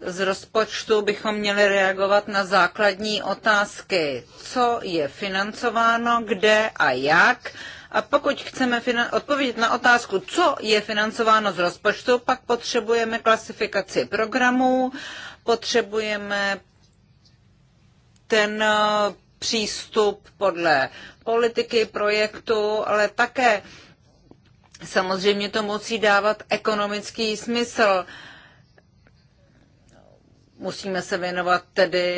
z rozpočtu bychom měli reagovat na základní otázky, co je financováno, kde a jak. A pokud chceme odpovědět na otázku, co je financováno z rozpočtu, pak potřebujeme klasifikaci programů, potřebujeme ten eh, přístup podle politiky, projektu, ale také Samozřejmě to musí dávat ekonomický smysl. Musíme se věnovat tedy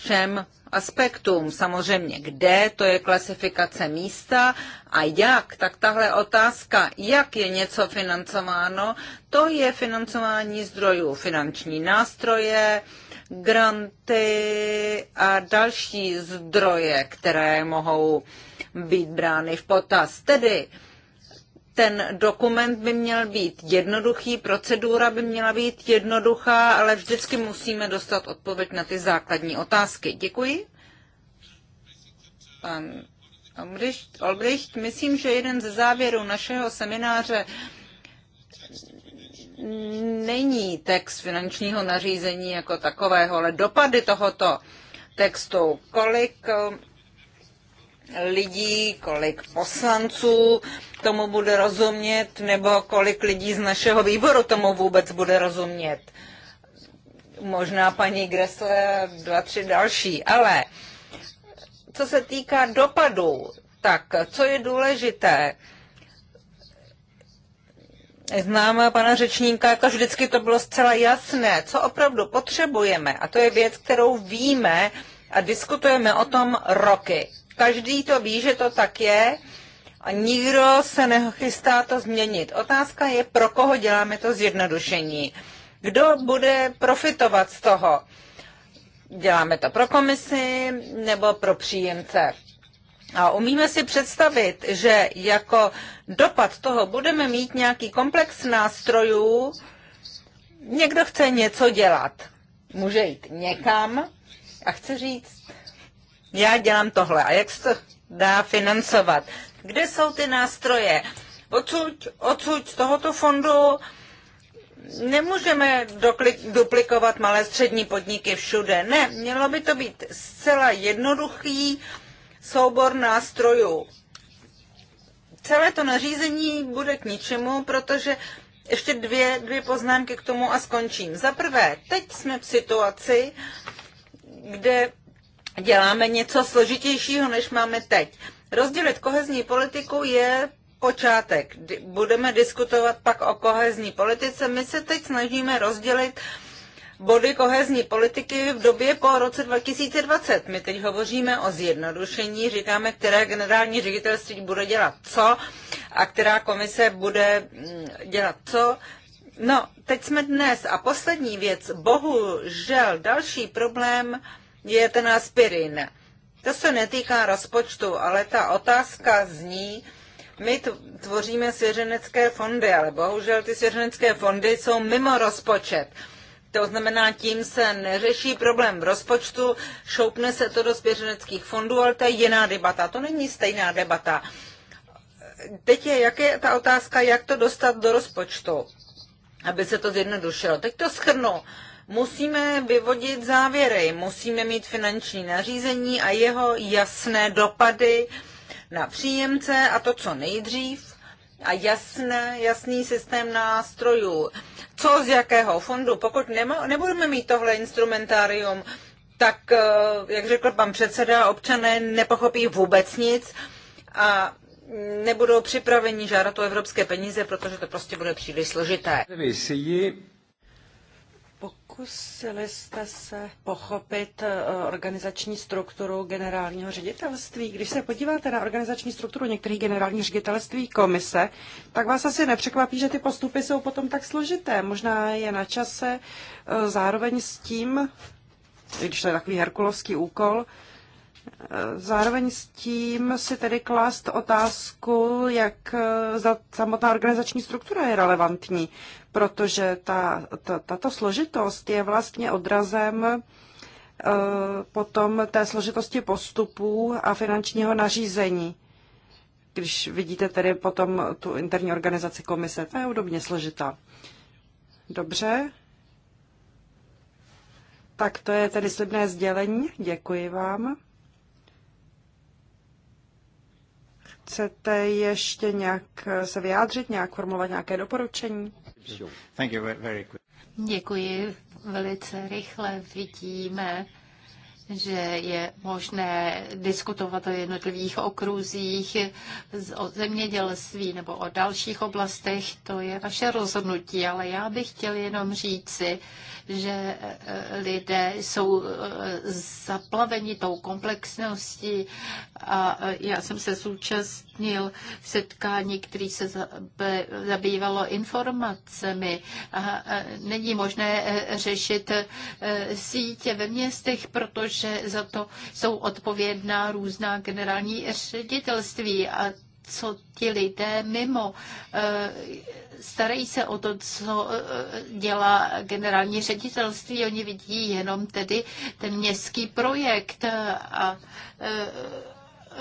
všem aspektům. Samozřejmě kde, to je klasifikace místa a jak, tak tahle otázka, jak je něco financováno, to je financování zdrojů, finanční nástroje, granty a další zdroje, které mohou být brány v potaz. Tedy ten dokument by měl být jednoduchý, procedura by měla být jednoduchá, ale vždycky musíme dostat odpověď na ty základní otázky. Děkuji. Pan Olbricht, myslím, že jeden ze závěrů našeho semináře není text finančního nařízení jako takového, ale dopady tohoto textu. Kolik lidí, kolik poslanců tomu bude rozumět, nebo kolik lidí z našeho výboru tomu vůbec bude rozumět. Možná paní Gressle dva, tři další, ale co se týká dopadů, tak co je důležité? Znám pana řečníka, jako vždycky to bylo zcela jasné, co opravdu potřebujeme. A to je věc, kterou víme a diskutujeme o tom roky Každý to ví, že to tak je a nikdo se nechystá to změnit. Otázka je, pro koho děláme to zjednodušení. Kdo bude profitovat z toho? Děláme to pro komisi nebo pro příjemce? A umíme si představit, že jako dopad toho budeme mít nějaký komplex nástrojů, někdo chce něco dělat. Může jít někam a chce říct, já dělám tohle a jak se to dá financovat. Kde jsou ty nástroje? Odsuď, odsuď z tohoto fondu nemůžeme doklik, duplikovat malé střední podniky všude. Ne, mělo by to být zcela jednoduchý soubor nástrojů. Celé to nařízení bude k ničemu, protože ještě dvě, dvě poznámky k tomu a skončím. Za prvé, teď jsme v situaci, kde děláme něco složitějšího, než máme teď. Rozdělit kohezní politiku je počátek. Budeme diskutovat pak o kohezní politice. My se teď snažíme rozdělit body kohezní politiky v době po roce 2020. My teď hovoříme o zjednodušení, říkáme, které generální ředitelství bude dělat co a která komise bude mm, dělat co. No, teď jsme dnes. A poslední věc, bohužel další problém, je ten aspirin. To se netýká rozpočtu, ale ta otázka zní, my tvoříme svěřenecké fondy, ale bohužel ty svěřenecké fondy jsou mimo rozpočet. To znamená, tím se neřeší problém v rozpočtu, šoupne se to do svěřeneckých fondů, ale to je jiná debata, to není stejná debata. Teď je, jak je ta otázka, jak to dostat do rozpočtu, aby se to zjednodušilo. Teď to schrnu. Musíme vyvodit závěry, musíme mít finanční nařízení a jeho jasné dopady na příjemce a to co nejdřív a jasné, jasný systém nástrojů. Co z jakého fondu? Pokud nema, nebudeme mít tohle instrumentárium, tak, eh, jak řekl pan předseda, občané nepochopí vůbec nic a nebudou připraveni žádat o evropské peníze, protože to prostě bude příliš složité. Pokusili jste se pochopit eh, organizační strukturu generálního ředitelství. Když se podíváte na organizační strukturu některých generálních ředitelství komise, tak vás asi nepřekvapí, že ty postupy jsou potom tak složité. Možná je na čase eh, zároveň s tím, když to je takový herkulovský úkol, eh, Zároveň s tím si tedy klást otázku, jak samotná organizační struktura je relevantní protože ta, ta, tato složitost je vlastně odrazem eh, potom té složitosti postupů a finančního nařízení. Když vidíte tedy potom tu interní organizaci komise, to je udobně složitá. Dobře. Tak to je tedy slibné sdělení. Děkuji vám. Chcete ještě nějak se vyjádřit, nějak formulovat nějaké doporučení? Děkuji. Velice rychle vidíme, že je možné diskutovat o jednotlivých okruzích, o zemědělství nebo o dalších oblastech. To je vaše rozhodnutí, ale já bych chtěl jenom říci, že e, e, lidé jsou e, zaplaveni tou komplexností a já jsem se součast účastnil setkání, které se zabývalo informacemi. A není možné e, řešit e, sítě ve městech, protože za to jsou odpovědná různá generální ředitelství. A co ti lidé mimo. E, starají se o to, co dělá generální ředitelství. Oni vidí jenom tedy ten městský projekt a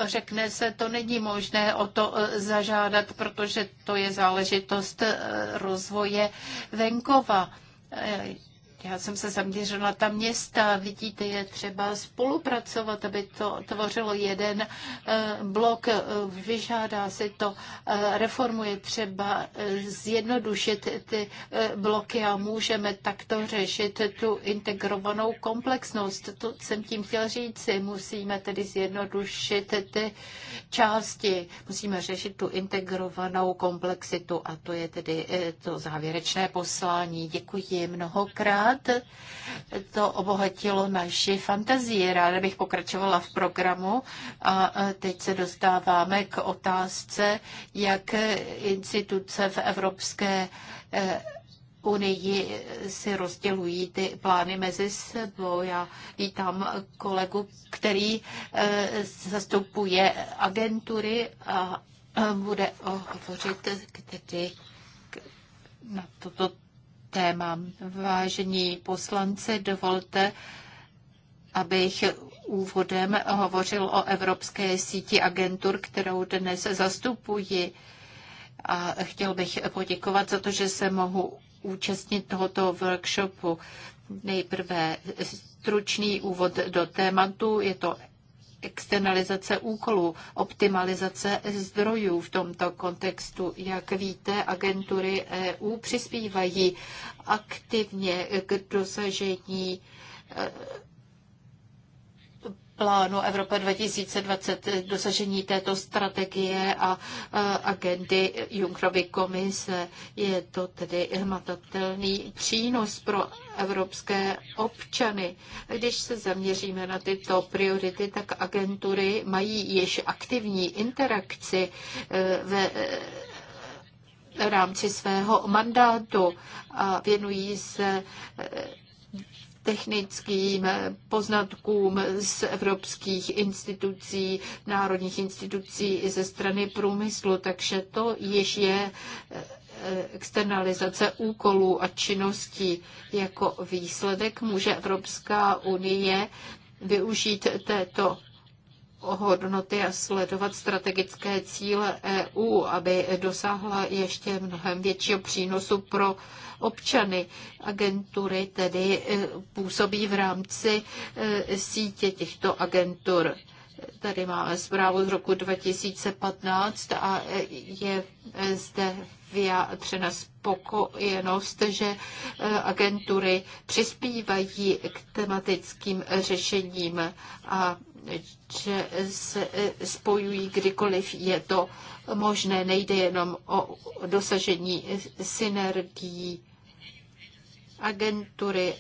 řekne se, to není možné o to eh, zažádat, protože to je záležitost eh, rozvoje venkova eh, já jsem se zaměřila ta města. Vidíte, je třeba spolupracovat, aby to tvořilo jeden eh, blok. Vyžádá si to eh, reformu. Je třeba eh, zjednodušit ty bloky a můžeme takto řešit tu integrovanou komplexnost. To jsem tím chtěl říci. Musíme tedy zjednodušit ty části. Musíme řešit tu integrovanou komplexitu a to je tedy to závěrečné poslání. Děkuji mnohokrát dělat. To obohatilo naši fantazii. Ráda bych pokračovala v programu a teď se dostáváme k otázce, jak instituce v Evropské e, Unii si rozdělují ty plány mezi sebou. Já vítám kolegu, který e, zastupuje agentury a bude hovořit tedy na toto téma. Vážení poslanci, dovolte, abych úvodem hovořil o Evropské síti agentur, kterou dnes zastupuji. A chtěl bych poděkovat za to, že se mohu účastnit tohoto workshopu. Nejprve stručný úvod do tématu. Je to externalizace úkolů, optimalizace zdrojů v tomto kontextu. Jak víte, agentury EU přispívají aktivně k dosažení plánu Evropa 2020 dosažení této strategie a agendy Junkrovy komise. Je to tedy hmatatelný přínos pro evropské občany. Když se zaměříme na tyto priority, tak agentury mají již aktivní interakci e, ve e, rámci svého mandátu a věnují se e, technickým poznatkům z evropských institucí, národních institucí i ze strany průmyslu, takže to již je eh, externalizace úkolů a činností jako výsledek může Evropská unie využít této hodnoty a sledovat strategické cíle EU, aby dosáhla ještě mnohem většího přínosu pro občany. Agentury tedy e, působí v rámci e, sítě těchto agentur. Tady máme zprávu z roku 2015 a e, je zde vyjádřena spokojenost, že agentury přispívají k tematickým řešením a že se e, spojují kdykoliv je to možné. Nejde jenom o dosažení synergií. Agentury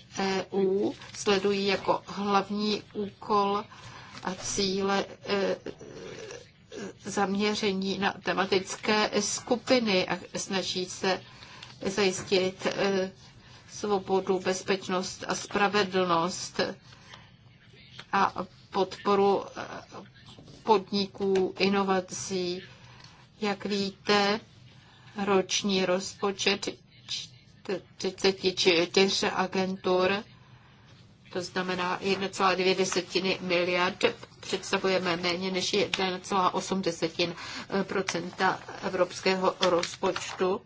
EU sledují jako hlavní úkol a cíle e, zaměření na tematické skupiny a snaží se zajistit e, svobodu, bezpečnost a spravedlnost a podporu eh, podniků, inovací. Jak víte, roční rozpočet 34 agentur, to znamená 1,2 miliard, představujeme méně než 1,8 evropského rozpočtu.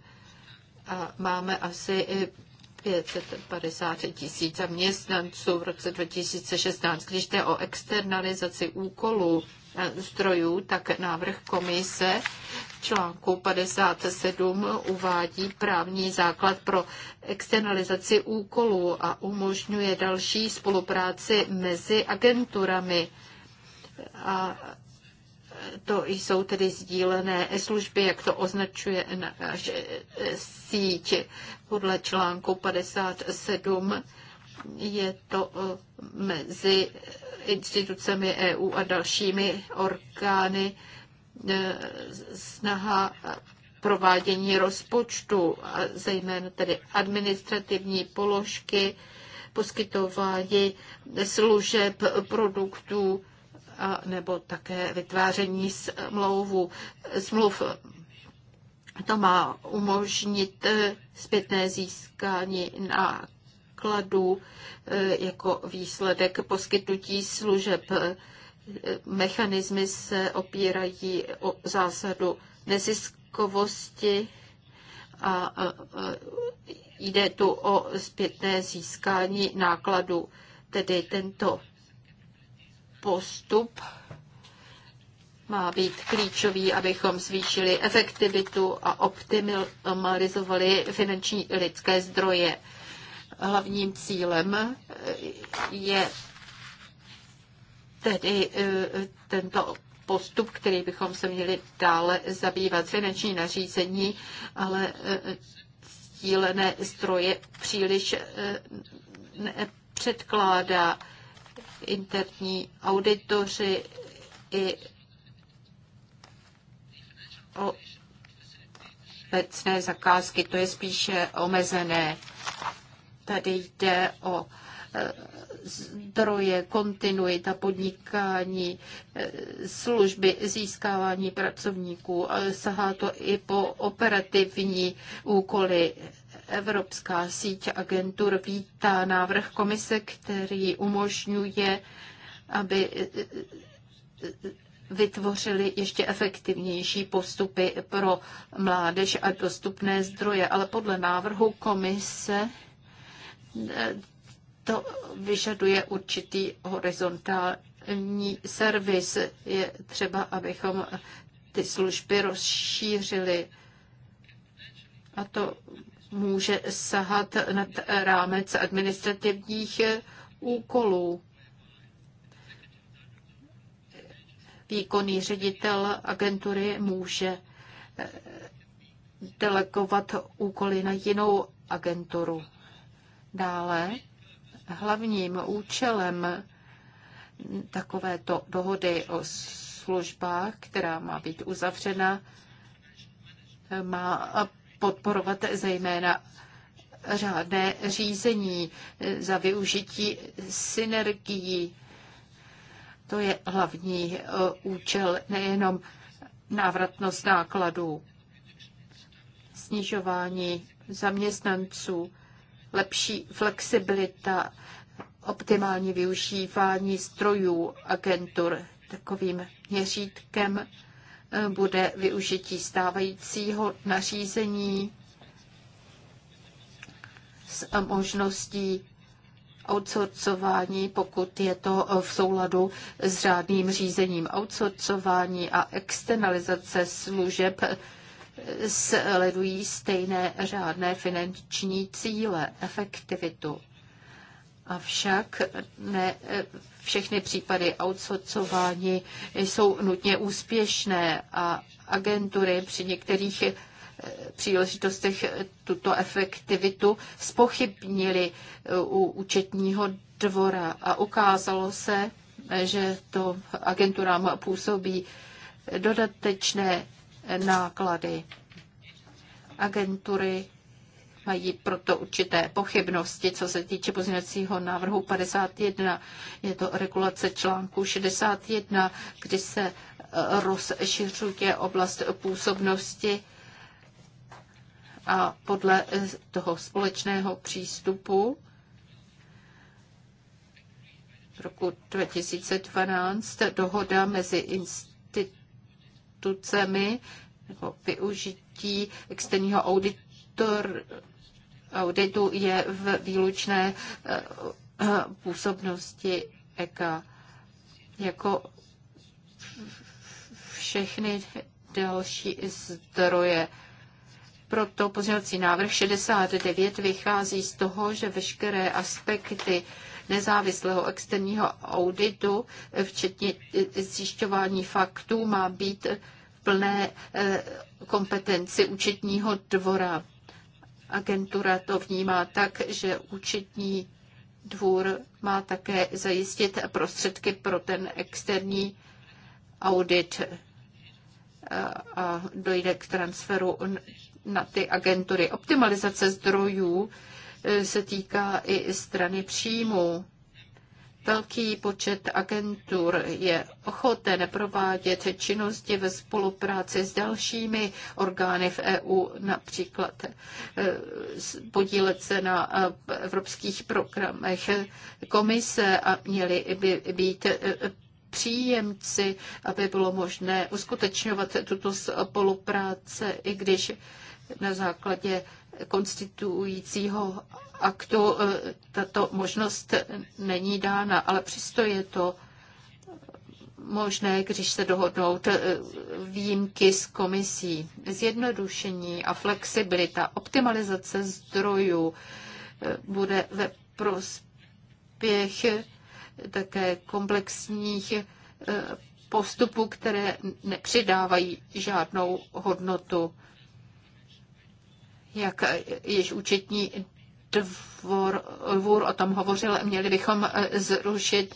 A máme asi 550 tisíc zaměstnanců v roce 2016. Když jde o externalizaci úkolů e, zdrojů, tak návrh komise v článku 57 uvádí právní základ pro externalizaci úkolů a umožňuje další spolupráci mezi agenturami a to jsou tedy sdílené služby, jak to označuje náš eh, síť. Podle článku 57 je to eh, mezi institucemi EU a dalšími orgány eh, snaha provádění rozpočtu, a zejména tedy administrativní položky, poskytování služeb, produktů, nebo také vytváření smlouvu, smluv. To má umožnit eh, zpětné získání nákladů eh, jako výsledek poskytnutí služeb. Eh, mechanismy se opírají o zásadu neziskovosti a jde tu o zpětné získání nákladů. Tedy tento postup má být klíčový, abychom zvýšili efektivitu a optimalizovali finanční lidské zdroje. Hlavním cílem eh, je tedy eh, tento postup, který bychom se měli dále zabývat finanční nařízení, ale eh, sdílené zdroje příliš nepředkládá interní auditoři i obecné zakázky. To je spíše omezené. Tady jde o e, zdroje, kontinuita podnikání, e, služby, získávání pracovníků. E, sahá to i po operativní úkoly Evropská síť agentur vítá návrh komise, který umožňuje, aby e, e, e, vytvořili ještě efektivnější postupy pro mládež a dostupné zdroje. Ale podle návrhu komise to vyžaduje určitý horizontální servis. Je třeba, abychom ty služby rozšířili. A to může sahat nad rámec administrativních úkolů. Výkonný ředitel agentury může eh, delegovat úkoly na jinou agenturu. Dále hlavním účelem takovéto dohody o službách, která má být uzavřena, má podporovat zejména řádné řízení eh, za využití synergií. To je hlavní eh, účel nejenom návratnost nákladů, snižování zaměstnanců, lepší flexibilita, optimální využívání strojů agentur. Takovým měřítkem bude využití stávajícího nařízení s možností outsourcování, pokud je to v souladu s řádným řízením outsourcování a externalizace služeb sledují stejné řádné finanční cíle, efektivitu. Avšak ne všechny případy outsourcování jsou nutně úspěšné a agentury při některých eh, příležitostech tuto efektivitu spochybnili eh, u účetního dvora a ukázalo se, že to agenturám působí dodatečné náklady. Agentury Mají proto určité pochybnosti, co se týče pozměňovacího návrhu 51. Je to regulace článku 61, kdy se e, rozšiřuje oblast působnosti a podle e, toho společného přístupu v roku 2012 dohoda mezi institucemi nebo využití externího auditora auditu je v výlučné eh, působnosti EKA. Jako všechny další zdroje. Proto pozměňovací návrh 69 vychází z toho, že veškeré aspekty nezávislého externího auditu, eh, včetně eh, zjišťování faktů, má být v plné kompetenci účetního dvora. Agentura to vnímá tak, že účetní dvůr má také zajistit prostředky pro ten externí audit eh, a dojde k transferu na ty agentury. Optimalizace zdrojů eh, se týká i strany příjmů. Velký počet agentur je ochoten provádět činnosti ve spolupráci s dalšími orgány v EU, například eh, podílet se na eh, evropských programech komise a měli by být eh, příjemci, aby bylo možné uskutečňovat tuto spolupráce, i když na základě konstituujícího aktu e, tato možnost není dána, ale přesto je to možné, když se dohodnou e, výjimky s komisí. Zjednodušení a flexibilita, optimalizace zdrojů e, bude ve prospěch také komplexních postupů, které nepřidávají žádnou hodnotu. Jak již účetní dvor, dvor o tom hovořil, měli bychom eh, zrušit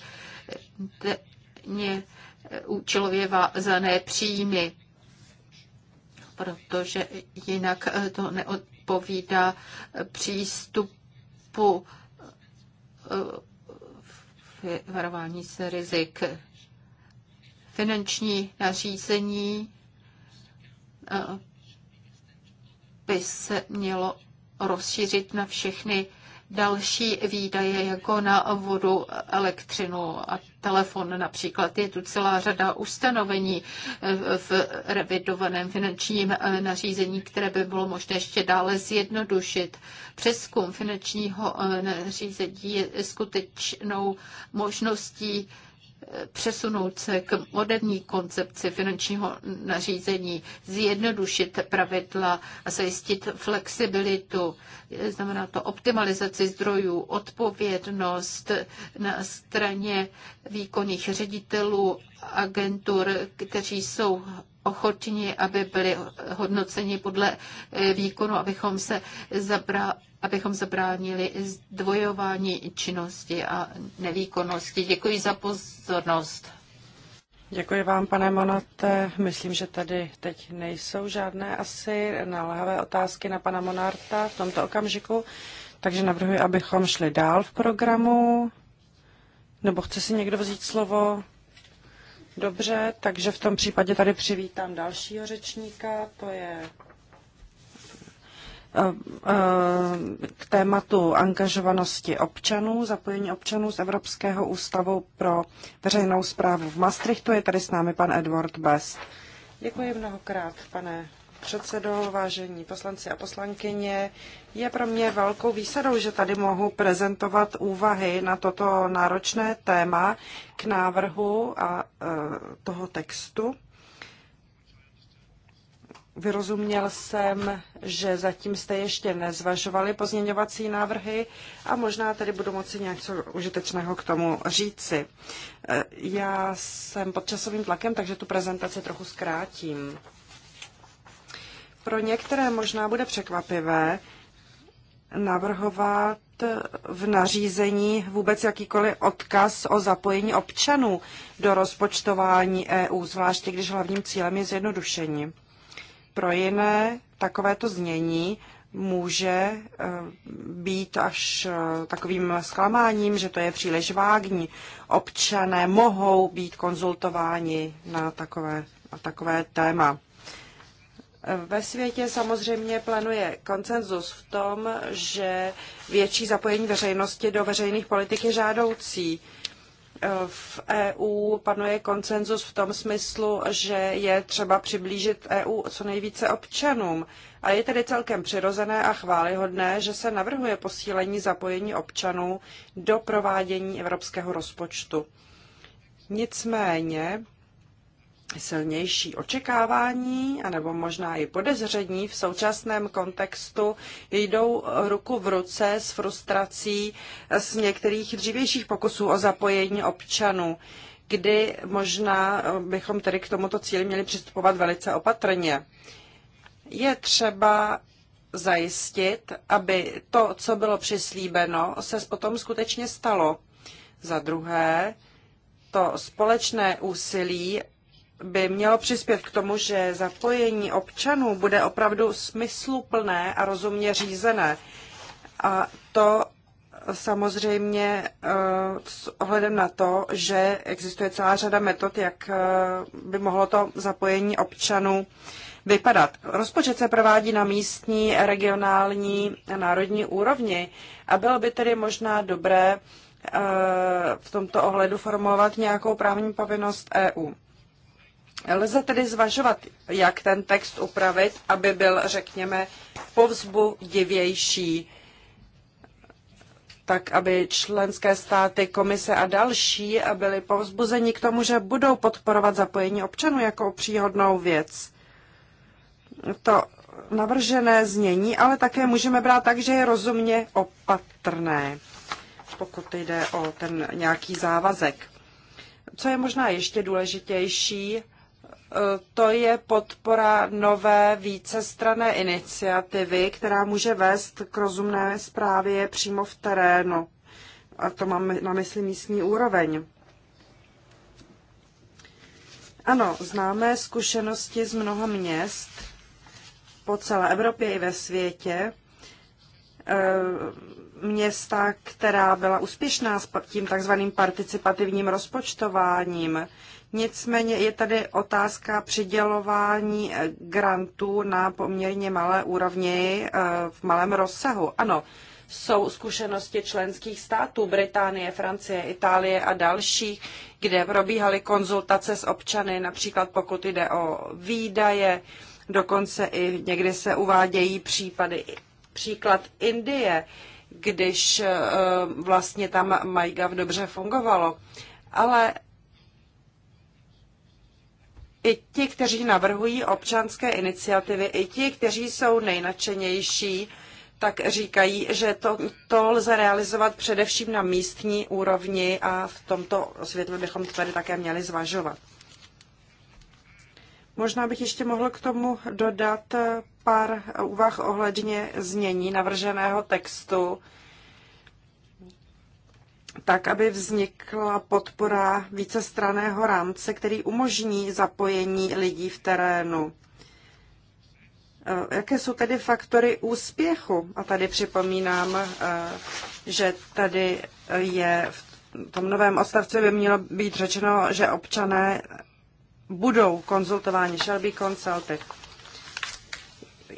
ně eh, účelově vázané příjmy, protože jinak eh, to neodpovídá přístupu varování se rizik. Finanční nařízení by se mělo rozšířit na všechny další výdaje, jako na vodu, elektřinu a telefon například. Je tu celá řada ustanovení v revidovaném finančním nařízení, které by bylo možné ještě dále zjednodušit. Přeskum finančního nařízení je skutečnou možností přesunout se k moderní koncepci finančního nařízení, zjednodušit pravidla a zajistit flexibilitu. Znamená to optimalizaci zdrojů, odpovědnost na straně výkonných ředitelů agentur, kteří jsou ochotni, aby byli hodnoceni podle eh, výkonu, abychom se zabra, abychom zabránili zdvojování činnosti a nevýkonnosti. Děkuji za pozornost. Děkuji vám, pane Monate. Myslím, že tady teď nejsou žádné asi naléhavé otázky na pana Monarta v tomto okamžiku, takže navrhuji, abychom šli dál v programu. Nebo chce si někdo vzít slovo? Dobře, takže v tom případě tady přivítám dalšího řečníka, to je eh, eh, k tématu angažovanosti občanů, zapojení občanů z Evropského ústavu pro veřejnou zprávu v Maastrichtu. Je tady s námi pan Edward Best. Děkuji mnohokrát, pane předsedo, vážení poslanci a poslankyně. Je pro mě velkou výsadou, že tady mohu prezentovat úvahy na toto náročné téma k návrhu a e, toho textu. Vyrozuměl jsem, že zatím jste ještě nezvažovali pozměňovací návrhy a možná tady budu moci něco užitečného k tomu říci. E, já jsem pod časovým tlakem, takže tu prezentaci trochu zkrátím. Pro některé možná bude překvapivé navrhovat v nařízení vůbec jakýkoliv odkaz o zapojení občanů do rozpočtování EU, zvláště když hlavním cílem je zjednodušení. Pro jiné takovéto znění může eh, být až eh, takovým zklamáním, že to je příliš vágní. Občané mohou být konzultováni na takové, na takové téma. Ve světě samozřejmě plánuje koncenzus v tom, že větší zapojení veřejnosti do veřejných politik je žádoucí. V EU panuje koncenzus v tom smyslu, že je třeba přiblížit EU co nejvíce občanům. A je tedy celkem přirozené a chválihodné, že se navrhuje posílení zapojení občanů do provádění evropského rozpočtu. Nicméně silnější očekávání, anebo možná i podezření v současném kontextu jdou ruku v ruce s frustrací z některých dřívějších pokusů o zapojení občanů, kdy možná eh, bychom tedy k tomuto cíli měli přistupovat velice opatrně. Je třeba zajistit, aby to, co bylo přislíbeno, se potom skutečně stalo. Za druhé, to společné úsilí by mělo přispět k tomu, že zapojení občanů bude opravdu smysluplné a rozumně řízené. A to samozřejmě eh, s ohledem na to, že existuje celá řada metod, jak eh, by mohlo to zapojení občanů vypadat. Rozpočet se provádí na místní, regionální a národní úrovni a bylo by tedy možná dobré eh, v tomto ohledu formulovat nějakou právní povinnost EU. Lze tedy zvažovat, jak ten text upravit, aby byl, řekněme, povzbudivější, tak aby členské státy, komise a další byly povzbuzeni k tomu, že budou podporovat zapojení občanů jako příhodnou věc. To navržené znění, ale také můžeme brát tak, že je rozumně opatrné, pokud jde o ten nějaký závazek. Co je možná ještě důležitější, to je podpora nové vícestrané iniciativy, která může vést k rozumné zprávě přímo v terénu. A to mám na mysli místní úroveň. Ano, známe zkušenosti z mnoha měst po celé Evropě i ve světě. Eh, města, která byla úspěšná s tím takzvaným participativním rozpočtováním, Nicméně je tady otázka přidělování eh, grantů na poměrně malé úrovni eh, v malém rozsahu. Ano, jsou zkušenosti členských států Británie, Francie, Itálie a dalších, kde probíhaly konzultace s občany, například pokud jde o výdaje, dokonce i někdy se uvádějí případy, příklad Indie, když eh, vlastně tam MyGov dobře fungovalo. Ale i ti, kteří navrhují občanské iniciativy, i ti, kteří jsou nejnačenější, tak říkají, že to, to lze realizovat především na místní úrovni a v tomto světlu bychom to tady také měli zvažovat. Možná bych ještě mohl k tomu dodat pár úvah ohledně znění navrženého textu tak, aby vznikla podpora vícestraného rámce, který umožní zapojení lidí v terénu. Eh, jaké jsou tedy faktory úspěchu? A tady připomínám, eh, že tady eh, je v tom novém odstavci by mělo být řečeno, že občané budou konzultováni, shall be consulted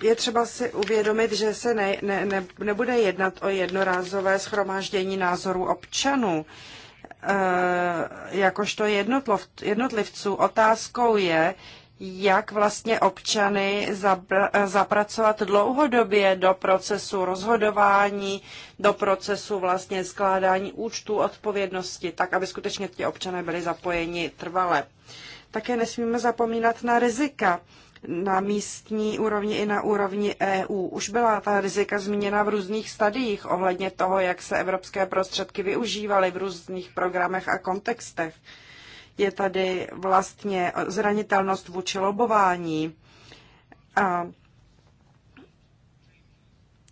je třeba si uvědomit, že se ne, ne, ne, nebude jednat o jednorázové schromáždění názorů občanů e, jakožto jednotlivců. Otázkou je, jak vlastně občany e, zapracovat dlouhodobě do procesu rozhodování, do procesu vlastně skládání účtů odpovědnosti, tak aby skutečně ti občané byli zapojeni trvale. Také nesmíme zapomínat na rizika na místní úrovni i na úrovni EU. Už byla ta rizika zmíněna v různých stadiích ohledně toho, jak se evropské prostředky využívaly v různých programech a kontextech. Je tady vlastně zranitelnost vůči lobování. A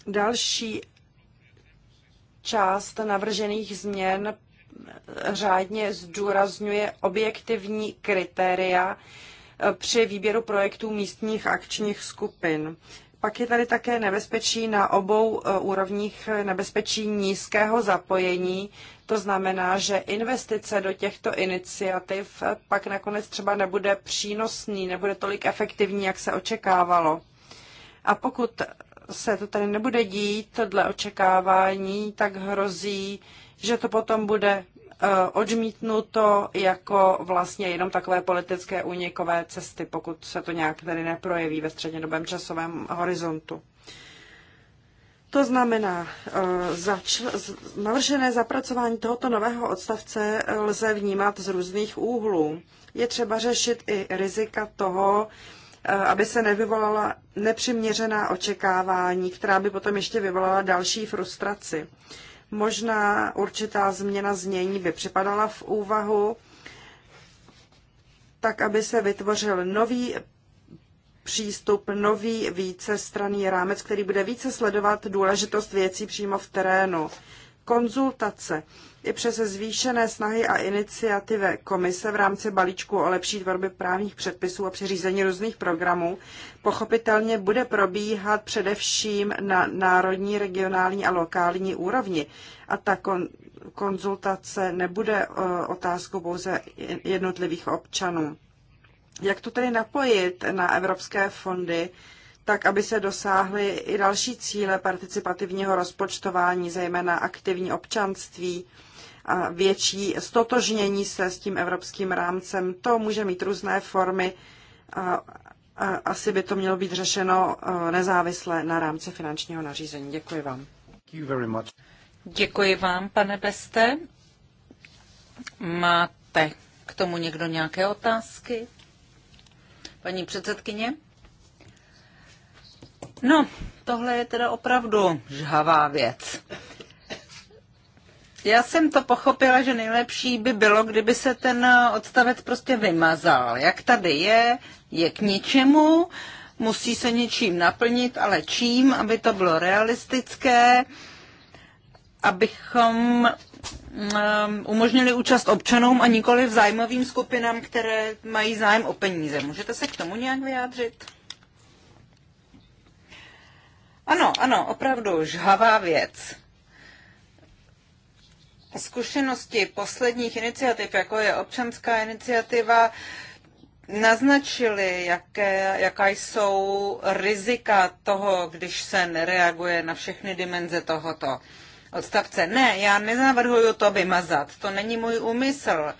další část navržených změn řádně zdůrazňuje objektivní kritéria, při výběru projektů místních akčních skupin. Pak je tady také nebezpečí na obou eh, úrovních eh, nebezpečí nízkého zapojení. To znamená, že investice do těchto iniciativ eh, pak nakonec třeba nebude přínosný, nebude tolik efektivní, jak se očekávalo. A pokud se to tady nebude dít dle očekávání, tak hrozí, že to potom bude Eh, odmítnuto jako vlastně jenom takové politické únikové cesty, pokud se to nějak tedy neprojeví ve střednědobém časovém horizontu. To znamená, eh, navržené zapracování tohoto nového odstavce eh, lze vnímat z různých úhlů. Je třeba řešit i rizika toho, aby se nevyvolala nepřiměřená očekávání, která by potom ještě vyvolala další frustraci. Možná určitá změna znění by připadala v úvahu, tak aby se vytvořil nový přístup, nový vícestranný rámec, který bude více sledovat důležitost věcí přímo v terénu. Konzultace. I přes zvýšené snahy a iniciativy komise v rámci balíčku o lepší tvorby právních předpisů a při různých programů pochopitelně bude probíhat především na národní, regionální a lokální úrovni. A ta kon- konzultace nebude eh, otázkou pouze jednotlivých občanů. Jak to tedy napojit na evropské fondy, tak aby se dosáhly i další cíle participativního rozpočtování, zejména aktivní občanství, větší stotožnění se s tím evropským rámcem. To může mít různé formy a asi by to mělo být řešeno e, nezávisle na rámci finančního nařízení. Děkuji vám. Děkuji vám, pane Beste. Máte k tomu někdo nějaké otázky? Paní předsedkyně? No, tohle je teda opravdu žhavá věc. Já jsem to pochopila, že nejlepší by bylo, kdyby se ten odstavec prostě vymazal. Jak tady je, je k ničemu, musí se něčím naplnit, ale čím, aby to bylo realistické, abychom um, umožnili účast občanům a nikoli v zájmovým skupinám, které mají zájem o peníze. Můžete se k tomu nějak vyjádřit? Ano, ano, opravdu žhavá věc. Zkušenosti posledních iniciativ, jako je občanská iniciativa, naznačili, jaké, jaká jsou rizika toho, když se nereaguje na všechny dimenze tohoto odstavce. Ne, já nezavrhuju to vymazat, to není můj úmysl.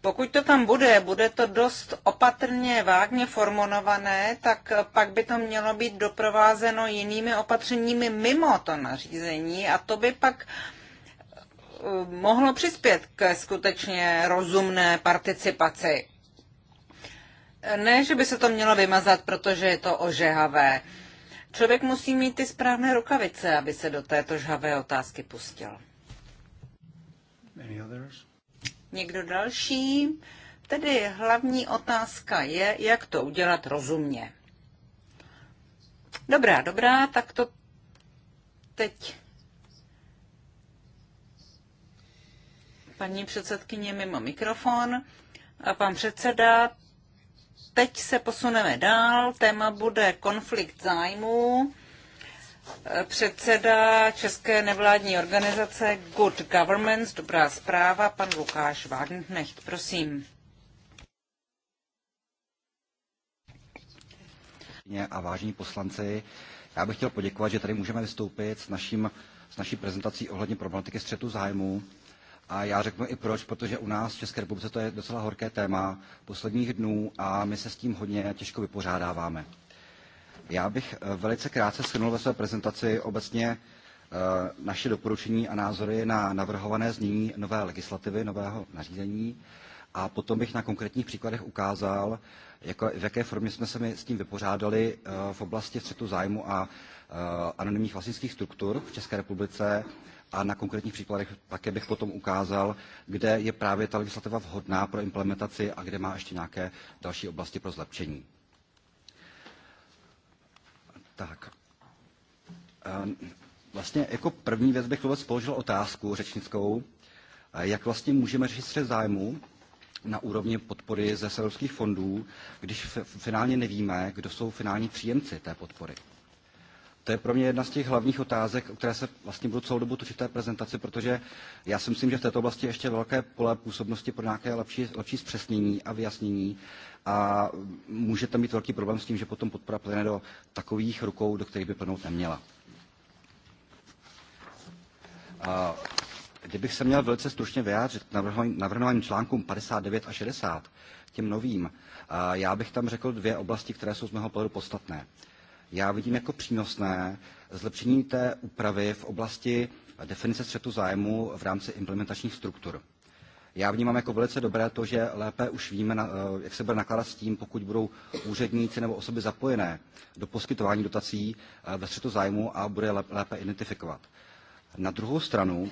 Pokud to tam bude, bude to dost opatrně, vágně formulované, tak pak by to mělo být doprovázeno jinými opatřeními mimo to nařízení a to by pak mohlo přispět ke skutečně rozumné participaci. Ne, že by se to mělo vymazat, protože je to ožehavé. Člověk musí mít ty správné rukavice, aby se do této žhavé otázky pustil. Někdo další? Tedy hlavní otázka je, jak to udělat rozumně. Dobrá, dobrá, tak to teď Paní předsedkyně mimo mikrofon a pan předseda. Teď se posuneme dál. Téma bude konflikt zájmů. Předseda České nevládní organizace Good Governments, dobrá zpráva, pan Lukáš Wagenknecht, prosím. A vážení poslanci, já bych chtěl poděkovat, že tady můžeme vystoupit s, naším, s naší prezentací ohledně problematiky střetu zájmu. A já řeknu i proč, protože u nás v České republice to je docela horké téma posledních dnů a my se s tím hodně těžko vypořádáváme. Já bych eh, velice krátce shrnul ve své prezentaci obecně eh, naše doporučení a názory na navrhované znění nové legislativy, nového nařízení a potom bych na konkrétních příkladech ukázal, jako, v jaké formě jsme se my s tím vypořádali eh, v oblasti střetu zájmu a anonymních vlastnických struktur v České republice a na konkrétních příkladech také bych potom ukázal, kde je právě ta legislativa vhodná pro implementaci a kde má ještě nějaké další oblasti pro zlepšení. Tak. Ehm, vlastně jako první věc bych vůbec položil otázku řečnickou, eh, jak vlastně můžeme řešit střed zájmu na úrovni podpory ze evropských fondů, když finálně nevíme, kdo jsou finální příjemci té podpory. To je pro mě jedna z těch hlavních otázek, o které se vlastně budu celou dobu točit té prezentaci, protože já si myslím, že v této oblasti ještě velké pole působnosti pro nějaké lepší, lepší zpřesnění a vyjasnění a může tam být velký problém s tím, že potom podpora plyne do takových rukou, do kterých by plnout neměla. A kdybych se měl velice stručně vyjádřit k navrhovaným článkům 59 a 60, těm novým, a já bych tam řekl dvě oblasti, které jsou z mého pohledu podstatné já vidím jako přínosné zlepšení té úpravy v oblasti definice střetu zájmu v rámci implementačních struktur. Já vnímám jako velice dobré to, že lépe už víme, eh, jak se bude nakládat s tím, pokud budou úředníci nebo osoby zapojené do poskytování dotací eh, ve střetu zájmu a bude lépe identifikovat. Na druhou stranu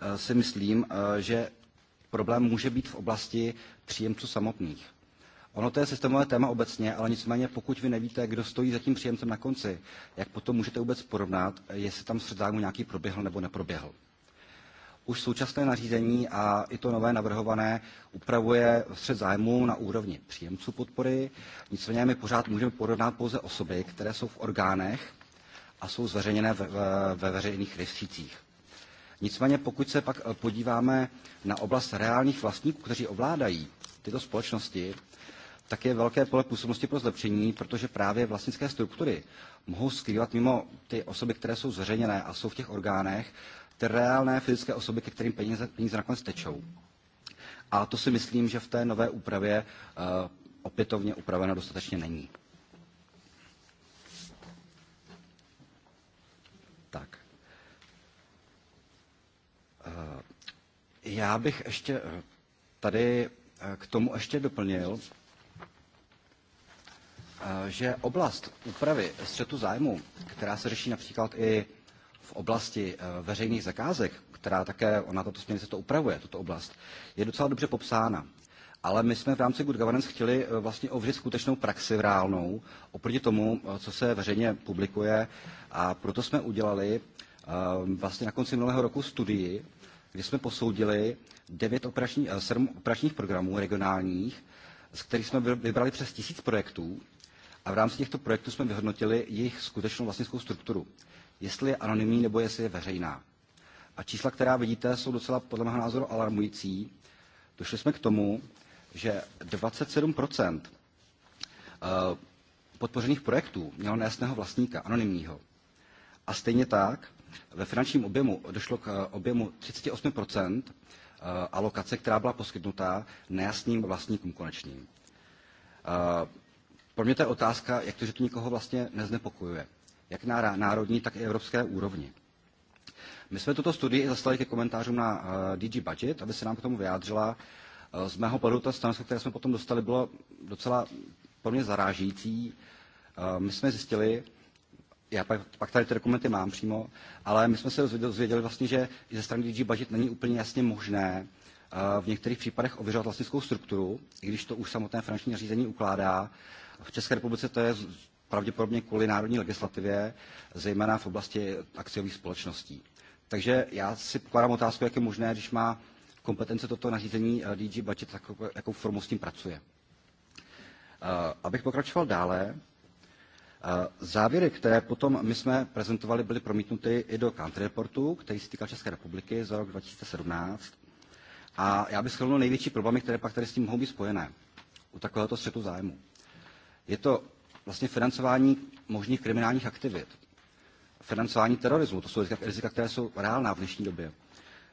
eh, si myslím, že problém může být v oblasti příjemců samotných Ono to je systémové téma obecně, ale nicméně pokud vy nevíte, kdo stojí za tím příjemcem na konci, jak potom můžete vůbec porovnat, jestli tam střed zájmu nějaký proběhl nebo neproběhl. Už současné nařízení a i to nové navrhované upravuje střed zájmu na úrovni příjemců podpory, nicméně my pořád můžeme porovnat pouze osoby, které jsou v orgánech a jsou zveřejněné ve, ve, ve veřejných rejstřících. Nicméně pokud se pak eh, podíváme na oblast reálných vlastníků, kteří ovládají tyto společnosti, tak je velké pole působnosti pro zlepšení, protože právě vlastnické struktury mohou skrývat mimo ty osoby, které jsou zveřejněné a jsou v těch orgánech, ty reálné fyzické osoby, ke kterým peníze, peníze nakonec tečou. A to si myslím, že v té nové úpravě uh, opětovně upraveno dostatečně není. Tak. Uh, já bych ještě eh, tady k tomu ještě doplnil, Eh, že oblast úpravy střetu zájmu, která se řeší například i v oblasti eh, veřejných zakázek, která také, ona tato směrnice to upravuje, tuto oblast, je docela dobře popsána. Ale my jsme v rámci Good Governance chtěli eh, vlastně ověřit skutečnou praxi v reálnou oproti tomu, co se veřejně publikuje. A proto jsme udělali vlastně na konci minulého roku studii, kdy jsme posoudili devět operační, sedm operačních programů regionálních, z kterých jsme vybrali přes tisíc projektů a v rámci těchto projektů jsme vyhodnotili jejich skutečnou vlastnickou strukturu, jestli je anonymní nebo jestli je veřejná. A čísla, která vidíte, jsou docela podle mého názoru alarmující. Došli jsme k tomu, že 27 eh, podpořených projektů mělo nejasného vlastníka, anonymního. A stejně tak ve finančním objemu došlo k eh, objemu 38 eh, alokace, která byla poskytnutá nejasným vlastníkům konečným. Pro mě to je otázka, jak to, že to nikoho vlastně neznepokojuje, jak na národní, tak i evropské úrovni. My jsme tuto studii zaslali ke komentářům na eh, DG Budget, aby se nám k tomu vyjádřila. Eh, z mého pohledu to stanovisko, které jsme potom dostali, bylo docela pro mě zarážící. Eh, my jsme zjistili, já pak, pak tady ty dokumenty mám přímo, ale my jsme se dozvěděli vlastně, že i ze strany DG Budget není úplně jasně možné v některých případech ověřovat vlastnickou strukturu, i když to už samotné finanční řízení ukládá, v České republice to je pravděpodobně kvůli národní legislativě, zejména v oblasti akciových společností. Takže já si pokládám otázku, jak je možné, když má kompetence toto nařízení DG Budget, tak jakou formou s tím pracuje. Eh, abych pokračoval dále, eh, závěry, které potom my jsme prezentovali, byly promítnuty i do country reportu, který se týkal České republiky za rok 2017. A já bych shrnul největší problémy, které pak tady s tím mohou být spojené u takovéhoto střetu zájmu. Je to vlastně financování možných kriminálních aktivit, financování terorismu, to jsou rizika, které jsou reálná v dnešní době.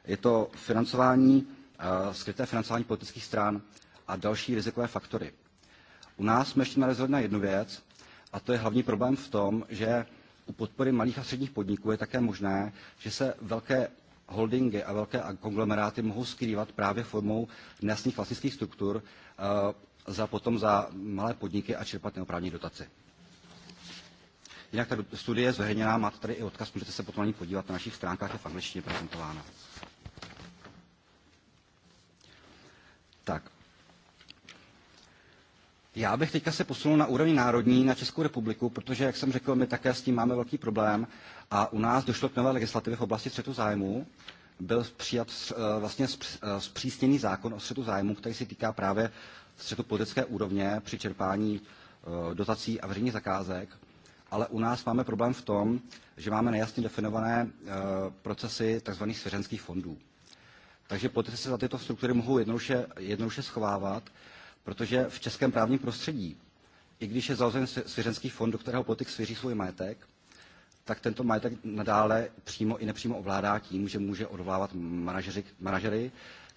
Je to financování, eh, skryté financování politických stran a další rizikové faktory. U nás jsme ještě nalezli na jednu věc, a to je hlavní problém v tom, že u podpory malých a středních podniků je také možné, že se velké holdingy a velké konglomeráty mohou skrývat právě formou nejasných vlastnických struktur eh, za, potom za malé podniky a čerpat neoprávní dotace. Jinak ta studie je zveřejněná, máte tady i odkaz, můžete se potom na ní podívat, na našich stránkách je v angličtině prezentována. Tak. Já bych teďka se posunul na úrovni národní, na Českou republiku, protože, jak jsem řekl, my také s tím máme velký problém a u nás došlo k nové legislativě v oblasti střetu zájmu. Byl přijat eh, vlastně eh, zpřísněný zákon o střetu zájmu, který se týká právě střetu politické úrovně při čerpání eh, dotací a veřejných zakázek, ale u nás máme problém v tom, že máme nejasně definované eh, procesy tzv. svěřenských fondů. Takže politici se za tyto struktury mohou jednoduše, jednoduše schovávat, protože v českém právním prostředí, i když je založen svěřenský fond, do kterého politik svěří svůj majetek, tak tento majetek nadále přímo i nepřímo ovládá tím, že může odvolávat manažery, manažery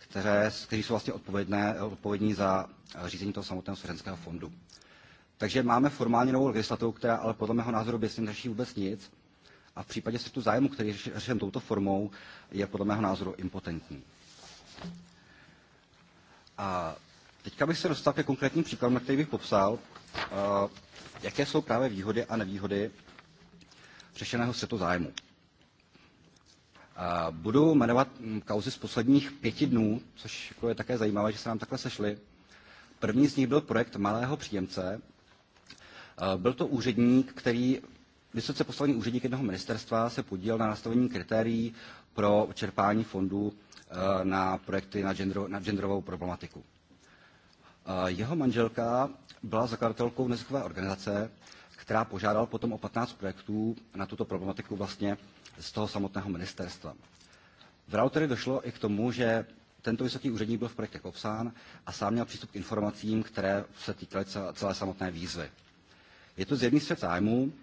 které, kteří jsou vlastně odpovědné, odpovědní za eh, řízení toho samotného svěřenského fondu. Takže máme formálně novou legislativu, která ale podle mého názoru by neřeší vůbec nic a v případě tu zájmu, který řešen touto formou, je podle mého názoru impotentní. A teďka bych se dostal ke konkrétním příkladům, který bych popsal, eh, jaké jsou právě výhody a nevýhody řešeného světu zájmu. Budu jmenovat mm, kauzy z posledních pěti dnů, což jako je také zajímavé, že se nám takhle sešly. První z nich byl projekt malého příjemce. Byl to úředník, který, vysoce poslaný úředník jednoho ministerstva, se podílel na nastavení kritérií pro čerpání fondů e, na projekty na, gender, na genderovou problematiku. E, jeho manželka byla zakladatelkou neziskové organizace, která požádala potom o 15 projektů na tuto problematiku vlastně z toho samotného ministerstva. V routery došlo i k tomu, že tento vysoký úředník byl v projektech obsán a sám měl přístup k informacím, které se týkaly celé samotné výzvy. Je to zjevný svět zájmu,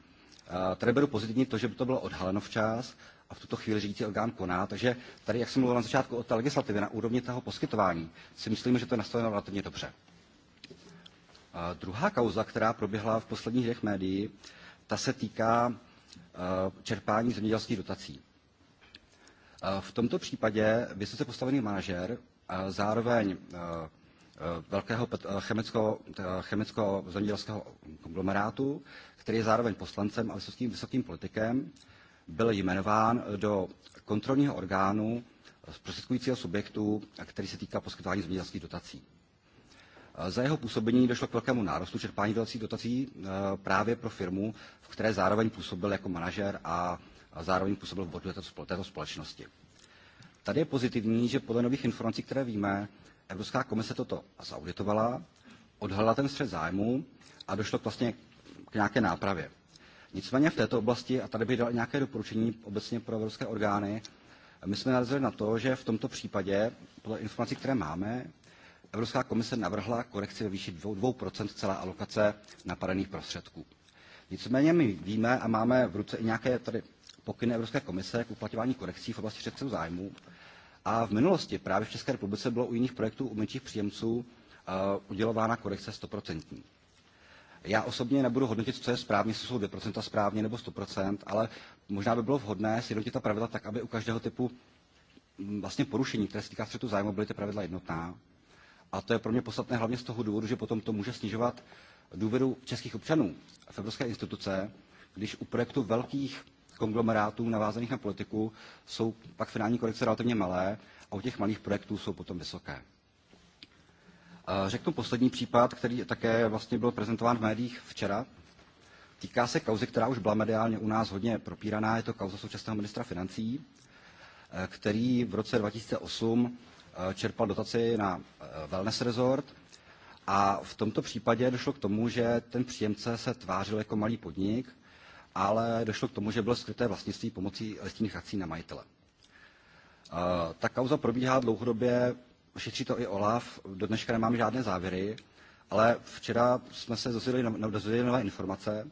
tady beru pozitivně to, že by to bylo odhaleno včas a v tuto chvíli řídící orgán koná, takže tady, jak jsem mluvil na začátku o té legislativě, na úrovni toho poskytování, si myslím, že to je nastaveno relativně dobře. A druhá kauza, která proběhla v posledních dnech médií, ta se týká Eh, čerpání zemědělských dotací. Eh, v tomto případě vysoce postavený manažer eh, zároveň velkého chemicko, chemicko-zemědělského konglomerátu, který je zároveň poslancem a vysokým, vysokým politikem, byl jmenován do kontrolního orgánu zprostředkujícího subjektu, který se týká poskytování zemědělských dotací. Za jeho působení došlo k velkému nárostu čerpání dotací, dotací eh, právě pro firmu, v které zároveň působil jako manažer a zároveň působil v bodu této společnosti. Tady je pozitivní, že podle nových informací, které víme, Evropská komise toto zauditovala, odhalila ten střed zájmu a došlo k vlastně k nějaké nápravě. Nicméně v této oblasti, a tady bych dal nějaké doporučení obecně pro evropské orgány, my jsme narazili na to, že v tomto případě, podle informací, které máme, Evropská komise navrhla korekci ve výši 2% celé alokace napadených prostředků. Nicméně my víme a máme v ruce i nějaké tady pokyny Evropské komise k uplatňování korekcí v oblasti střetu zájmů. A v minulosti právě v České republice bylo u jiných projektů u menších příjemců eh, udělována korekce 100%. Já osobně nebudu hodnotit, co je správně, jestli jsou 2% správně nebo 100%, ale možná by bylo vhodné sjednotit ta pravidla tak, aby u každého typu mm, vlastně porušení, které se týká střetu zájmu, byly ty pravidla jednotná a to je pro mě podstatné hlavně z toho důvodu, že potom to může snižovat důvěru českých občanů v evropské instituce, když u projektu velkých konglomerátů navázaných na politiku jsou pak finální korekce relativně malé a u těch malých projektů jsou potom vysoké. Řeknu poslední případ, který také vlastně byl prezentován v médiích včera. Týká se kauzy, která už byla mediálně u nás hodně propíraná. Je to kauza současného ministra financí, eh, který v roce 2008 Eh, čerpal dotaci na eh, wellness resort a v tomto případě došlo k tomu, že ten příjemce se tvářil jako malý podnik, ale došlo k tomu, že bylo skryté vlastnictví pomocí listinných akcí na majitele. Eh, ta kauza probíhá dlouhodobě, šetří to i OLAF, do dneška nemám žádné závěry, ale včera jsme se no, no, dozvěděli nové informace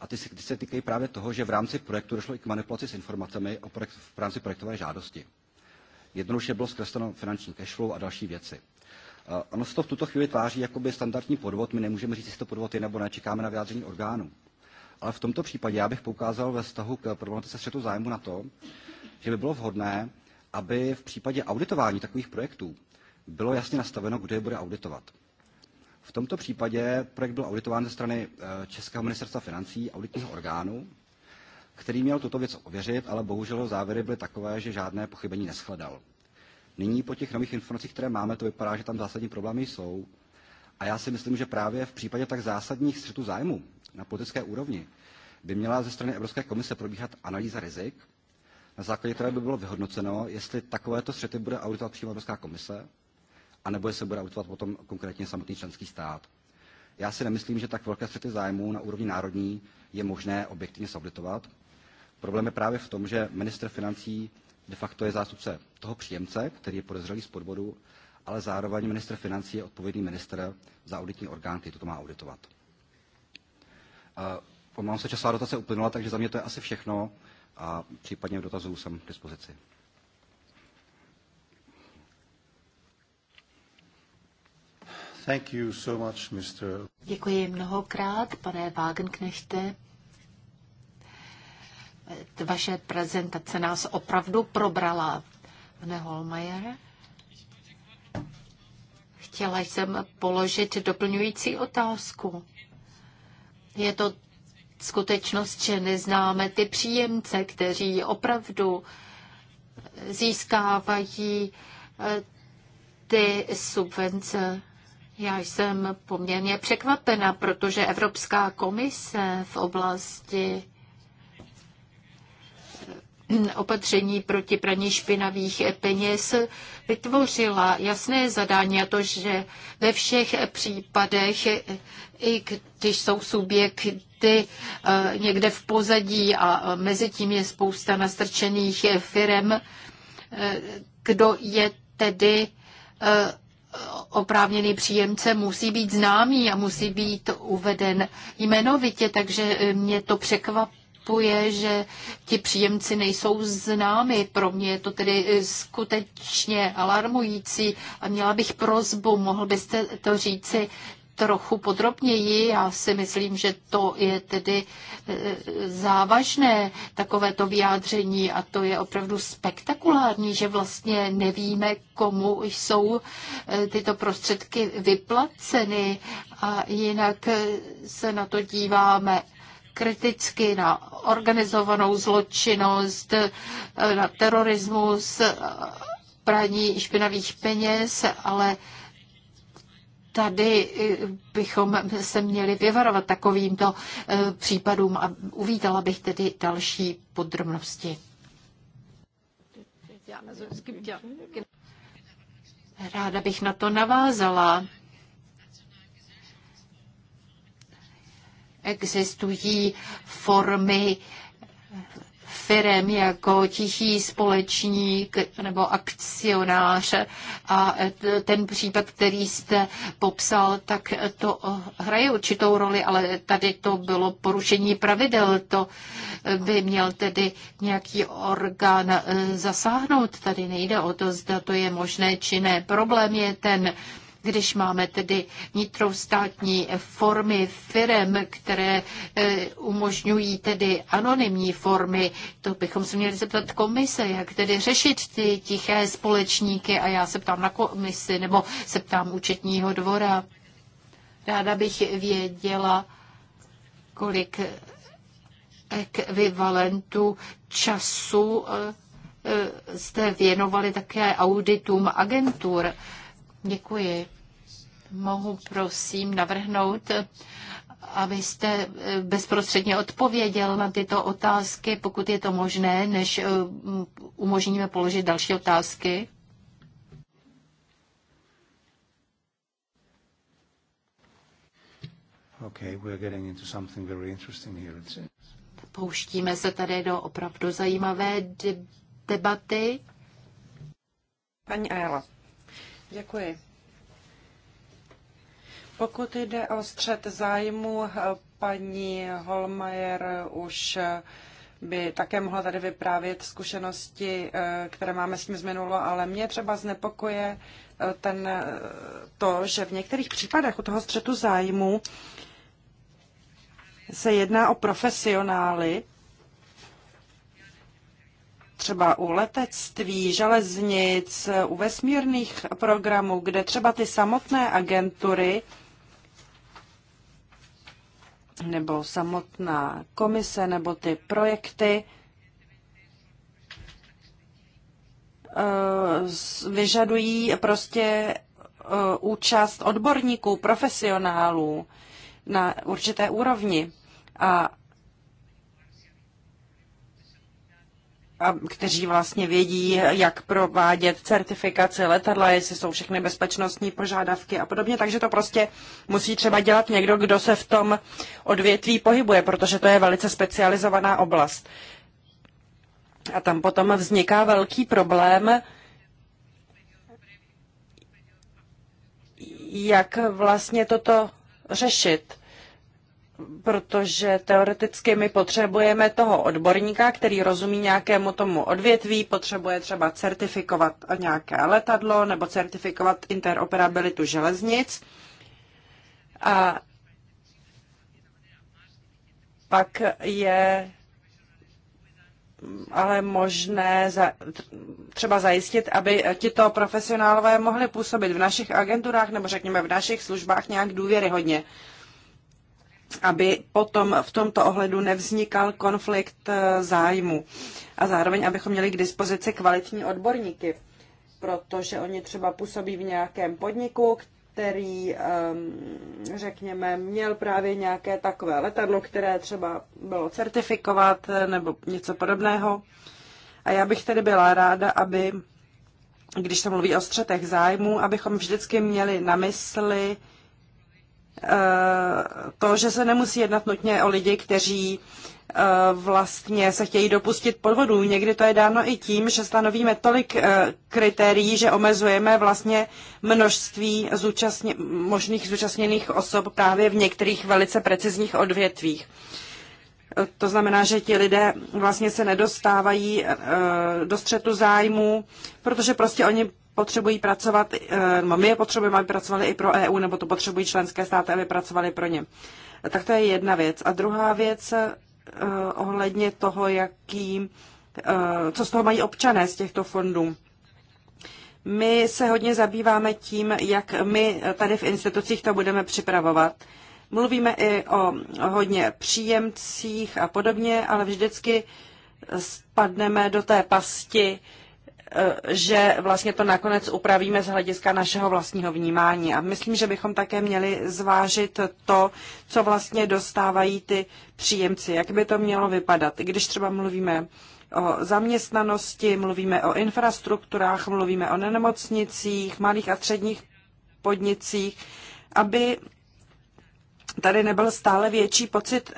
a ty se, ty se týkají právě toho, že v rámci projektu došlo i k manipulaci s informacemi o projekt, v rámci projektové žádosti. Jednoduše bylo zkresleno finanční flow a další věci. Eh, ono se to v tuto chvíli tváří jako by standardní podvod. My nemůžeme říct, jestli to podvod je nebo ne, čekáme na vyjádření orgánů. Ale v tomto případě já bych poukázal ve vztahu k problematice střetu zájmu na to, že by bylo vhodné, aby v případě auditování takových projektů bylo jasně nastaveno, kdo je bude auditovat. V tomto případě projekt byl auditován ze strany eh, Českého ministerstva financí, auditního orgánu, který měl tuto věc ověřit, ale bohužel závěry byly takové, že žádné pochybení neschledal. Nyní po těch nových informacích, které máme, to vypadá, že tam zásadní problémy jsou. A já si myslím, že právě v případě tak zásadních střetů zájmu na politické úrovni by měla ze strany Evropské komise probíhat analýza rizik, na základě které by bylo vyhodnoceno, jestli takovéto střety bude auditovat přímo Evropská komise, anebo jestli bude auditovat potom konkrétně samotný členský stát. Já si nemyslím, že tak velké střety zájmu na úrovni národní je možné objektivně sauditovat, Problém je právě v tom, že minister financí de facto je zástupce toho příjemce, který je podezřelý z podvodu, ale zároveň minister financí je odpovědný minister za auditní orgán, který toto má auditovat. Pomalu eh, se časová dotace uplynula, takže za mě to je asi všechno a případně v dotazu jsem k dispozici. Thank you so much, Mr. Děkuji mnohokrát, pane Wagenknechte. Eh, vaše prezentace nás opravdu probrala, pane Holmajere. Chtěla jsem položit doplňující otázku. Je to skutečnost, že neznáme ty příjemce, kteří opravdu získávají eh, ty subvence. Já jsem poměrně překvapena, protože Evropská komise v oblasti opatření proti praní špinavých peněz vytvořila jasné zadání a to, že ve všech případech, i když jsou subjekty eh, někde v pozadí a eh, mezi tím je spousta nastrčených eh, firm, kdo je tedy oprávněný příjemce musí být známý a musí být uveden jmenovitě, takže mě to překvapilo překvapuje, že ti příjemci nejsou známi. Pro mě je to tedy eh, skutečně alarmující a měla bych prozbu, mohl byste to říci trochu podrobněji. Já si myslím, že to je tedy eh, závažné takovéto vyjádření a to je opravdu spektakulární, že vlastně nevíme, komu jsou eh, tyto prostředky vyplaceny a jinak se na to díváme kriticky na organizovanou zločinnost, na terorismus, praní špinavých peněz, ale tady bychom se měli vyvarovat takovýmto eh, případům a uvítala bych tedy další podrobnosti. Ráda bych na to navázala. existují formy firem jako tichý společník nebo akcionář. A ten případ, který jste popsal, tak to hraje určitou roli, ale tady to bylo porušení pravidel. To by měl tedy nějaký orgán zasáhnout. Tady nejde o to, zda to je možné či ne. Problém je ten, když máme tedy vnitrostátní formy firem, které eh, umožňují tedy anonymní formy, to bychom se měli zeptat komise, jak tedy řešit ty tiché společníky a já se ptám na komisi nebo se ptám účetního dvora. Ráda bych věděla, kolik ekvivalentu času eh, eh, jste věnovali také auditům agentur. Děkuji mohu prosím navrhnout, abyste eh, bezprostředně odpověděl na tyto otázky, pokud je to možné, než eh, umožníme položit další otázky? Okay, we're getting into something very interesting here. Pouštíme se tady do opravdu zajímavé debaty. Paní Ayala, děkuji. Pokud jde o střed zájmu, paní Holmajer už by také mohla tady vyprávět zkušenosti, eh, které máme s tím z ale mě třeba znepokuje eh, ten, eh, to, že v některých případech u toho střetu zájmu se jedná o profesionály, třeba u letectví, železnic, u vesmírných programů, kde třeba ty samotné agentury nebo samotná komise nebo ty projekty eh, vyžadují prostě eh, účast odborníků, profesionálů na určité úrovni. A a kteří vlastně vědí, jak provádět certifikaci letadla, jestli jsou všechny bezpečnostní požádavky a podobně. Takže to prostě musí třeba dělat někdo, kdo se v tom odvětví pohybuje, protože to je velice specializovaná oblast. A tam potom vzniká velký problém, jak vlastně toto řešit protože teoreticky my potřebujeme toho odborníka, který rozumí nějakému tomu odvětví, potřebuje třeba certifikovat nějaké letadlo nebo certifikovat interoperabilitu železnic. A pak je ale možné za, třeba zajistit, aby tito profesionálové mohli působit v našich agenturách nebo řekněme v našich službách nějak důvěryhodně. hodně aby potom v tomto ohledu nevznikal konflikt eh, zájmu. A zároveň, abychom měli k dispozici kvalitní odborníky, protože oni třeba působí v nějakém podniku, který, ehm, řekněme, měl právě nějaké takové letadlo, které třeba bylo certifikovat eh, nebo něco podobného. A já bych tedy byla ráda, aby, když se mluví o střetech zájmů, abychom vždycky měli na mysli, Eh, to, že se nemusí jednat nutně o lidi, kteří eh, vlastně se chtějí dopustit podvodů. Někdy to je dáno i tím, že stanovíme tolik eh, kritérií, že omezujeme vlastně množství zúčastně, možných zúčastněných osob právě v některých velice precizních odvětvích. To znamená, že ti lidé vlastně se nedostávají do střetu zájmu, protože prostě oni potřebují pracovat, no my je potřebujeme, aby pracovali i pro EU, nebo to potřebují členské státy, aby pracovali pro ně. Tak to je jedna věc. A druhá věc eh, ohledně toho, jaký, eh, co z toho mají občané z těchto fondů. My se hodně zabýváme tím, jak my tady v institucích to budeme připravovat. Mluvíme i o hodně příjemcích a podobně, ale vždycky spadneme do té pasti, Eh, že vlastně to nakonec upravíme z hlediska našeho vlastního vnímání. A myslím, že bychom také měli zvážit to, co vlastně dostávají ty příjemci, jak by to mělo vypadat. Když třeba mluvíme o zaměstnanosti, mluvíme o infrastrukturách, mluvíme o nemocnicích, malých a středních podnicích, aby tady nebyl stále větší pocit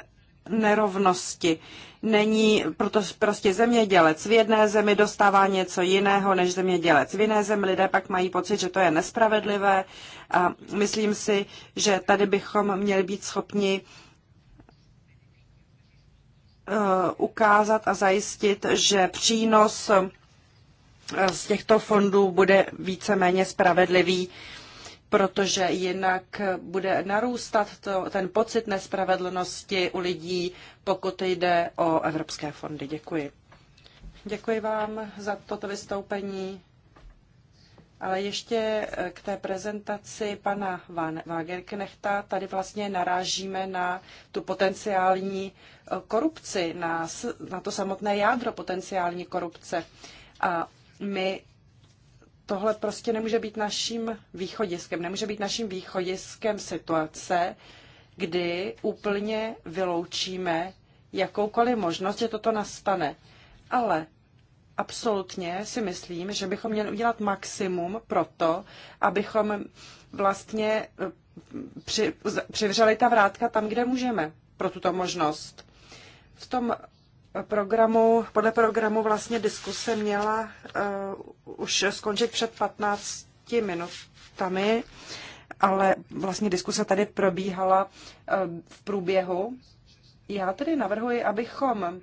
nerovnosti není proto prostě zemědělec v jedné zemi dostává něco jiného než zemědělec v jiné zemi. Lidé pak mají pocit, že to je nespravedlivé a myslím si, že tady bychom měli být schopni eh, ukázat a zajistit, že přínos eh, z těchto fondů bude víceméně spravedlivý protože jinak bude narůstat to, ten pocit nespravedlnosti u lidí, pokud jde o evropské fondy. Děkuji. Děkuji vám za toto vystoupení. Ale ještě eh, k té prezentaci pana Wagenknechta, tady vlastně narážíme na tu potenciální eh, korupci, na, na to samotné jádro potenciální korupce. A my tohle prostě nemůže být naším východiskem. Nemůže být naším východiskem situace, kdy úplně vyloučíme jakoukoliv možnost, že toto nastane. Ale absolutně si myslím, že bychom měli udělat maximum pro to, abychom vlastně eh, při, přivřeli ta vrátka tam, kde můžeme pro tuto možnost. V tom programu, podle programu vlastně diskuse měla uh, už skončit před 15 minutami, ale vlastně diskuse tady probíhala uh, v průběhu. Já tedy navrhuji, abychom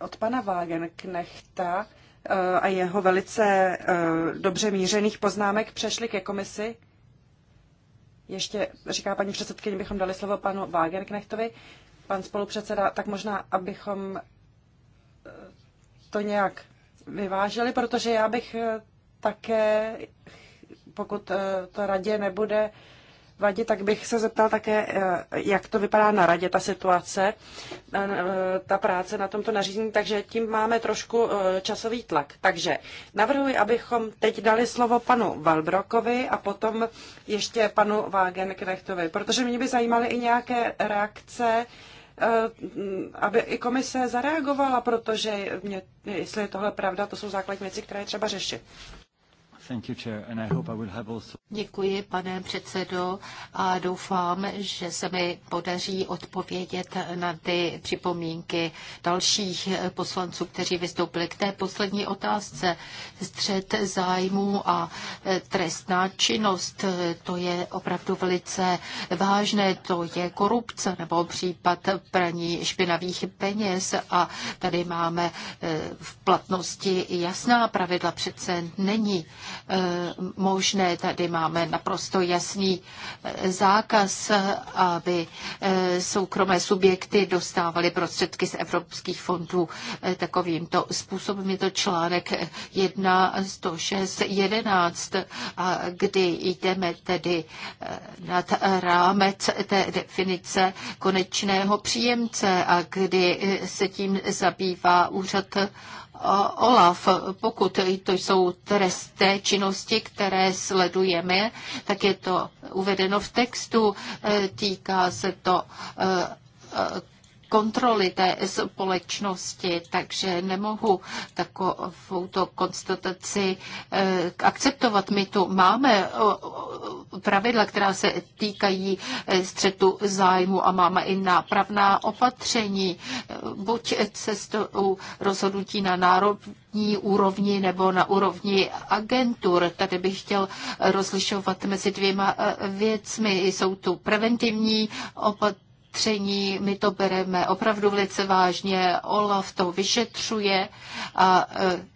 od pana Wagenknechta uh, a jeho velice uh, dobře mířených poznámek přešli ke komisi. Ještě, říká paní předsedkyně, bychom dali slovo panu Wagenknechtovi. Uh, pan spolupředseda, tak možná, abychom eh, to nějak vyváželi, protože já bych eh, také, pokud eh, to radě nebude vadit, tak bych se zeptal také, jak to vypadá na radě, ta situace, ta práce na tomto nařízení, takže tím máme trošku časový tlak. Takže navrhuji, abychom teď dali slovo panu Valbrokovi a potom ještě panu Wagenknechtovi, protože mě by zajímaly i nějaké reakce Eh, aby i komise zareagovala, protože mě, jestli je tohle pravda, to jsou základní věci, které je třeba řešit. Děkuji, pane předsedo, a doufám, že se mi podaří odpovědět na ty připomínky dalších poslanců, kteří vystoupili k té poslední otázce. Střed zájmu a trestná činnost, to je opravdu velice vážné, to je korupce nebo případ praní špinavých peněz a tady máme v platnosti jasná pravidla, přece není Eh, možné. Tady máme naprosto jasný eh, zákaz, aby eh, soukromé subjekty dostávaly prostředky z evropských fondů takovýmto způsobem. Je to článek 1.106.11, 11, a kdy jdeme tedy nad rámec té definice konečného příjemce a kdy se tím zabývá úřad OLAF, pokud to jsou trestné činnosti, které sledujeme, tak je to uvedeno v textu, e, týká se to e, e, kontroly té společnosti, takže nemohu takovouto konstataci eh, akceptovat. My tu máme pravidla, která se týkají eh, střetu zájmu a máme i nápravná opatření, eh, buď cestou rozhodnutí na národní úrovni nebo na úrovni agentur. Tady bych chtěl rozlišovat mezi dvěma věcmi. Jsou tu preventivní opatření, opatření. My to bereme opravdu velice vážně. Olaf to vyšetřuje a e,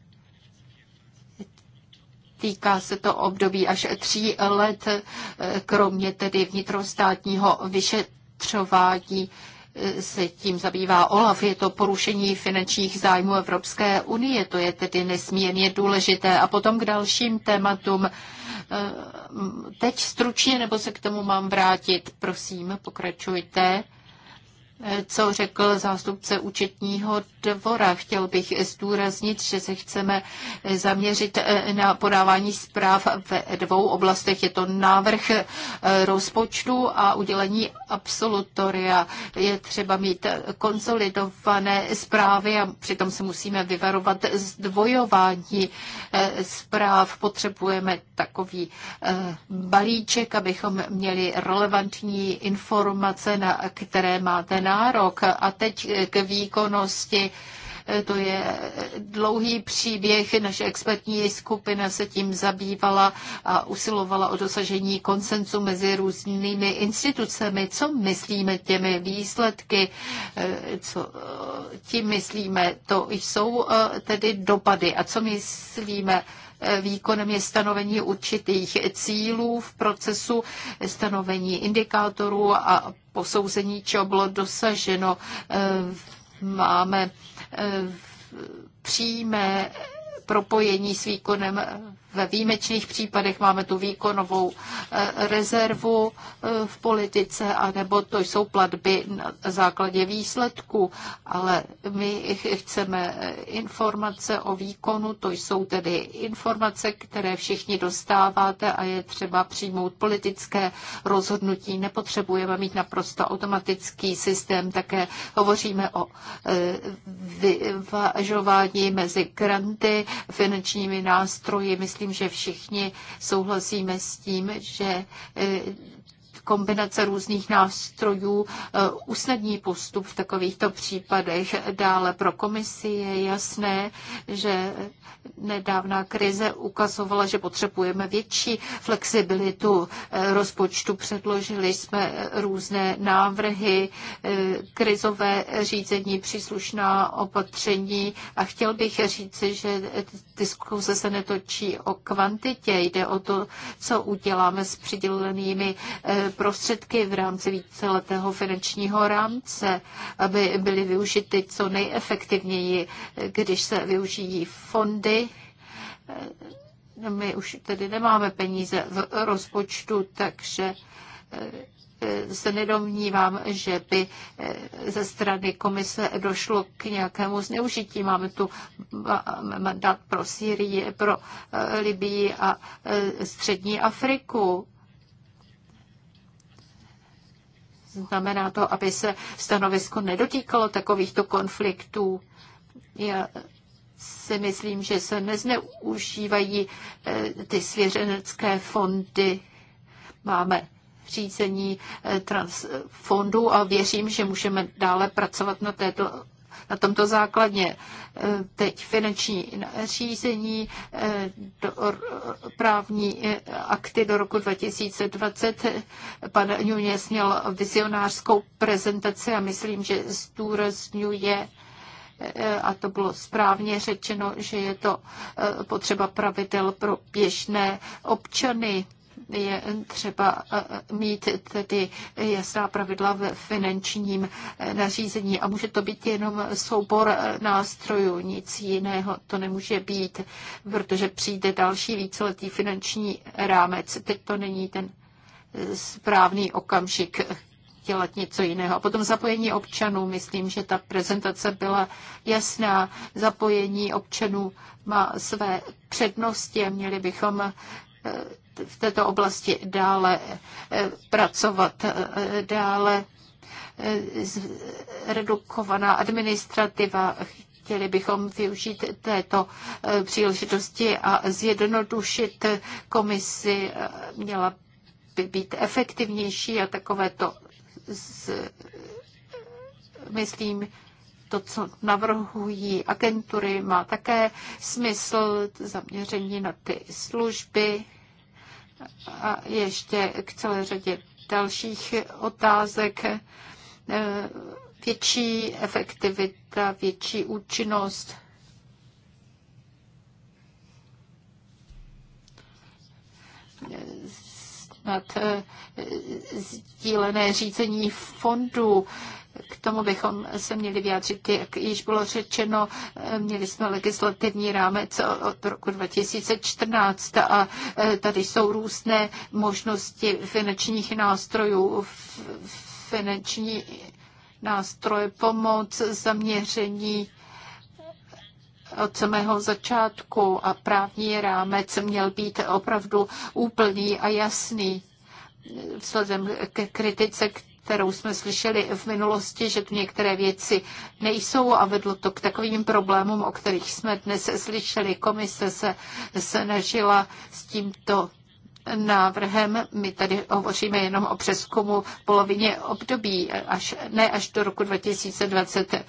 Týká se to období až tří let, e, kromě tedy vnitrostátního vyšetřování se tím zabývá OLAF. Je to porušení finančních zájmů Evropské unie, to je tedy nesmírně důležité. A potom k dalším tématům. Eh, teď stručně, nebo se k tomu mám vrátit, prosím, pokračujte. Eh, co řekl zástupce účetního dvora. Chtěl bych zdůraznit, že se chceme eh, zaměřit eh, na podávání zpráv ve dvou oblastech. Je to návrh rozpočtu a udělení absolutoria. Je třeba mít konsolidované zprávy a přitom se musíme vyvarovat zdvojování zpráv. Potřebujeme takový balíček, abychom měli relevantní informace, na které máte nárok. A teď k výkonnosti. To je dlouhý příběh. Naše expertní skupina se tím zabývala a usilovala o dosažení konsenzu mezi různými institucemi. Co myslíme těmi výsledky? Co tím myslíme? To jsou eh, tedy dopady. A co myslíme? výkonem je stanovení určitých cílů v procesu stanovení indikátorů a posouzení, čeho bylo dosaženo. Eh, máme eh, přímé propojení s výkonem ve výjimečných případech máme tu výkonovou eh, rezervu eh, v politice, anebo to jsou platby na základě výsledků, ale my chceme eh, informace o výkonu, to jsou tedy informace, které všichni dostáváte a je třeba přijmout politické rozhodnutí. Nepotřebujeme mít naprosto automatický systém, také hovoříme o vyvažování mezi granty, finančními nástroji, myslím, Myslím, že všichni souhlasíme s tím, že eh, kombinace různých nástrojů e, usnadní postup v takovýchto případech. Dále pro komisi je jasné, že nedávná krize ukazovala, že potřebujeme větší flexibilitu e, rozpočtu. Předložili jsme různé návrhy, e, krizové řízení, příslušná opatření a chtěl bych říci, že diskuse se netočí o kvantitě, jde o to, co uděláme s přidělenými prostředky v rámci víceletého finančního rámce, aby byly využity co nejefektivněji, když se využijí fondy. My už tedy nemáme peníze v rozpočtu, takže eh, se nedomnívám, že by eh, ze strany komise došlo k nějakému zneužití. Máme tu mandát pro Syrii, pro eh, Libii a střední Afriku. Znamená to, aby se stanovisko nedotýkalo takovýchto konfliktů. Já si myslím, že se nezneužívají eh, ty svěřenecké fondy. Máme řízení eh, trans- fondů a věřím, že můžeme dále pracovat na této na tomto základně e, teď finanční řízení, e, do, právní e, akty do roku 2020. Pan Nunes měl vizionářskou prezentaci a myslím, že zdůrazňuje a to bylo správně řečeno, že je to potřeba pravidel pro běžné občany je třeba eh, mít tedy jasná pravidla v finančním eh, nařízení a může to být jenom soubor eh, nástrojů, nic jiného to nemůže být, protože přijde další víceletý finanční rámec. Teď to není ten správný okamžik, dělat něco jiného. A potom zapojení občanů, myslím, že ta prezentace byla jasná. Zapojení občanů má své přednosti a měli bychom v této oblasti dále eh, pracovat, eh, dále eh, redukovaná administrativa. Chtěli bychom využít této příležitosti a zjednodušit komisi. Měla by být efektivnější a takovéto z, myslím, to, co navrhují agentury, má také smysl zaměření na ty služby, a ještě k celé řadě dalších otázek. Eh, větší efektivita, větší účinnost. Eh, Snad eh, sdílené řízení fondů k tomu bychom se měli vyjádřit, jak již bylo řečeno, eh, měli jsme legislativní rámec od roku 2014 a eh, tady jsou různé možnosti finančních nástrojů, finanční nástroje, pomoc, zaměření eh, od samého začátku a právní rámec měl být opravdu úplný a jasný vzhledem ke kritice, kterou jsme slyšeli v minulosti, že tu některé věci nejsou a vedlo to k takovým problémům, o kterých jsme dnes slyšeli. Komise se snažila s tímto návrhem. My tady hovoříme jenom o přeskumu polovině období, až, ne až do roku 2020.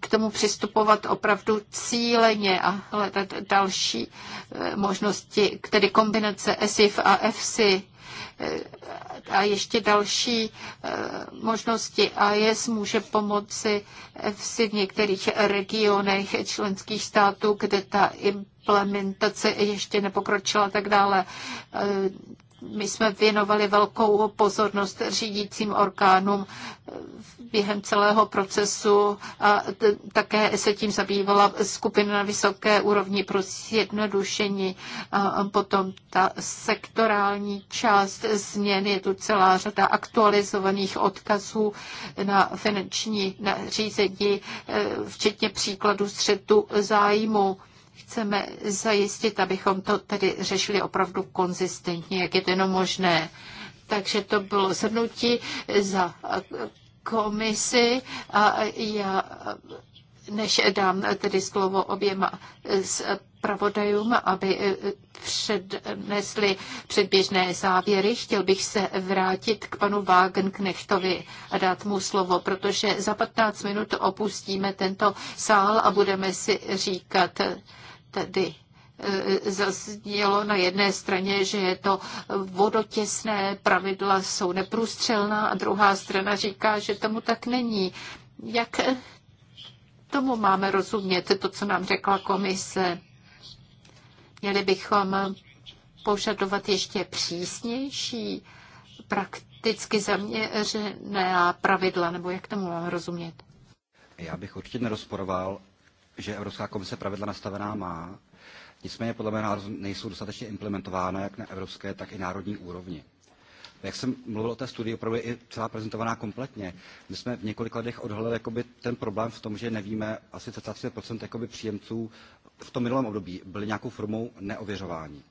K tomu přistupovat opravdu cíleně a hledat další eh, možnosti, tedy kombinace ESIF a EFSI Eh, a ještě další eh, možnosti. AES může pomoci v některých regionech členských států, kde ta implementace ještě nepokročila a tak dále. Eh, my jsme věnovali velkou pozornost řídícím orgánům v během celého procesu a také se tím zabývala skupina na vysoké úrovni pro zjednodušení. A potom ta sektorální část změn je tu celá řada aktualizovaných odkazů na finanční nařízení, e, včetně příkladu střetu zájmu chceme zajistit, abychom to tedy řešili opravdu konzistentně, jak je to jenom možné. Takže to bylo zhrnutí za komisi a já než dám tedy slovo oběma zpravodajům, aby přednesli předběžné závěry. Chtěl bych se vrátit k panu Wagenknechtovi a dát mu slovo, protože za 15 minut opustíme tento sál a budeme si říkat tedy. E, zaznělo na jedné straně, že je to vodotěsné, pravidla jsou neprůstřelná a druhá strana říká, že tomu tak není. Jak tomu máme rozumět, to, co nám řekla komise? Měli bychom požadovat ještě přísnější prakticky zaměřené pravidla, nebo jak tomu máme rozumět? Já bych určitě nerozporoval, že Evropská komise pravidla nastavená má Nicméně podle mého názoru nejsou dostatečně implementována jak na evropské, tak i národní úrovni. Jak jsem mluvil o té studii, opravdu je i celá prezentovaná kompletně. My jsme v několika letech odhalili jakoby, ten problém v tom, že nevíme, asi 30% jakoby, příjemců v tom minulém období byly nějakou formou neověřování.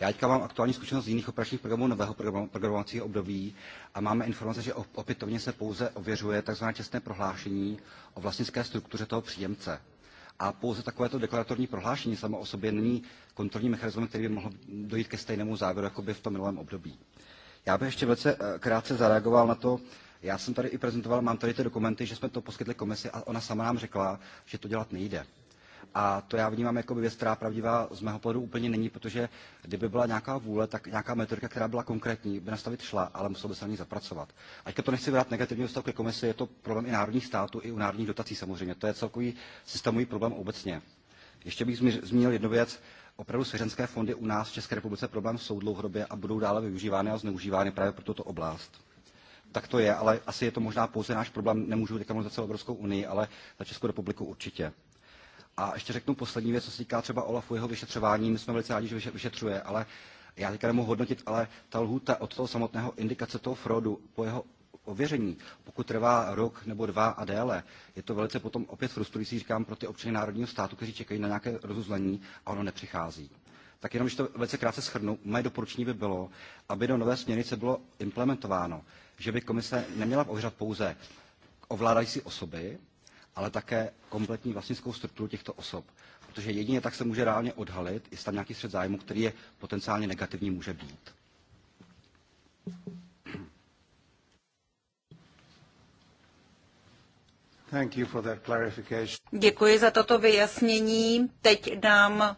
Já teďka mám aktuální zkušenost z jiných operačních programů nového programovacího období a máme informace, že opětovně se pouze ověřuje tzv. čestné prohlášení o vlastnické struktuře toho příjemce. A pouze takovéto deklaratorní prohlášení samo o sobě není kontrolní mechanismem, který by mohl dojít ke stejnému závěru, jako by v tom minulém období. Já bych ještě velice eh, krátce zareagoval na to, já jsem tady i prezentoval, mám tady ty dokumenty, že jsme to poskytli komisi a ona sama nám řekla, že to dělat nejde. A to já vnímám jako věc, která pravdivá z mého pohledu úplně není, protože kdyby byla nějaká vůle, tak nějaká metodika, která byla konkrétní, by nastavit šla, ale muselo by se na ní zapracovat. Ať to nechci vrát negativní vztah ke komisi, je to problém i národních států, i u národních dotací samozřejmě. To je celkový systémový problém obecně. Ještě bych zmínil jednu věc. Opravdu svěřenské fondy u nás v České republice problém jsou dlouhodobě a budou dále využívány a zneužívány právě pro tuto oblast tak to je, ale asi je to možná pouze náš problém, nemůžu říkat za celou Evropskou unii, ale za Českou republiku určitě. A ještě řeknu poslední věc, co se týká třeba Olafu, jeho vyšetřování. My jsme velice rádi, že vyšetřuje, ale já teďka nemohu hodnotit, ale ta lhůta od toho samotného indikace toho fraudu po jeho ověření, pokud trvá rok nebo dva a déle, je to velice potom opět frustrující, říkám, pro ty občany národního státu, kteří čekají na nějaké rozuzlení a ono nepřichází. Tak jenom, když to velice krátce shrnu, moje doporučení by bylo, aby do nové směrnice bylo implementováno, že by komise neměla ověřovat pouze ovládající osoby, ale také kompletní vlastnickou strukturu těchto osob. Protože jedině tak se může reálně odhalit, jestli tam nějaký střed zájmu, který je potenciálně negativní, může být. Děkuji za toto vyjasnění. Teď dám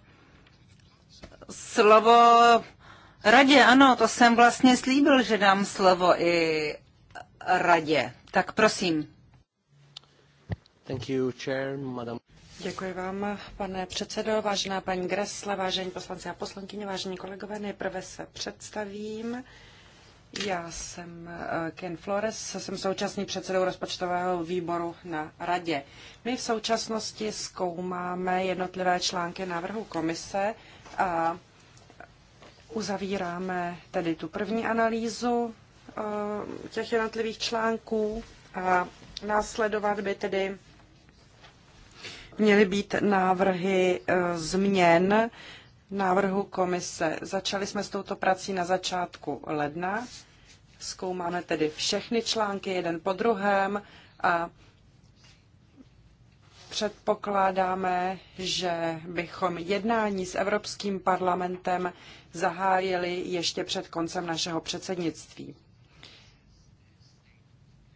slovo radě. Ano, to jsem vlastně slíbil, že dám slovo i radě. Tak prosím. Děkuji vám, pane předsedo, vážená paní Gressle, vážení poslanci a poslankyně, vážení kolegové. Nejprve se představím. Já jsem eh, Ken Flores, jsem současný předsedou rozpočtového výboru na radě. My v současnosti zkoumáme jednotlivé články návrhu komise a uzavíráme tedy tu první analýzu eh, těch jednotlivých článků a následovat by tedy měly být návrhy e, změn návrhu komise. Začali jsme s touto prací na začátku ledna. Zkoumáme tedy všechny články jeden po druhém a předpokládáme, že bychom jednání s Evropským parlamentem zahájili ještě před koncem našeho předsednictví.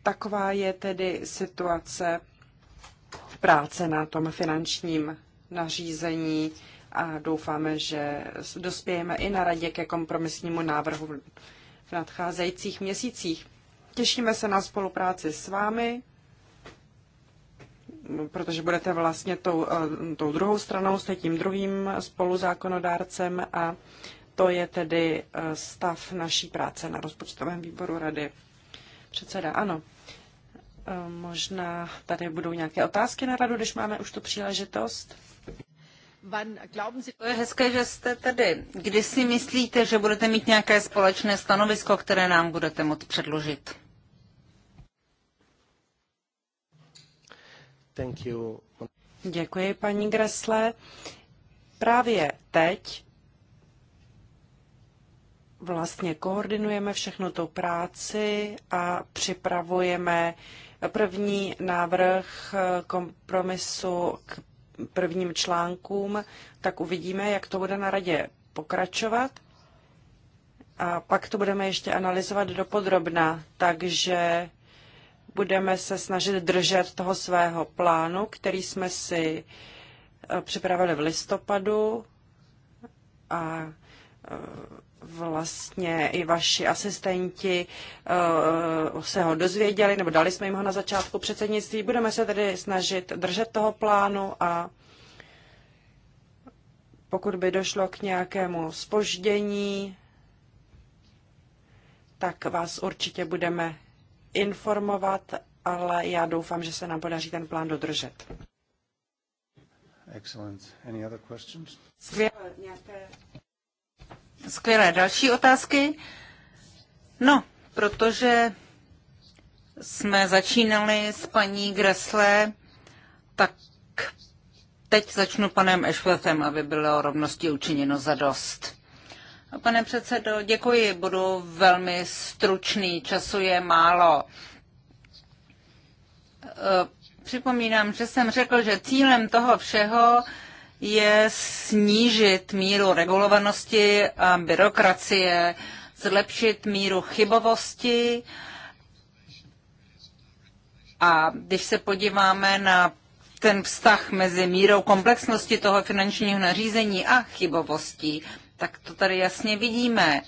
Taková je tedy situace práce na tom finančním nařízení a doufáme, že dospějeme i na radě ke kompromisnímu návrhu v nadcházejících měsících. Těšíme se na spolupráci s vámi, protože budete vlastně tou, eh, tou druhou stranou, s tím druhým spoluzákonodárcem a to je tedy eh, stav naší práce na rozpočtovém výboru rady. Předseda, ano. Možná tady budou nějaké otázky na radu, když máme už tu příležitost. To je hezké, že jste tady. Kdy si myslíte, že budete mít nějaké společné stanovisko, které nám budete moct předložit? Thank you. Děkuji, paní Gresle. Právě teď vlastně koordinujeme všechno tu práci a připravujeme uh, První návrh eh, kompromisu k prvním článkům, tak uvidíme, jak to bude na radě pokračovat. A pak to budeme ještě analyzovat dopodrobna, takže budeme se snažit držet toho svého plánu, který jsme si eh, připravili v listopadu a eh, vlastně i vaši asistenti uh, se ho dozvěděli, nebo dali jsme jim ho na začátku předsednictví. Budeme se tedy snažit držet toho plánu a pokud by došlo k nějakému spoždění, tak vás určitě budeme informovat, ale já doufám, že se nám podaří ten plán dodržet. Excellent. Any other questions? Skvěle. Nějaké Skvělé. Další otázky? No, protože jsme začínali s paní Gresle, tak teď začnu panem Ešletem, aby bylo rovnosti učiněno za dost. Pane předsedo, děkuji, budu velmi stručný, času je málo. Eh, připomínám, že jsem řekl, že cílem toho všeho je snížit míru regulovanosti a byrokracie, zlepšit míru chybovosti. A když se podíváme na ten vztah mezi mírou komplexnosti toho finančního nařízení a chybovostí, tak to tady jasně vidíme.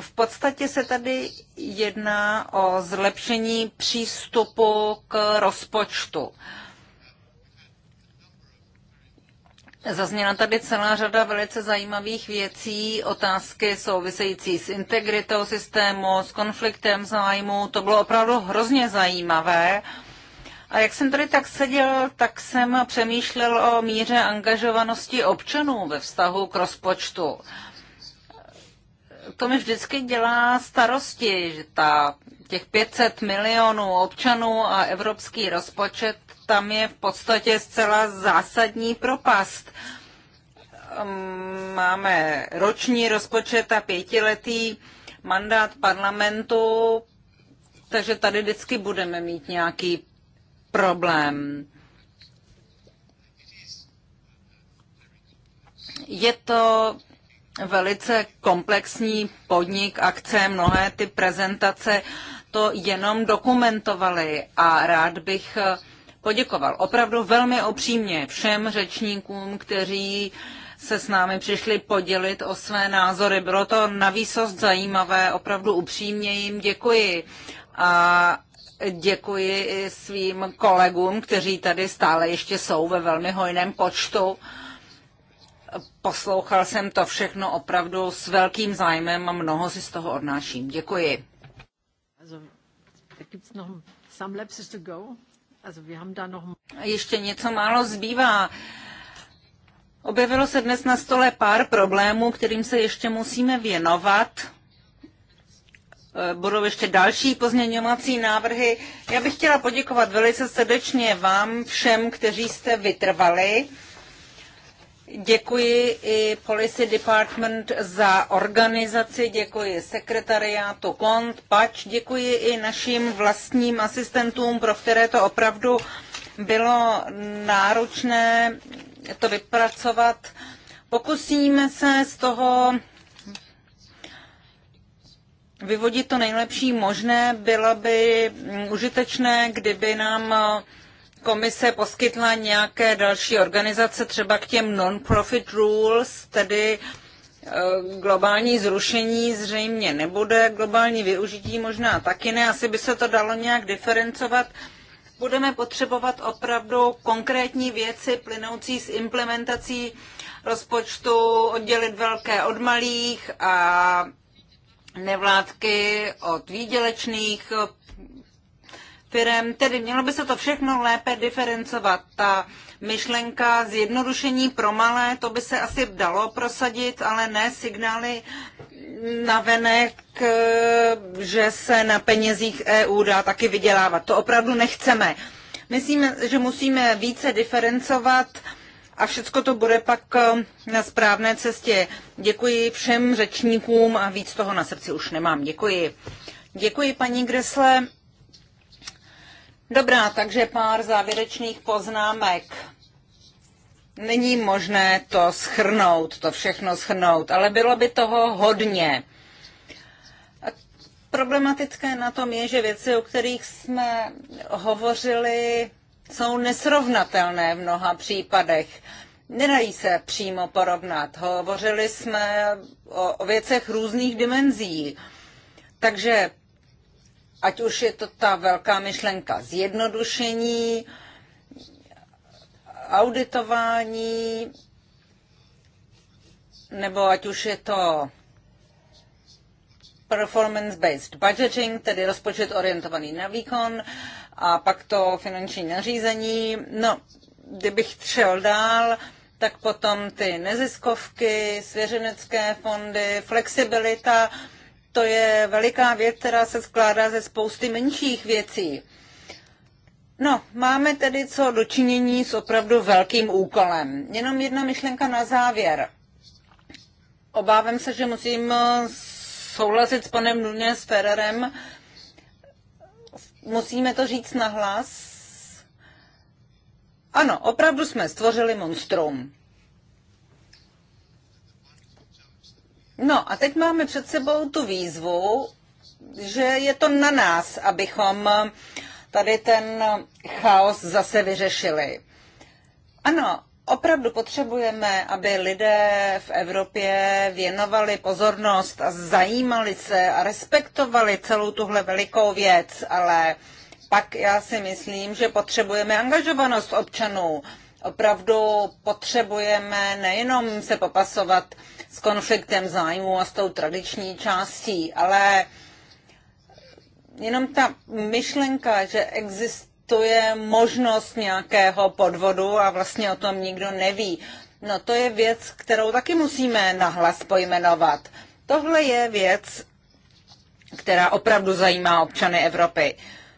V podstatě se tady jedná o zlepšení přístupu k rozpočtu. Uh, Zazněla tady celá řada velice zajímavých věcí, otázky související s integritou systému, s konfliktem zájmu. To bylo opravdu hrozně zajímavé. A jak jsem tady tak seděl, tak jsem přemýšlel o míře angažovanosti občanů ve vztahu k rozpočtu. To mi vždycky dělá starosti, že ta, těch 500 milionů občanů a evropský rozpočet tam je v podstatě zcela zásadní propast. Ehm, máme roční rozpočet a pětiletý mandát parlamentu, takže tady vždycky budeme mít nějaký problém. Je to velice komplexní podnik, akce, mnohé ty prezentace to jenom dokumentovaly a rád bych poděkoval opravdu velmi opřímně všem řečníkům, kteří se s námi přišli podělit o své názory. Bylo to výsost zajímavé, opravdu upřímně jim děkuji. A děkuji i svým kolegům, kteří tady stále ještě jsou ve velmi hojném počtu. Poslouchal jsem to všechno opravdu s velkým zájmem a mnoho si z toho odnáším. Děkuji. Also, ještě něco málo zbývá. Objevilo se dnes na stole pár problémů, kterým se ještě musíme věnovat. E, budou ještě další pozměňovací návrhy. Já bych chtěla poděkovat velice srdečně vám všem, kteří jste vytrvali. Děkuji i Policy Department za organizaci, děkuji sekretariátu KONT, PAČ, děkuji i našim vlastním asistentům, pro které to opravdu bylo náročné to vypracovat. Pokusíme se z toho vyvodit to nejlepší možné. Bylo by užitečné, kdyby nám komise poskytla nějaké další organizace, třeba k těm non-profit rules, tedy e, globální zrušení zřejmě nebude, globální využití možná taky ne, asi by se to dalo nějak diferencovat. Budeme potřebovat opravdu konkrétní věci plynoucí z implementací rozpočtu, oddělit velké od malých a nevládky od výdělečných firem. Tedy mělo by se to všechno lépe diferencovat. Ta myšlenka zjednodušení pro malé, to by se asi dalo prosadit, ale ne signály na venek, že se na penězích EU dá taky vydělávat. To opravdu nechceme. Myslím, že musíme více diferencovat a všechno to bude pak eh, na správné cestě. Děkuji všem řečníkům a víc toho na srdci už nemám. Děkuji. Děkuji paní Gresle. Dobrá, takže pár závěrečných poznámek. Není možné to schrnout, to všechno schrnout, ale bylo by toho hodně. A problematické na tom je, že věci, o kterých jsme hovořili, jsou nesrovnatelné v mnoha případech. Nedají se přímo porovnat. Hovořili jsme o, o věcech různých dimenzí. Takže ať už je to ta velká myšlenka zjednodušení, auditování, nebo ať už je to performance-based budgeting, tedy rozpočet orientovaný na výkon, a pak to finanční nařízení. No, kdybych třel dál, tak potom ty neziskovky, svěřenecké fondy, flexibilita, to je veliká věc, která se skládá ze spousty menších věcí. No, máme tedy co dočinění s opravdu velkým úkolem. Jenom jedna myšlenka na závěr. Obávám se, že musím souhlasit s panem s Ferrerem. Musíme to říct nahlas. Ano, opravdu jsme stvořili monstrum. No a teď máme před sebou tu výzvu, že je to na nás, abychom tady ten chaos zase vyřešili. Ano, opravdu potřebujeme, aby lidé v Evropě věnovali pozornost a zajímali se a respektovali celou tuhle velikou věc, ale pak já si myslím, že potřebujeme angažovanost občanů. Opravdu potřebujeme nejenom se popasovat s konfliktem zájmu a s tou tradiční částí, ale jenom ta myšlenka, že existuje možnost nějakého podvodu a vlastně o tom nikdo neví, no to je věc, kterou taky musíme nahlas pojmenovat. Tohle je věc, která opravdu zajímá občany Evropy.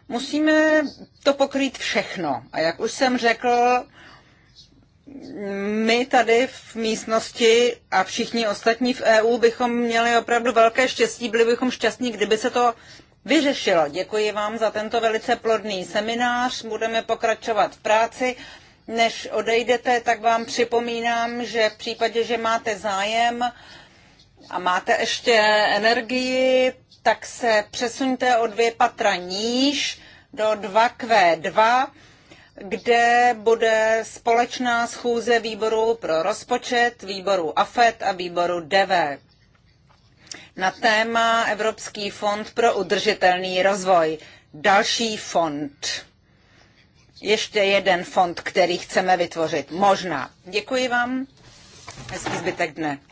Musíme to pokrýt všechno. A jak už jsem řekl, my tady v místnosti a všichni ostatní v EU bychom měli opravdu velké štěstí, byli bychom šťastní, kdyby se to vyřešilo. Děkuji vám za tento velice plodný seminář, budeme pokračovat v práci. Než odejdete, tak vám připomínám, že v případě, že máte zájem a máte ještě energii, tak se přesuňte o dvě patra níž do 2Q2 kde bude společná schůze výboru pro rozpočet, výboru AFET a výboru DV na téma Evropský fond pro udržitelný rozvoj. Další fond. Ještě jeden fond, který chceme vytvořit. Možná. Děkuji vám. Hezký zbytek dne.